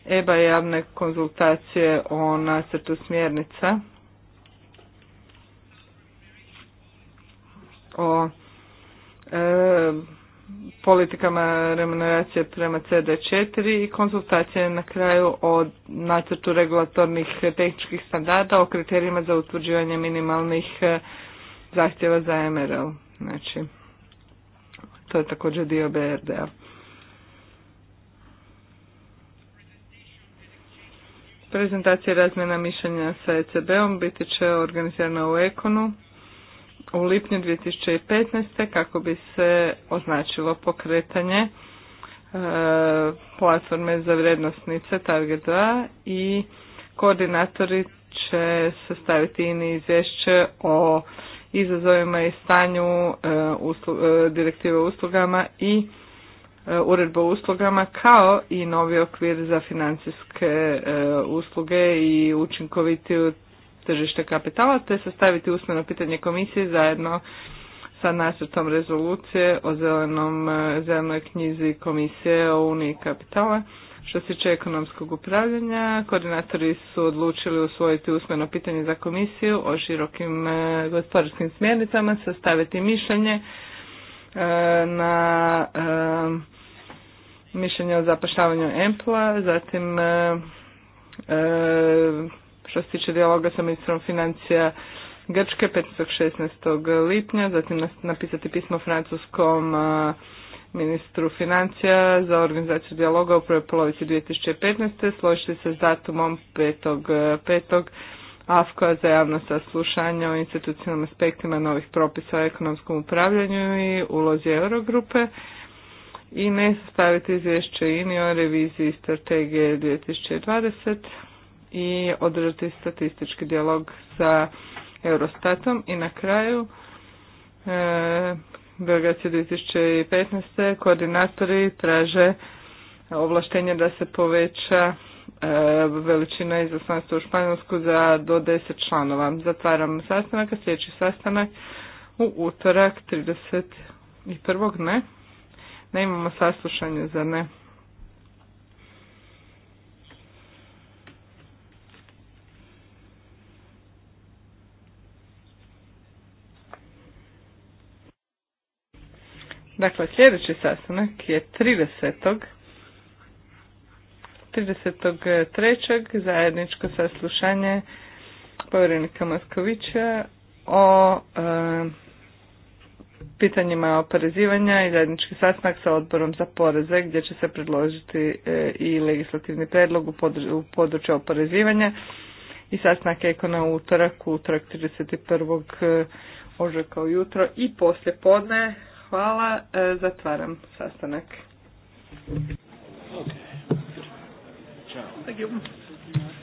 [SPEAKER 1] EBA javne konzultacije o nacrtu smjernica o e, politikama remuneracije prema CD4 i konzultacije na kraju o nacrtu regulatornih tehničkih standarda o kriterijima za utvrđivanje minimalnih e, zahtjeva za MRL. Znači, to je također dio BRD-a. Prezentacija razmjena mišljenja sa ECB-om biti će organizirana u Ekonu u lipnju 2015. kako bi se označilo pokretanje e, platforme za vrednostnice Target 2 i koordinatori će sastaviti ini izvješće o izazovima i stanju e, e direktive uslugama i E, uredba o uslugama kao i novi okvir za financijske e, usluge i učinkovitiju tržište kapitala te sastaviti usmeno pitanje komisije zajedno sa nacrtom rezolucije o zelenom, e, zelenoj knjizi komisije o uniji kapitala. Što se tiče ekonomskog upravljanja, koordinatori su odlučili usvojiti usmeno pitanje za komisiju o širokim gospodarskim smjernicama, sastaviti mišljenje na e, mišljenje o zapošljavanju EMPLA, zatim e, e, što se tiče dijaloga sa ministrom financija Grčke 5.16. lipnja, zatim napisati pismo francuskom ministru financija za organizaciju dijaloga u prvoj polovici 2015. složiti se s datumom 5.5. AFKA za javno saslušanje o institucionalnim aspektima novih propisa o ekonomskom upravljanju i ulozi Eurogrupe i ne sastaviti izvješće INI o reviziji strategije 2020 i održati statistički dijalog sa Eurostatom i na kraju e, tisuće 2015. koordinatori traže ovlaštenje da se poveća E, veličina izaslanstva u Španjolsku za do 10 članova. Zatvaram sastanak, a sljedeći sastanak u utorak 31. ne. Ne imamo saslušanje za ne. Dakle, sljedeći sastanak je 30. 33. zajedničko saslušanje povjerenika Moskovića o e, pitanjima oporezivanja i zajednički sastanak sa odborom za poreze gdje će se predložiti e, i legislativni predlog u, u području oporezivanja i sastanak ekona u utorak, utorak 31. E, ožujka ujutro i poslje podne. Hvala, zatvaram sastanak.
[SPEAKER 4] Ciao. Thank you.